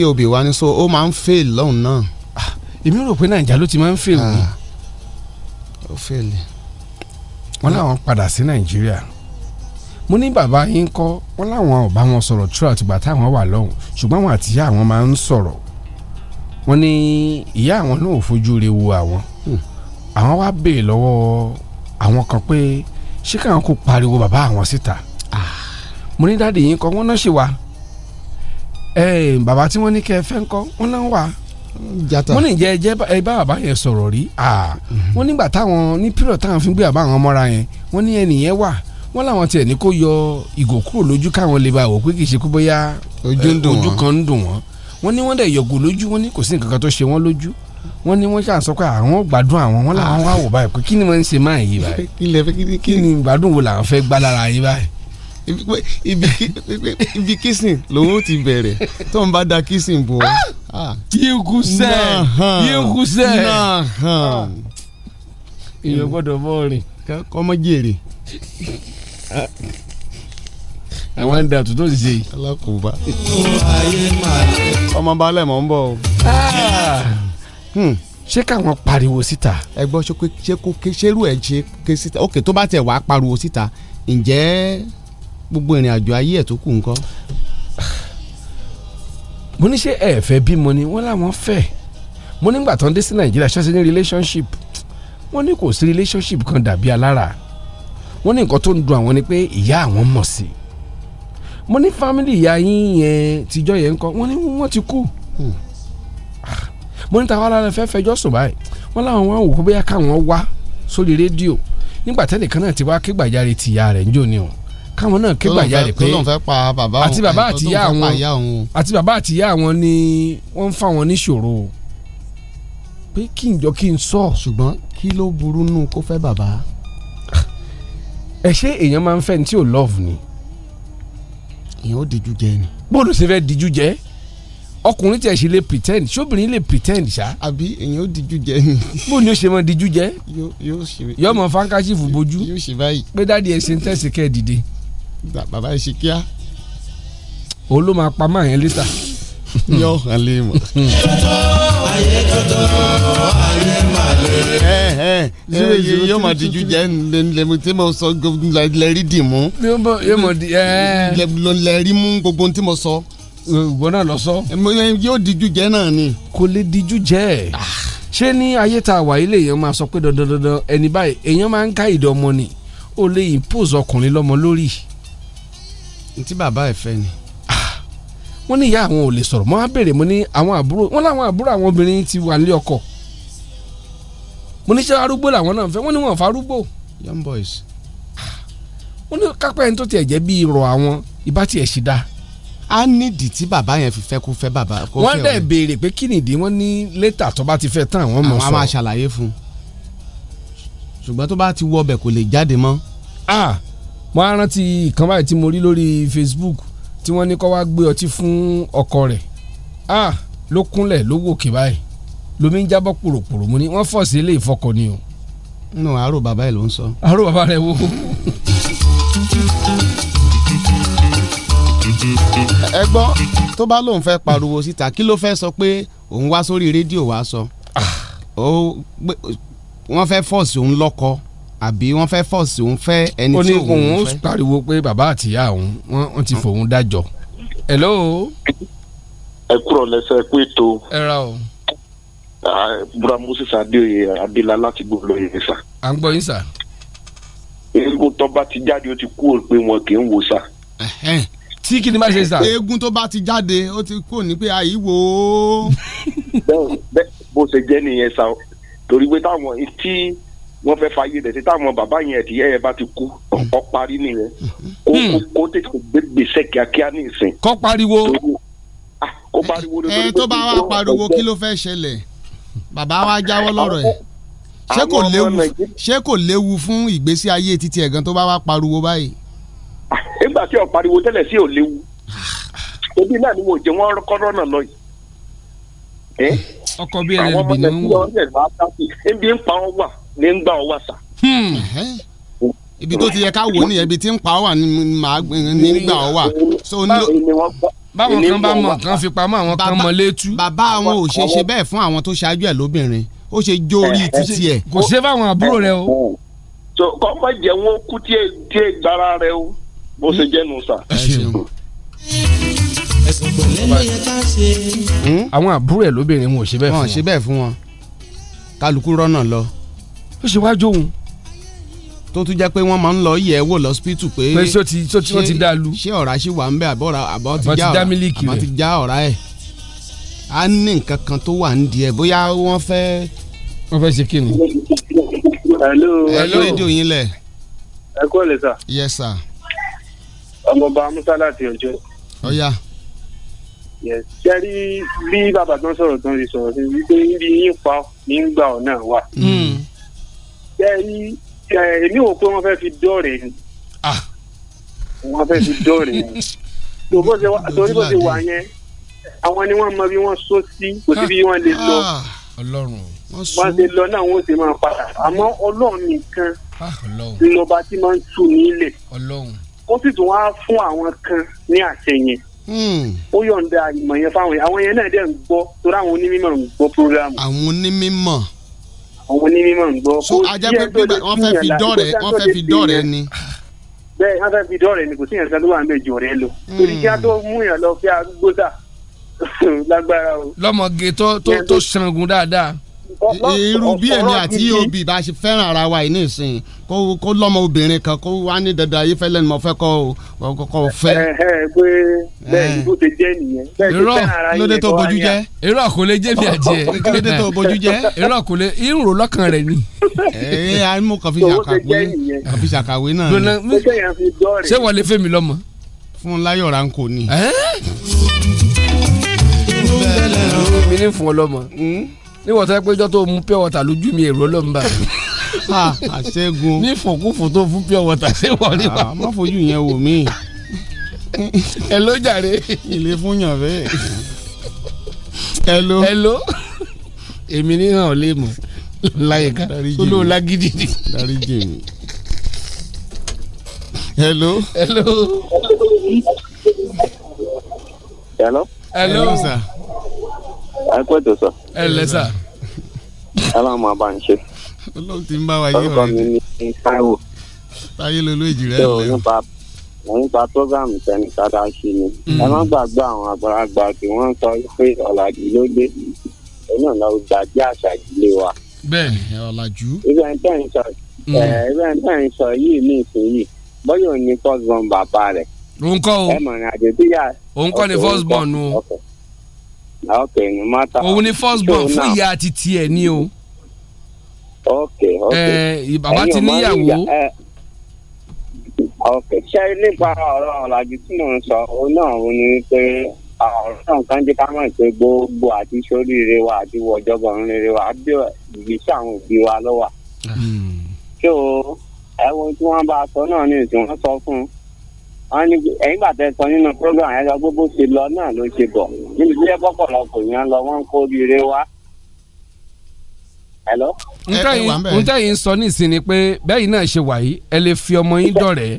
[SPEAKER 2] yorùbá wa ni so ó máa ń fail lọ́hùn náà. Ah, èmi rò pé nàìjà ló ti máa ń fail ni. Ah, ó fail. wọ́n láwọn padà sí nàìjíríà mo ní bàbá yín kọ́ wọ́n láwọn ò bá wọn sọ̀rọ̀ throughout ìgbà táwọn wà lọ́hùn ṣùgbọ́n àwọn àtìyá àwọn máa ń sọ̀rọ̀ wọ́n ní ìyá àwọn náà ò fojú rẹ̀ àwọn. Hmm àwọn wá béè lọ́wọ́ àwọn kan pé ṣé káwọn kò pariwo bàbá àwọn síta ah. mo ní dáàdi yín kọ́ wọ́n náà ṣì wà bàbá tí wọ́n ní kẹ́ ẹ fẹ́ ń kọ́ wọ́n náà wà wọ́n ní jẹ́ jẹ́ ẹ bá bàbá yẹn sọ̀rọ̀ rí ah. mhm. wọ́n nígbà táwọn ní pírọ̀ táwọn fi gbé bàbá àwọn mọ́ra yẹn wọ́n ní ẹnìyẹn wà wọ́n làwọn tiẹ̀ ní kó yọ ìgò kúrò lójú káwọn lè ba wò pé kì í ṣe kó bóyá ojú eh, kan ń dùn wọ́n wọ́n ní wọ́n dẹ̀ yọ̀gò lójú wọ́n ní kò sí nǹkan kan tó ṣe wọ́n lójú wọ́n ní wọ́n ṣàǹsọ pé àwọn gbádùn àwọn wọ́n làwọn wá wò báyìí pé kí ni wọ́n ń ṣe máa yí báyìí kí ni gbádùn wo làwọn fẹ́ gbá lára yí báyìí. ibi kissing lòun ti bẹ̀rẹ̀ tó ń bá da kissing bọ̀. Ah!
[SPEAKER 8] Ah! yíkúsẹ́ yíkúsẹ́ èèyàn ah!
[SPEAKER 2] gbọ́dọ̀ bọ́ọ̀rìn. kọ́mọ jèrè àwọn ẹ̀dá tó ti ṣe alákòóbá ọmọ balẹ̀ mọ̀ ń bọ̀ o. Hmm. ṣé káwọn pariwo síta. ẹ gbọ́ ṣé kó ṣerú ẹ̀ ṣe ké síta ókè tó bá tẹ̀ wá pariwo síta ǹjẹ́ gbogbo ìrìn àjò ayé ẹ̀ tó kù ńkọ́. mo ní ṣé ẹ fẹ́ bímọ ni wọ́n láwọn fẹ́ mo nígbà tó ń dé sí nàìjíríà ṣọ́ọ́ṣì ní relationship wọ́n ní kò sí relationship kan dàbí alára wọ́n ní nǹkan tó ń dùn àwọn ni pé ìyá àwọn mọ̀ sí i mo ní family ìyá yín yẹn tìjọ́ yẹn ń kọ́ wọ́n ní wọ́n ti kú. Hmm. Ah mo ní tàwa lára fẹ́ fẹjọ́ sùn báyìí wọ́n láwọn wá wò ó bóyá káwọn wá sórí rédíò nígbà tẹ́nìkan náà ti wá kégbàjáre tìyá rẹ̀ ń jò ní o káwọn náà kégbàjáre pé àti bàbá àtìyá àwọn àti bàbá àtìyá àwọn ni wọ́n ń fà wọ́n níṣòro pé kí n jọ kí n sọ. ṣùgbọ́n kí ló burú nù kó fẹ́ bàbá. ẹ ṣé èèyàn máa ń fẹ́ ní tí ò love ni. èèyàn ó dijú jẹ ni. bóòlù ṣe fẹ́ dijú jẹ ọkùnrin tẹ̀ sí lè pretend sóbìnrin lè pretend ṣá. àbí èyàn ó dijú jẹ. bó ni ó ṣe mọ dijú jẹ. yóò ṣe. yóò mọ fankasífù bójú. yóò ṣe báyìí. pé dáàdi ẹ̀ ṣe ń tẹ̀sí kẹ́ ẹ̀ dìde. bàbá ẹ ṣe kíá. òun ló máa pamọ́ àyẹn lítà. yóò hàn lè mọ̀. ayé tọ́tọ́ ayé màlẹ́. ẹ ẹ yóò mọ dijú jẹ lẹmu tí mo sọ lẹrí dì mú. yóò mọ di ẹ. lẹrí mú gbogbo tí mo sọ ìwọ náà lọ sọ. yóò díjú jẹ náà ni. kò lè díjú jẹ ah. ṣé ní ayé tá a wà ilé èèyàn máa sọ pé dandan dandan ẹni báyìí èèyàn máa ń ká ìdọ̀ ọmọ ni ó lè impose ọkùnrin lọ́mọ lórí. ntí bàbá ẹ fẹ́ ni. Ah. wọ́n ní ìyá àwọn ò lè sọ̀rọ̀ mọ́ á bèrè mo ní àwọn àbúrò wọ́n láwọn àbúrò àwọn obìnrin ti wà nílé ọkọ mo ní ṣé arúgbó làwọn náà fẹ́ wọ́n ní wọn fa arúgbó. young boys. Ah. wọ́n ní kápẹ́ ẹni tó tiẹ̀ jẹ́ bí irọ́ àwọn ìbá ṣì dáa a nídìí tí bàbá yẹn fi fẹ́ kó fẹ́ bàbá kó fẹ́ wọ́n dẹ̀ béèrè pé kí nìdí wọ́n ní létà tó bá ti fẹ́ tán àwọn mọ̀ sọ. àwọn máa ṣàlàyé fún un ṣùgbọ́n tó bá ti wọ ọbẹ̀ kò lè jáde mọ́. mo á rántí ìkan báyìí tí mo rí lórí Facebook tí wọ́n ní kó wá gbé ọtí fún ọkọ rẹ̀ ah ló kúnlẹ̀ ló wòkè báyìí lomi ń jábọ́ pòròpòrò mo ní wọ́n fọ̀ sí ilé ìfọkọ ni o. nù àárò bàbá ẹ ló ń sọ. àárò bàbá rẹ wo ẹgbọ́n tó bá lóun fẹ́ pariwo síta kí ló fẹ́ sọ pé òun wá sórí rédíò wá sọ ah. wọ́n fẹ́ fọ́ọ̀sì òun lọ́kọ àbí wọ́n fẹ́ fọ́ọ̀sì òun fẹ́ ẹni tí òun fẹ́. ó ní òun pariwo pé bàbá àtìyá òun wọ́n ti fòun dájọ́. hello. ẹ kúrò lẹsẹ pé tó. ẹ ra o. bùrọ̀ moses adéoyè adéla láti gbọ́ lóye sà. à ń gbọ́ yín sà. ewu tó bá ti jáde ó ti kúrò pé wọn kì í wò sà tí kí ni má ṣe sà. eégún tó bá ti jáde ó ti kò ní pé àyè wò ó. bẹ́ẹ̀ bó ṣe jẹ́ nìyẹn sá torí pé táwọn tí wọ́n fẹ́ fàyè rẹ̀ sí táwọn bàbá yẹn ẹ̀dí ẹ̀ bá ti kú ọ̀ parí nìyẹn hmm. kó kó tètè gbé gbèsè kíákíá ní ìsìn. kọ́ pariwo. Ah, kó pariwo lórí pé. ẹ tó bá wa pariwo kí ló fẹ́ ṣẹlẹ̀ bàbá wa jáwọ́ lọ́rọ̀ ẹ̀ ṣé kò léwu fún ìgbésí ayé títí ẹ̀gán tó bá wa pariwo báyìí nígbà tí ọ̀ pariwo tẹ́lẹ̀ sí ò léwu ah. ebi náà ni wọ́n jẹ́ wọ́n kọ́rọ́ náà lọ yìí. ọkọ bí ẹlẹ́rìí bí ni wọ́n wà. ibi ń pa ọ wà ní ń gbà ọ wà sà. Hmm. ibi tó ti yẹ ká wò nìyẹn ibi tí ń pa ọ wà ní ń gbà ọ wà. báwọn kan bá mọ̀ kan fi pamọ́ àwọn kan mọ létú. bàbá àwọn ò ṣe ṣe bẹ́ẹ̀ fún àwọn tó ṣáájú ẹ̀ lóbìnrin ó ṣe jó orí eh, eh, títí ẹ̀. kò ṣe fáwọn àbúrò rẹ o. Eh, kọ́ mọ̀ jẹ́ wọn kú tí ẹ gbára rẹ o bó ṣe jẹ́ nù hmm? àwọn àbúrò ẹ̀ lóbìnrin wọn ò ṣe bẹ́ẹ̀ fún wọn. wọn ò ṣe bẹ́ẹ̀ fún wọn kálukú rọ́nà lọ. ó ṣe wá jóun. tó tún jẹ́ pé wọ́n máa ń lọ yẹ̀ wò lọ́sípítù pé. pé ṣó ti ṣó ti wọ́n ti dá lu. ṣé ọ̀rá ṣì wà ń àbọ̀ àbọ̀ ti já ọ̀rá àbọ̀ ti já ọ̀rá ẹ̀. a ní nǹkan kan tó wà ń di bóyá wọ́n fẹ́. wọ́n fẹ́ ṣe kí ni. hello hello rédíò yín lẹ̀. ẹ kú ọ̀lẹ̀ sà. yes sir
[SPEAKER 5] ọmọọba musa láti ọjọ́. ọ̀ya. ṣe rí bí bàbá tán sọ̀rọ̀ tán ti sọ̀rọ̀ sí wípé ibi yín pa nígbà ọ̀nà wà. Hmm. ṣe rí èmi ò pé wọ́n fẹ́ fi dọ́ọ̀rẹ́ ni. Ah. wọ́n fẹ́ fi dọ́ọ̀rẹ́ ni. torí bó ṣe wà yẹn
[SPEAKER 8] àwọn ni wọ́n mọ bí wọ́n sọ sí kò sí bí wọ́n lè lọ. Ah, ọlọ́run wọ́n ṣe lọ náà wọ́n ṣe
[SPEAKER 5] máa padà àmọ́ ọlọ́run nìkan ah, lọ́ba tí máa ń tù nílẹ̀. ọlọ́run ó sì tún wá fún àwọn kan ní àṣẹ yẹn ó yọ̀ǹda ìmọ̀ yẹn fáwọn yẹn àwọn yẹn náà dẹ̀ ń gbọ́ torí àwọn onímọ̀ ń gbọ́ programu. àwọn
[SPEAKER 2] onímọ̀. àwọn onímọ̀ ń gbọ́. so ajá pé pé wọ́n fẹ́ fi dọ́ọ̀rẹ́ wọ́n fẹ́ fi dọ́ọ̀rẹ́ ni. bẹ́ẹ̀ wọ́n fẹ́ fi dọ́ọ̀rẹ́ ni kò sí yẹn sẹ́dúwà ń bẹ̀ jù rẹ lọ. torí kí á tó mú yàn lọ fí agbóta lágbára o. lọ́mọge tó tó tó sangun dáadáa irú bí èmi àti eob bá ṣe fẹ́ràn ara wa yìí nísìn kó lọ́mọ obìnrin kan kó wá ní dandan ayé fẹ́lẹ́ ni mo fẹ́ kọ́ ọ fẹ́.
[SPEAKER 8] ẹ ẹ pé bẹ́ẹ̀ ló ti jẹ́ nìyẹn. irọ́
[SPEAKER 2] lóde tó bójú jẹ́. irọ́ kò lè jẹ́ bí àjẹ́. lóde tó bójú jẹ́. irọ́ kò lè irun lọ́kàn rẹ̀ ni. ẹ ẹ mo kàn ṣàkàwé kàn ṣàkàwé náà. ṣé wọ́n lè fẹ́ lọ́mọ. fún láyọ̀ ránkò ni. mi ní fún ọ lọ́mọ. Hmm? níwọ̀n tó yẹ pé ijọ́ tó mú pure water lójú mi èrò ló ń bá mi. Ah, àṣẹ́gun ní fòkúfò tó fún pure water ṣé wọ́n rí wa. Ah, má fojú yẹn wò mí. ẹ ló jàre. ilé fún yàn fẹ́. ẹ ló. ẹ ló. èmi ní hàn lè mọ̀ láyìíká
[SPEAKER 1] olóò lágídí.
[SPEAKER 2] darí jèmi. ẹ ló.
[SPEAKER 4] ẹ ló.
[SPEAKER 1] ẹ ló. ẹ ló sà
[SPEAKER 5] ẹ kú ètò sọ. ẹ lẹ sà. aláàmú abáǹṣe.
[SPEAKER 2] olóhùn ti ń bá wa yé ọ̀rẹ́. orúkọ mi ni Táíwò. táyé lolú èjì rẹ lẹ o.
[SPEAKER 5] nípa program tẹnikada ṣe ni hmm. ẹ má gbàgbé àwọn àgbàlagbà tí wọ́n sọ pé ọ̀làjú ló dé òun náà lọ gbàgbé àṣà ìdílé wa.
[SPEAKER 8] bẹ́ẹ̀ni ọ̀làjú.
[SPEAKER 5] ibẹ̀ ń tẹ̀ ń sọ ibẹ̀ ń tẹ̀ ń sọ yìí ní ìsinyìí bọ́yọ̀ ní first born bàbá rẹ̀.
[SPEAKER 8] òun
[SPEAKER 2] kọ́ o
[SPEAKER 5] òun kọ́ ni first born o. Okay
[SPEAKER 2] okay no òun ni first born fún ìyá àti tiẹ̀ ní o.
[SPEAKER 5] okay okay. ẹ bàbá ti níyàwó. okay ṣé nípa ọ̀rọ̀ ọ̀làjú tí mò ń sọ òun náà òun ni pé ọ̀rọ̀ náà kan jẹ́ ká mọ̀ pé gbogbo àti sóríire wa àti wọ̀jọ́gbọ̀n rere wa bí ìgbésẹ̀ àwọn òbí wa ló ṣé o ẹ̀wọ̀n tí wọ́n bá sọ náà ní ìsìn wọ́n sọ fún un wọn ní ẹ̀yìn bàtẹ sọ nínú program yẹn lọ pé bó ṣe lọ náà ló ṣe bọ̀ níbi tí ẹ pọ̀pọ̀lọpọ̀ yẹn lọ wọ́n ń kó rire wá. ǹjẹ́
[SPEAKER 2] yìí ń sọ ní ìsinmi pé bẹ́ẹ̀ náà ṣe wà yìí ẹ lè fi ọmọ yín dọ̀rẹ́.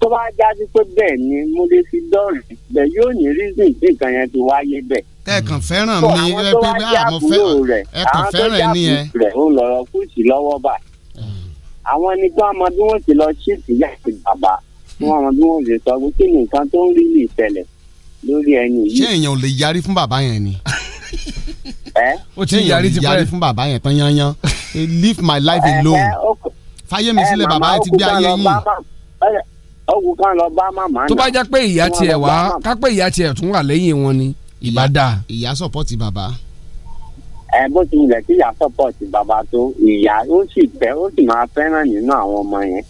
[SPEAKER 5] tó bá jáde pé bẹ́ẹ̀ ni mo lè fi dọ̀rẹ́ bẹ́ẹ̀ yóò ní reason tí nǹkan yẹn ti wáyé bẹ́ẹ̀ ẹ kàn fẹ́ràn mi ẹ pé bá àmọ́ fẹ́ràn ẹ kàn fẹ́ràn ẹ nìyẹn. àwọn tó jà kùsì lọ́wọ́ báyìí àwọn ẹni tó mọ bí wọ́n ti lọ ṣíìtì yá àti bàbá wọ́n mọ bí wọ́n ti sọ pé kí ni nǹkan tó ń rí lè ṣẹlẹ̀ lórí ẹni
[SPEAKER 2] yìí. ṣé èèyàn ò lè yarí fún bàbá yẹn ni. ẹ ó ti yarí ti pẹ́ yarí fún bàbá yẹn tán yányán leave my life alone fàyè mi sílẹ̀ bàbá yẹn ti gbé ayé yín
[SPEAKER 5] ọkùn kan lọ bá màmá náà. tó bá jẹ́ pé ìyá tiẹ̀ wá
[SPEAKER 2] ká pé ìyá tiẹ̀ tún wà lẹ́yìn wọn ni ìbá dáa. ìyá sọ̀pọ̀tì bàbá
[SPEAKER 5] ẹ bó ti wulẹ̀ kí ìyá sọ́pọ̀tì bàbá tó ìyá ó sì fẹ́ ó sì máa fẹ́ràn nínú àwọn ọmọ yẹn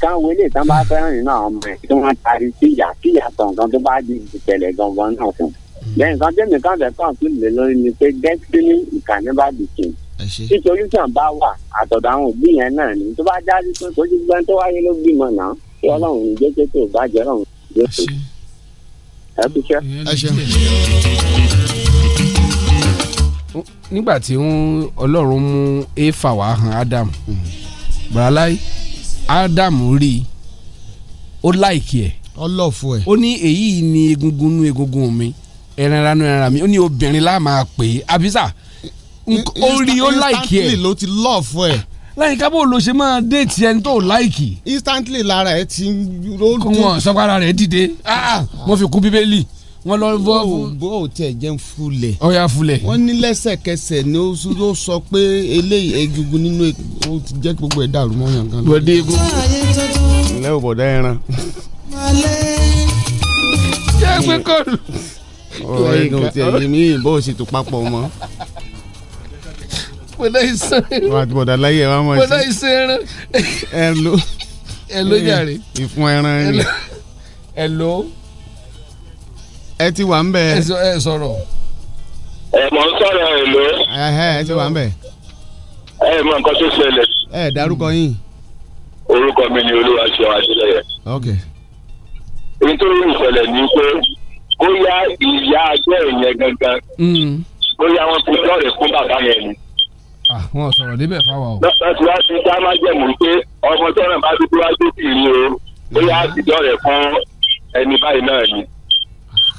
[SPEAKER 5] káwọn eléyìí tán bá fẹ́ràn nínú àwọn ọmọ yẹn kí wọ́n taari sí ìyá kí ìyá sọ tó bá di ìṣẹ̀lẹ̀ gangan náà fún un. lẹ́yìn tẹ́mi kan fẹ́ kàn fún mi lórí ni pé destiny ìkànnì bá di kì í. tí solution bá wà àtọ̀dọ̀ àwọn òbí yẹn náà ni tó bá jáde pé kò sí gbọ́n tó wáyé ló bímọ náà kí ọlọ́run ìgbésẹ̀
[SPEAKER 2] nígbà tí ọlọ́run mú éfà wá han Adam bàláì Adam rí i ó láìkí ẹ̀ ọlọ́ọ̀fù ẹ̀ ó ní èyí ni egungun nú egungun mi ẹran ranú ẹran mi ó ní obìnrin lá máa pè é abisa ó rí ó láìkí ẹ̀ instantly ló ti lọ́ọ̀fù ẹ̀ láyìn ká bó lo ṣe máa déètì ẹni tó láìkì. instantly lára ẹ ti. kò wọ́n sọ́kọ́ ara rẹ̀ dìde ah, ah, mo fi kú bíbélì wọ́n lọ bọ́ òun. bó o tẹ̀ jẹ́ fulẹ̀. ọ̀ya fulẹ̀. wọ́n ní lẹ́sẹ̀kẹsẹ̀ ni ó sọ pé eléyìí egungun nínú e, ó ti jẹ́ gbogbo ẹ̀ dàrú mọ́ yàn kan. bọ̀dé egungun. ilé ò ẹran.
[SPEAKER 6] jẹ́ pé kọ́ọ̀lù.
[SPEAKER 8] ọ̀rọ̀
[SPEAKER 2] ẹ̀gàn tí ẹ̀yìn mi ìbò sì tún papọ̀ mọ́.
[SPEAKER 6] bọ̀dá
[SPEAKER 10] ìsan ẹran.
[SPEAKER 2] bọ̀dá láyé ẹ̀ mọ̀ sí. bọ̀dá ìsan
[SPEAKER 10] ẹran. ẹ̀ ló. ẹ̀ ló jàre.
[SPEAKER 2] ìfun ẹran ẹ̀ ló ẹ ti wà ń bẹ. ẹ sọ̀rọ̀.
[SPEAKER 8] ẹ mọ̀ ń sọ̀rọ̀ èlò.
[SPEAKER 2] ẹ ti wà ń bẹ.
[SPEAKER 8] ẹ mọ̀ nǹkan tó ṣẹlẹ̀.
[SPEAKER 2] ẹ dárúkọ yín.
[SPEAKER 8] orúkọ mi ni Olúwaṣeun Adélẹ́yẹ. ok. nítorí ìṣẹ̀lẹ̀ ni pé bóyá ìyá ajọ́ ìyẹn gangan hmm. bóyá wọ́n fi dọ́ọ̀rẹ̀ fún bàbá yẹn ni
[SPEAKER 4] wọn sọ̀rọ̀ débẹ̀ fáwa o.
[SPEAKER 8] láti wá sí dá májẹ̀mú pé ọmọ tọ́ràn bá dúdú wá dókì ni o bóyá àtijọ́ hmm. rẹ̀ fún ẹni báyìí náà ni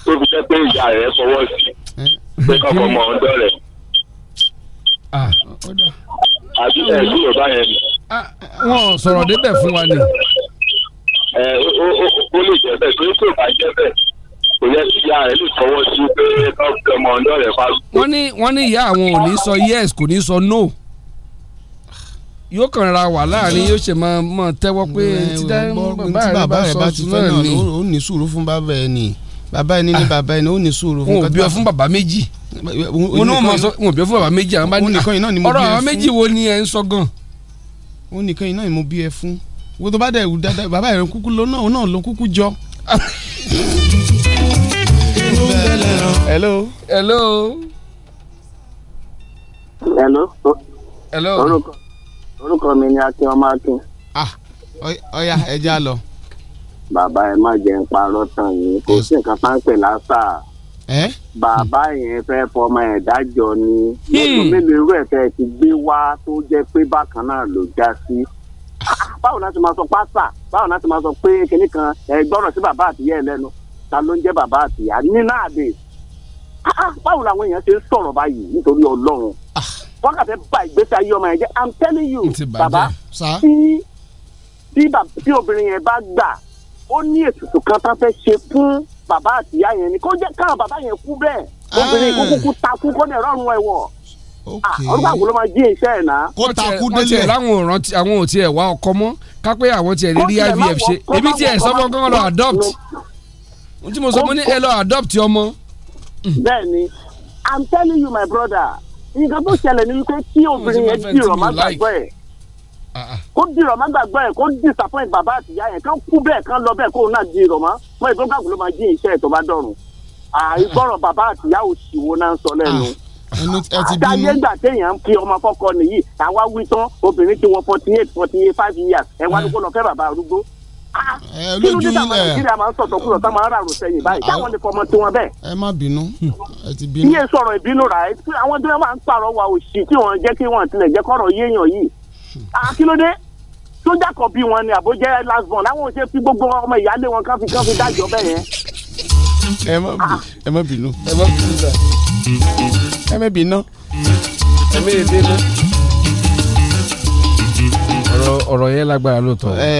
[SPEAKER 8] tó fi jẹ́ pé ìyá rẹ̀ sọwọ́ sí eh. pé kọ́kọ́ mọ ọ̀dọ́ rẹ̀.
[SPEAKER 7] Ah, ah, àbí ẹ̀ sí yorùbá yẹn ni. Ah, wọn sọ̀rọ̀ débẹ̀ fún wa ni. ẹ
[SPEAKER 8] eh, ó lè jẹ́ bẹ́ẹ̀ tó kò bá jẹ́ bẹ́ẹ̀ kò yẹ kí ìyá rẹ̀ lè sọwọ́ sí pé kọ́kọ́ mọ ọ̀dọ́ rẹ̀ pa.
[SPEAKER 2] wọ́n ní wọ́n ní ìyá àwọn ò ní sọ yes kò ní sọ no yóò kàn ra wà láàrin yóò ṣe máa tẹ́wọ́ pé eh, tí bàbá rẹ̀ bá ti fẹ́ náà ó ní sùúrù fún bàbá ẹ̀ nìyí bàbá ẹni ní bàbá ẹni ó ní sùúrù fún kátó. wọn ò bí ọ fún bàbá méjì wọn náà máa sọ wọn ò bí ọ fún bàbá méjì àwọn bá ní ọ̀rọ̀ àwọn méjì wo ni ẹ ń sọ gan. ó nìkan iná ni mo bí ẹ fún wo tó bá dẹ̀ wù dáadáa bàbá ẹ̀rọ kúkú ló náà náà ló kúkú jọ. hello. hello. hello. hello.
[SPEAKER 5] orúkọ mi ni akin ọmọ akin. ah
[SPEAKER 2] ọ̀ya ẹja lọ bàbá ẹ má jẹ́ ń parọ́ tán yìí kò sí nǹkan tá ń pè lásà
[SPEAKER 5] bàbá yẹn fẹ́ fọmọ ẹ̀ dájọ́ ni mélòó hmm. mélòó irú ẹ̀ fẹ́ ti gbé wá tó jẹ́ pé bákan náà ló já sí ah, ah, báwo láti máa sọ pásà báwo láti máa sọ pé kinní kan ẹ gbọ́dọ̀ sí bàbá àtìyẹ́ ẹ lẹ́nu ta ló ń jẹ́ bàbá àtìyá ní náà dé ah, báwo làwọn èèyàn ṣe ń sọ̀rọ̀ báyìí nítorí ọlọ́run wọn kà fẹ́ ba ìgbésí ayé ọmọ yẹn jẹ́ i'm telling you bàbá tí obìnrin yẹn bá gbà ó ní ètùtù kan tá a fẹ́ ṣe fún bàbá àtìyá yẹn ni kó jẹ́ káwọn bàbá yẹn kú bẹ́ẹ̀ ah. obìnrin kúkú takú kó dẹ̀ rọrùn ẹ̀ wọ̀ ah, ọdún àgùlọ máa jí iṣẹ́ ẹ̀ náà. kó takú délẹ̀
[SPEAKER 2] láwọn òràn àwọn ò tiẹ̀ wá ọkọ mọ́ kápẹ́ àwọn tiẹ̀ rí IVF ṣe ebi tiẹ̀ sọ́mọ́ kán lọ adopt tí mo sọ mo ní ẹ lọ adopt ọmọ.
[SPEAKER 5] bẹ́ẹ̀ni i'm telling you my brother nǹkan tó ṣẹlẹ̀ ni wípé tí obìnrin yẹn ti rọ̀ má gbàgbọ́ ẹ̀ kó dìrọ̀ má gbàgbọ́ ẹ̀ kó disappoint bàbá àtìyá ẹ̀
[SPEAKER 1] kán kú bẹ́ẹ̀ kán lọ bẹ́ẹ̀ kóun náà dìrọ̀ mọ́ mọ́ ìbọn gbàgbọ́ ló máa jí iṣẹ́ ẹ̀ tó bá dọ̀rùn àìgbọ́rọ̀
[SPEAKER 2] bàbá àtìyá òṣìwò náà ń sọ lẹ́nu àtàyé gbà téèyàn ń fi ọmọ kọ́kọ́
[SPEAKER 1] nìyí àwa wí tán obìnrin ti wọ forty eight forty eight five years ẹ̀ wá lóko lọ fẹ́ bàbá arúgbó
[SPEAKER 5] ah, eh, kí ló dé táwọn nàìjíríà máa ń sọ̀tọ̀ kúrò táwọn ará rò sẹ́yìn báyìí ah, táwọn lè fọmọ tiwọn bẹ́ẹ̀.
[SPEAKER 2] ẹ má
[SPEAKER 8] bínú
[SPEAKER 5] ẹ ti bínú. iye sọ̀rọ̀ ìbínú rà ẹ́ àwọn tí wọ́n máa ń pàrọwà òṣì tí wọ́n jẹ́ kí wọ́n tilẹ̀ jẹ́ kọ́rọ̀ yéèyàn yìí àkílódé ah, sójà kan bí wọn ni àbójẹ last born àwọn
[SPEAKER 1] òṣèré fi gbogbo ọmọ ìyáálé wọn kan fi kan fi dájọ bẹ́ẹ̀ yẹn.
[SPEAKER 2] ẹ má bínú ẹ má bínú ẹ má bínú sà ẹ má bínú ẹ má bínú. ọ̀rọ̀ yẹn lágbára lóòótọ́. ẹ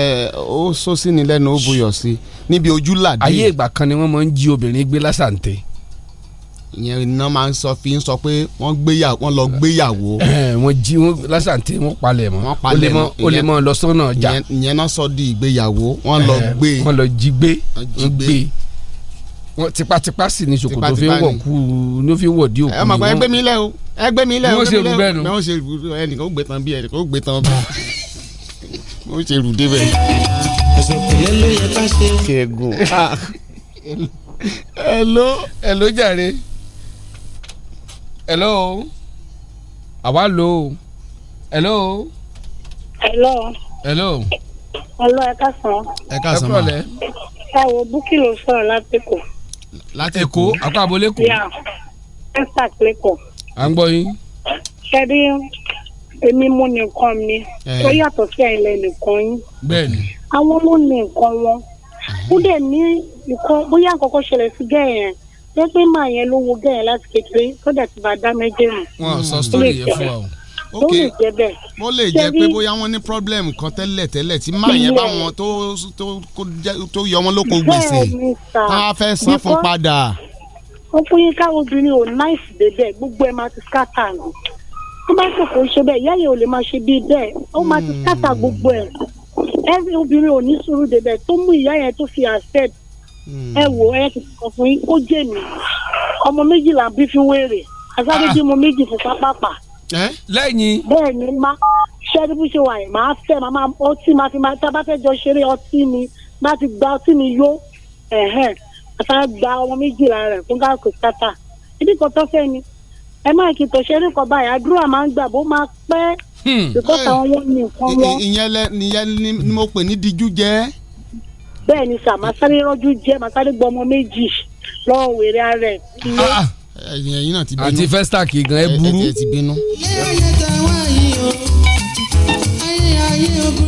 [SPEAKER 2] ó sọ sí ni lẹ́nu ó buyọ̀ sí níbi ojú làdí. ayé ìgbà kan ni wọ́n máa ń jí obìnrin gbé lásàntè ìyẹn iná máa ń sọ fi ń sọ pé wọ́n gbéyà wọ́n lọ gbéyàwó. wọ́n jí wọ́n lásàntì wọ́n palẹ̀ mọ́ wọ́n palẹ̀ mọ́ o lọ sọ́nà ọjà. ìyẹn náà sọ di ìgbéyàwó wọ́n lọ gbé. wọ́n lọ jí gbé wọ́n gbé wọ́n tipátipá sì ni ṣòkòtò fi ń wọ̀ kú ni ó fi ń wọ̀ di òkú. ẹ máa gba ẹgbẹ́ mi lẹ́ o ẹgbẹ́ mi lẹ́ o ẹgbẹ́ mi lẹ́ o wọ́n ṣe rú ẹnìkan ó gbé tán bí ẹnìkan ó gbé tán bí wọ́n ṣe ah. hello hello jàre hello àwa hello. hello. hello. hello ẹ kásán. ẹ kásán ma ẹ
[SPEAKER 5] wo búkì ló sọ̀rọ̀ láti èkó.
[SPEAKER 2] láti èkó àpá abúlé
[SPEAKER 5] kò. yà ẹ́sà lẹ́kọ̀ọ́. à ń gbọ́ yín. ṣe rí èmi mú nìkan mi eh. tó yàtọ̀ sí àìlẹ̀ nìkan yín. bẹ́ẹ̀ni. àwọn mú nìkan wọn eh. ó dẹ̀ ní nǹkan bóyá nǹkan kan ṣẹlẹ̀ sí gẹ́ẹ̀ ṣé pé màá yẹn ló wo gẹ́yẹ̀ láti kékeré tó dẹ̀ ti bá dá méjì rìn. wọn sọ sítórì yẹn fún wa o ok
[SPEAKER 2] ó lè jẹ́ pé bóyá wọ́n ní problem kan tẹ́lẹ̀ tẹ́lẹ̀ tí máa yẹn bá wọn tó tó yọ wọn lóko gbèsè
[SPEAKER 5] tá a fẹ́ san fún padà. ó fún yín ká obìnrin ò náìsì débẹ̀ gbogbo ẹ̀ máa ti scatter nù tó bá sọ̀kò ṣe bẹ́ẹ̀ ìyá yẹn ò lè máa ṣe bíi bẹ́ẹ̀ ó máa ti hmm. scatter gbogbo ẹ̀ ẹ̀ obìnrin ò ní sùúrù débẹ̀ tó mú ìyá yẹn tó fi accept Hmm. ẹ wò ẹ kì í sọ fún yín ó jẹ mí ọmọ méjì là ń bí fún wéèrè asáré ah. bí mo méjì fún pápápá. lẹ́yìn. bẹ́ẹ̀ ni má ṣẹ́ni bó ṣe wà yìí máa fẹ́ máa ọtí máa fi máa tábà fẹ́ jọ ṣeré ọtí mi máa ti gba ọtí mi yó asáré gba ọmọ méjì lára rẹ̀ fún gáàkó sátà ibi kan tó fẹ́ ni ẹ máa kì í tọ̀ ṣeré kan báyìí àdúrà máa ń gbà bó máa pẹ́ ìkọ́ta wọn ní nǹkan wọn. ìyẹn ni mo pè ní díjú jẹ́ bẹ́ẹ̀ ni sà máa sáré rọ́jú jẹ́ máa sáré gbọ́ ọmọ méjì lọ́wọ́ wèrè ara ẹ̀ kíyẹ́. Ah,
[SPEAKER 8] ah.
[SPEAKER 2] náà ti bínú àti fẹ́sítà kì í gan ẹ burú. ẹ ti bínú.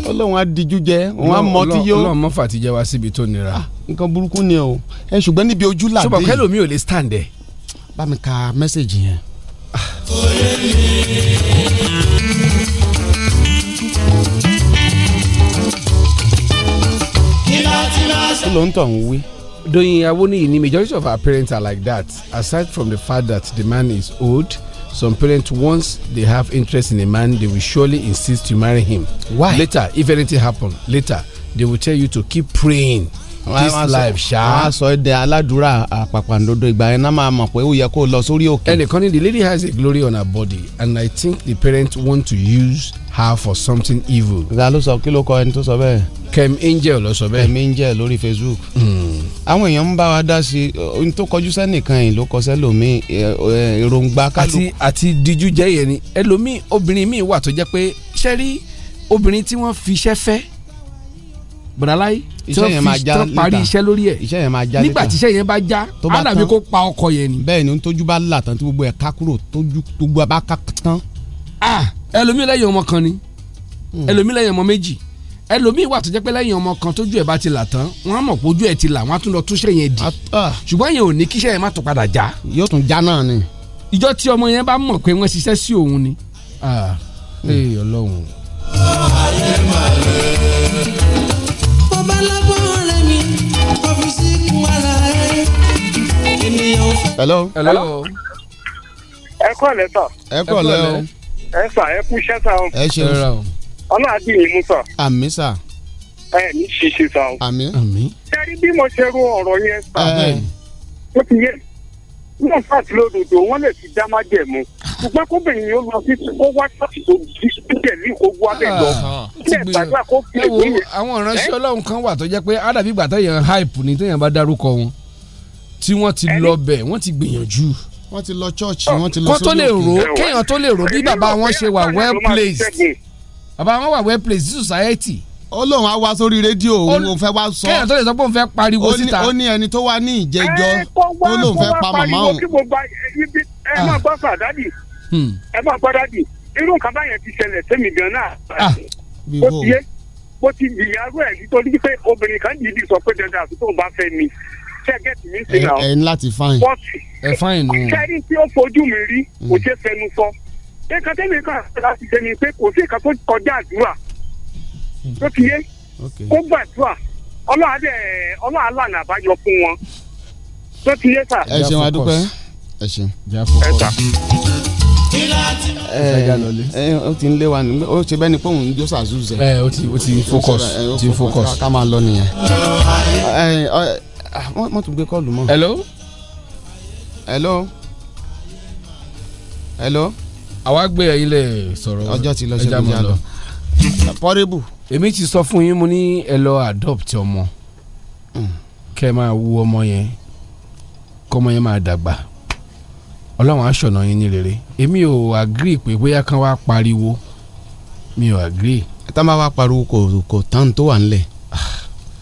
[SPEAKER 2] ọlọ́run á dijú jẹ òun á mọ tí yó. ọlọ́run mọ́ fàtijẹ́ wá síbi tó nira. Ah, nǹkan burúkú ni o ẹ ṣùgbọ́n níbi ojú làdé. sọ́bọ̀ kẹ́lò ò lè stand ẹ̀. bá mi ka mẹ́sẹ̀gì yẹn. kí ló ń tọ̀ ń wí. Doyin Awoniyi ni majority of our parents are like that aside from the fact that the man is old some parents once they have interest in a man they will surely insist to marry him. Why? Later if anything happen later they will tell you to keep praying this life ṣá. wọ́n á sọ èdè aládùúrà àpàpàǹdodo ìgbà yẹn náà máa mọ̀ pé ó yẹ kó lọ sórí òkè. ẹnìkan ní the lady has a glory on her body and I think the parents want to use her for something evil. ìgbà ló sọ kí ló kọ ẹni tó sọ bẹ́ẹ̀. Kem Angel ló sọ bẹ́ẹ̀. Kem Angel lórí Facebook. Hmm. àwọn èèyàn ń bá wa dá sí i tó kọjú sẹ́nìkan yìí ló kọ sẹ́lòmíì èròǹgbà kálukú. àti àti díjú jẹ́ yẹn ni ẹlòmíì obìnrin míì wà tó jẹ́ pé ṣẹ́rí obìnrin tí wọ́n fi iṣẹ́ fẹ́ bùrọ̀láyé tí wọ́n parí iṣẹ́ lórí ẹ̀ iṣẹ́ yẹn máa já nígbà tí iṣẹ́ yẹn bá já ádàbí kó pa ọkọ yẹn ni. bẹ́ẹ̀ ni n tójú bá là tán tí gbogbo ẹ̀ ká kúrò tójú gbogbo ẹ̀ bá ká tán. ah ẹlòmíì lẹ́yìn ọmọ kan ni hmm. ẹlòmíì lẹ́yìn ọmọ méjì ẹlòmíì wà tó jẹ́ pé lẹ́yìn ọmọ kan tójú ẹ̀ bá ti là tán wọ́n á mọ̀ pé ojú ẹ̀ ti là wọ́n á tún lọ túnṣe yẹn dì ṣùgbọ́n yẹn ò ní kíṣẹ́ yẹn má tó padà já. yóò tún já náà ni. ìjọ tí ọmọ yẹn bá mọ̀ pé wọ́n ṣiṣẹ́ sí òun ni. ah hmm. ee ọlọ́run. ọ̀hálẹ̀
[SPEAKER 6] màlẹ̀
[SPEAKER 2] hello.
[SPEAKER 8] hello. ẹ kọ́ lẹ́ sọ. ẹ kọ́ lẹ́ o. ẹ sà ẹ kú iṣẹ́ sà o. ẹ ṣe rà o. ọlọ́àdì yìí mú sọ. àmì sà. ẹ ní ṣíṣe sà o. àmì. àmì.
[SPEAKER 5] ṣe rí bí mo ṣe ro ọ̀rọ̀ yẹn sà. ó ti yé ní ẹ̀ka ìlú òdòdó wọ́n lè fi dá májẹ̀mú ṣùgbọ́n kóbìnrin yóò lọ sí kó wá ṣọ́ọ̀ṣì tó
[SPEAKER 2] di tẹ̀lé ìkókó abẹ́ lọ ní ẹ̀ka ìgbà kó fi lè àwọn ìránṣẹ́ ọlọ́run kan wà tó jẹ́ pé ádàbí ìgbà téèyàn hype ni téèyàn bá dárúkọ wọn tí wọ́n ti lọ bẹ̀ wọ́n ti gbìyànjú. wọ́n ti lọ ṣọ́ọ̀ṣì ah, wọ́n ti lọ sórí òkè. kó tó lè rò kéèyàn tó lè rò bí ó lóun á wá sórí rédíò òun fẹ́ wá sọ kéèyàn tó lè sọ pé òun fẹ́ pariwo síta ó ní ẹni tó wá ní ìjẹjọ ó lóun fẹ́ pa màmá òun.
[SPEAKER 5] ẹ ah. máa gbọ́ fà dádì hmm. ẹ máa gbọ́ dádì irú nǹkan báyẹn ti ṣẹlẹ̀ sẹ́mi gan náà ah. ó ti yé ó ti ìyàrú ẹ̀ nítorí pé obìnrin kan yìí sọ pé dandan àti tóun bá fẹ́ mi ṣẹ́gẹ̀tì mi sí náà ẹ ń láti fáìn
[SPEAKER 8] ẹ
[SPEAKER 2] fáìn nù.
[SPEAKER 5] sẹ́ni tí ó fojú mi rí kò hmm. ṣe fẹnu sọ nǹkan tẹ́lẹ̀ kan láti ṣe ni pé tó mm. ti yé kó gbàdúrà ọlọ́run dẹ̀ ọlọ́run alànà àbáyọ fún wọn tó ti yé sà. ẹ ṣeun adúpẹ́
[SPEAKER 2] ẹ ṣeun. ẹ ta ẹ o ti ń lé wa nígbà o ṣe bẹ́ẹ̀ ni pọ́ùn jó sàzúzẹ. ẹ o ti o ti focus ti focus. ká máa lọ nìyẹn. ẹ ẹ wọ́n tún gbé kọ́ọ̀lù mọ́. hello. hello. hello. àwa gbé ẹyin lẹ sọ̀rọ̀ ọjọ́ ti lọ ṣe kújà lọ. portable èmi ti sọ fún yín mo ní ẹ lọ adopt ọmọ hmm. kẹ́ ẹ máa wú ọmọ yẹn kọ́mọ yẹn máa dàgbà ọlọ́run aṣọ̀nà yín ní rere èmi ò agree pé bóyá kan wá pariwo mi ò agree. tá máa wá pariwo kò tán tó wà nílẹ̀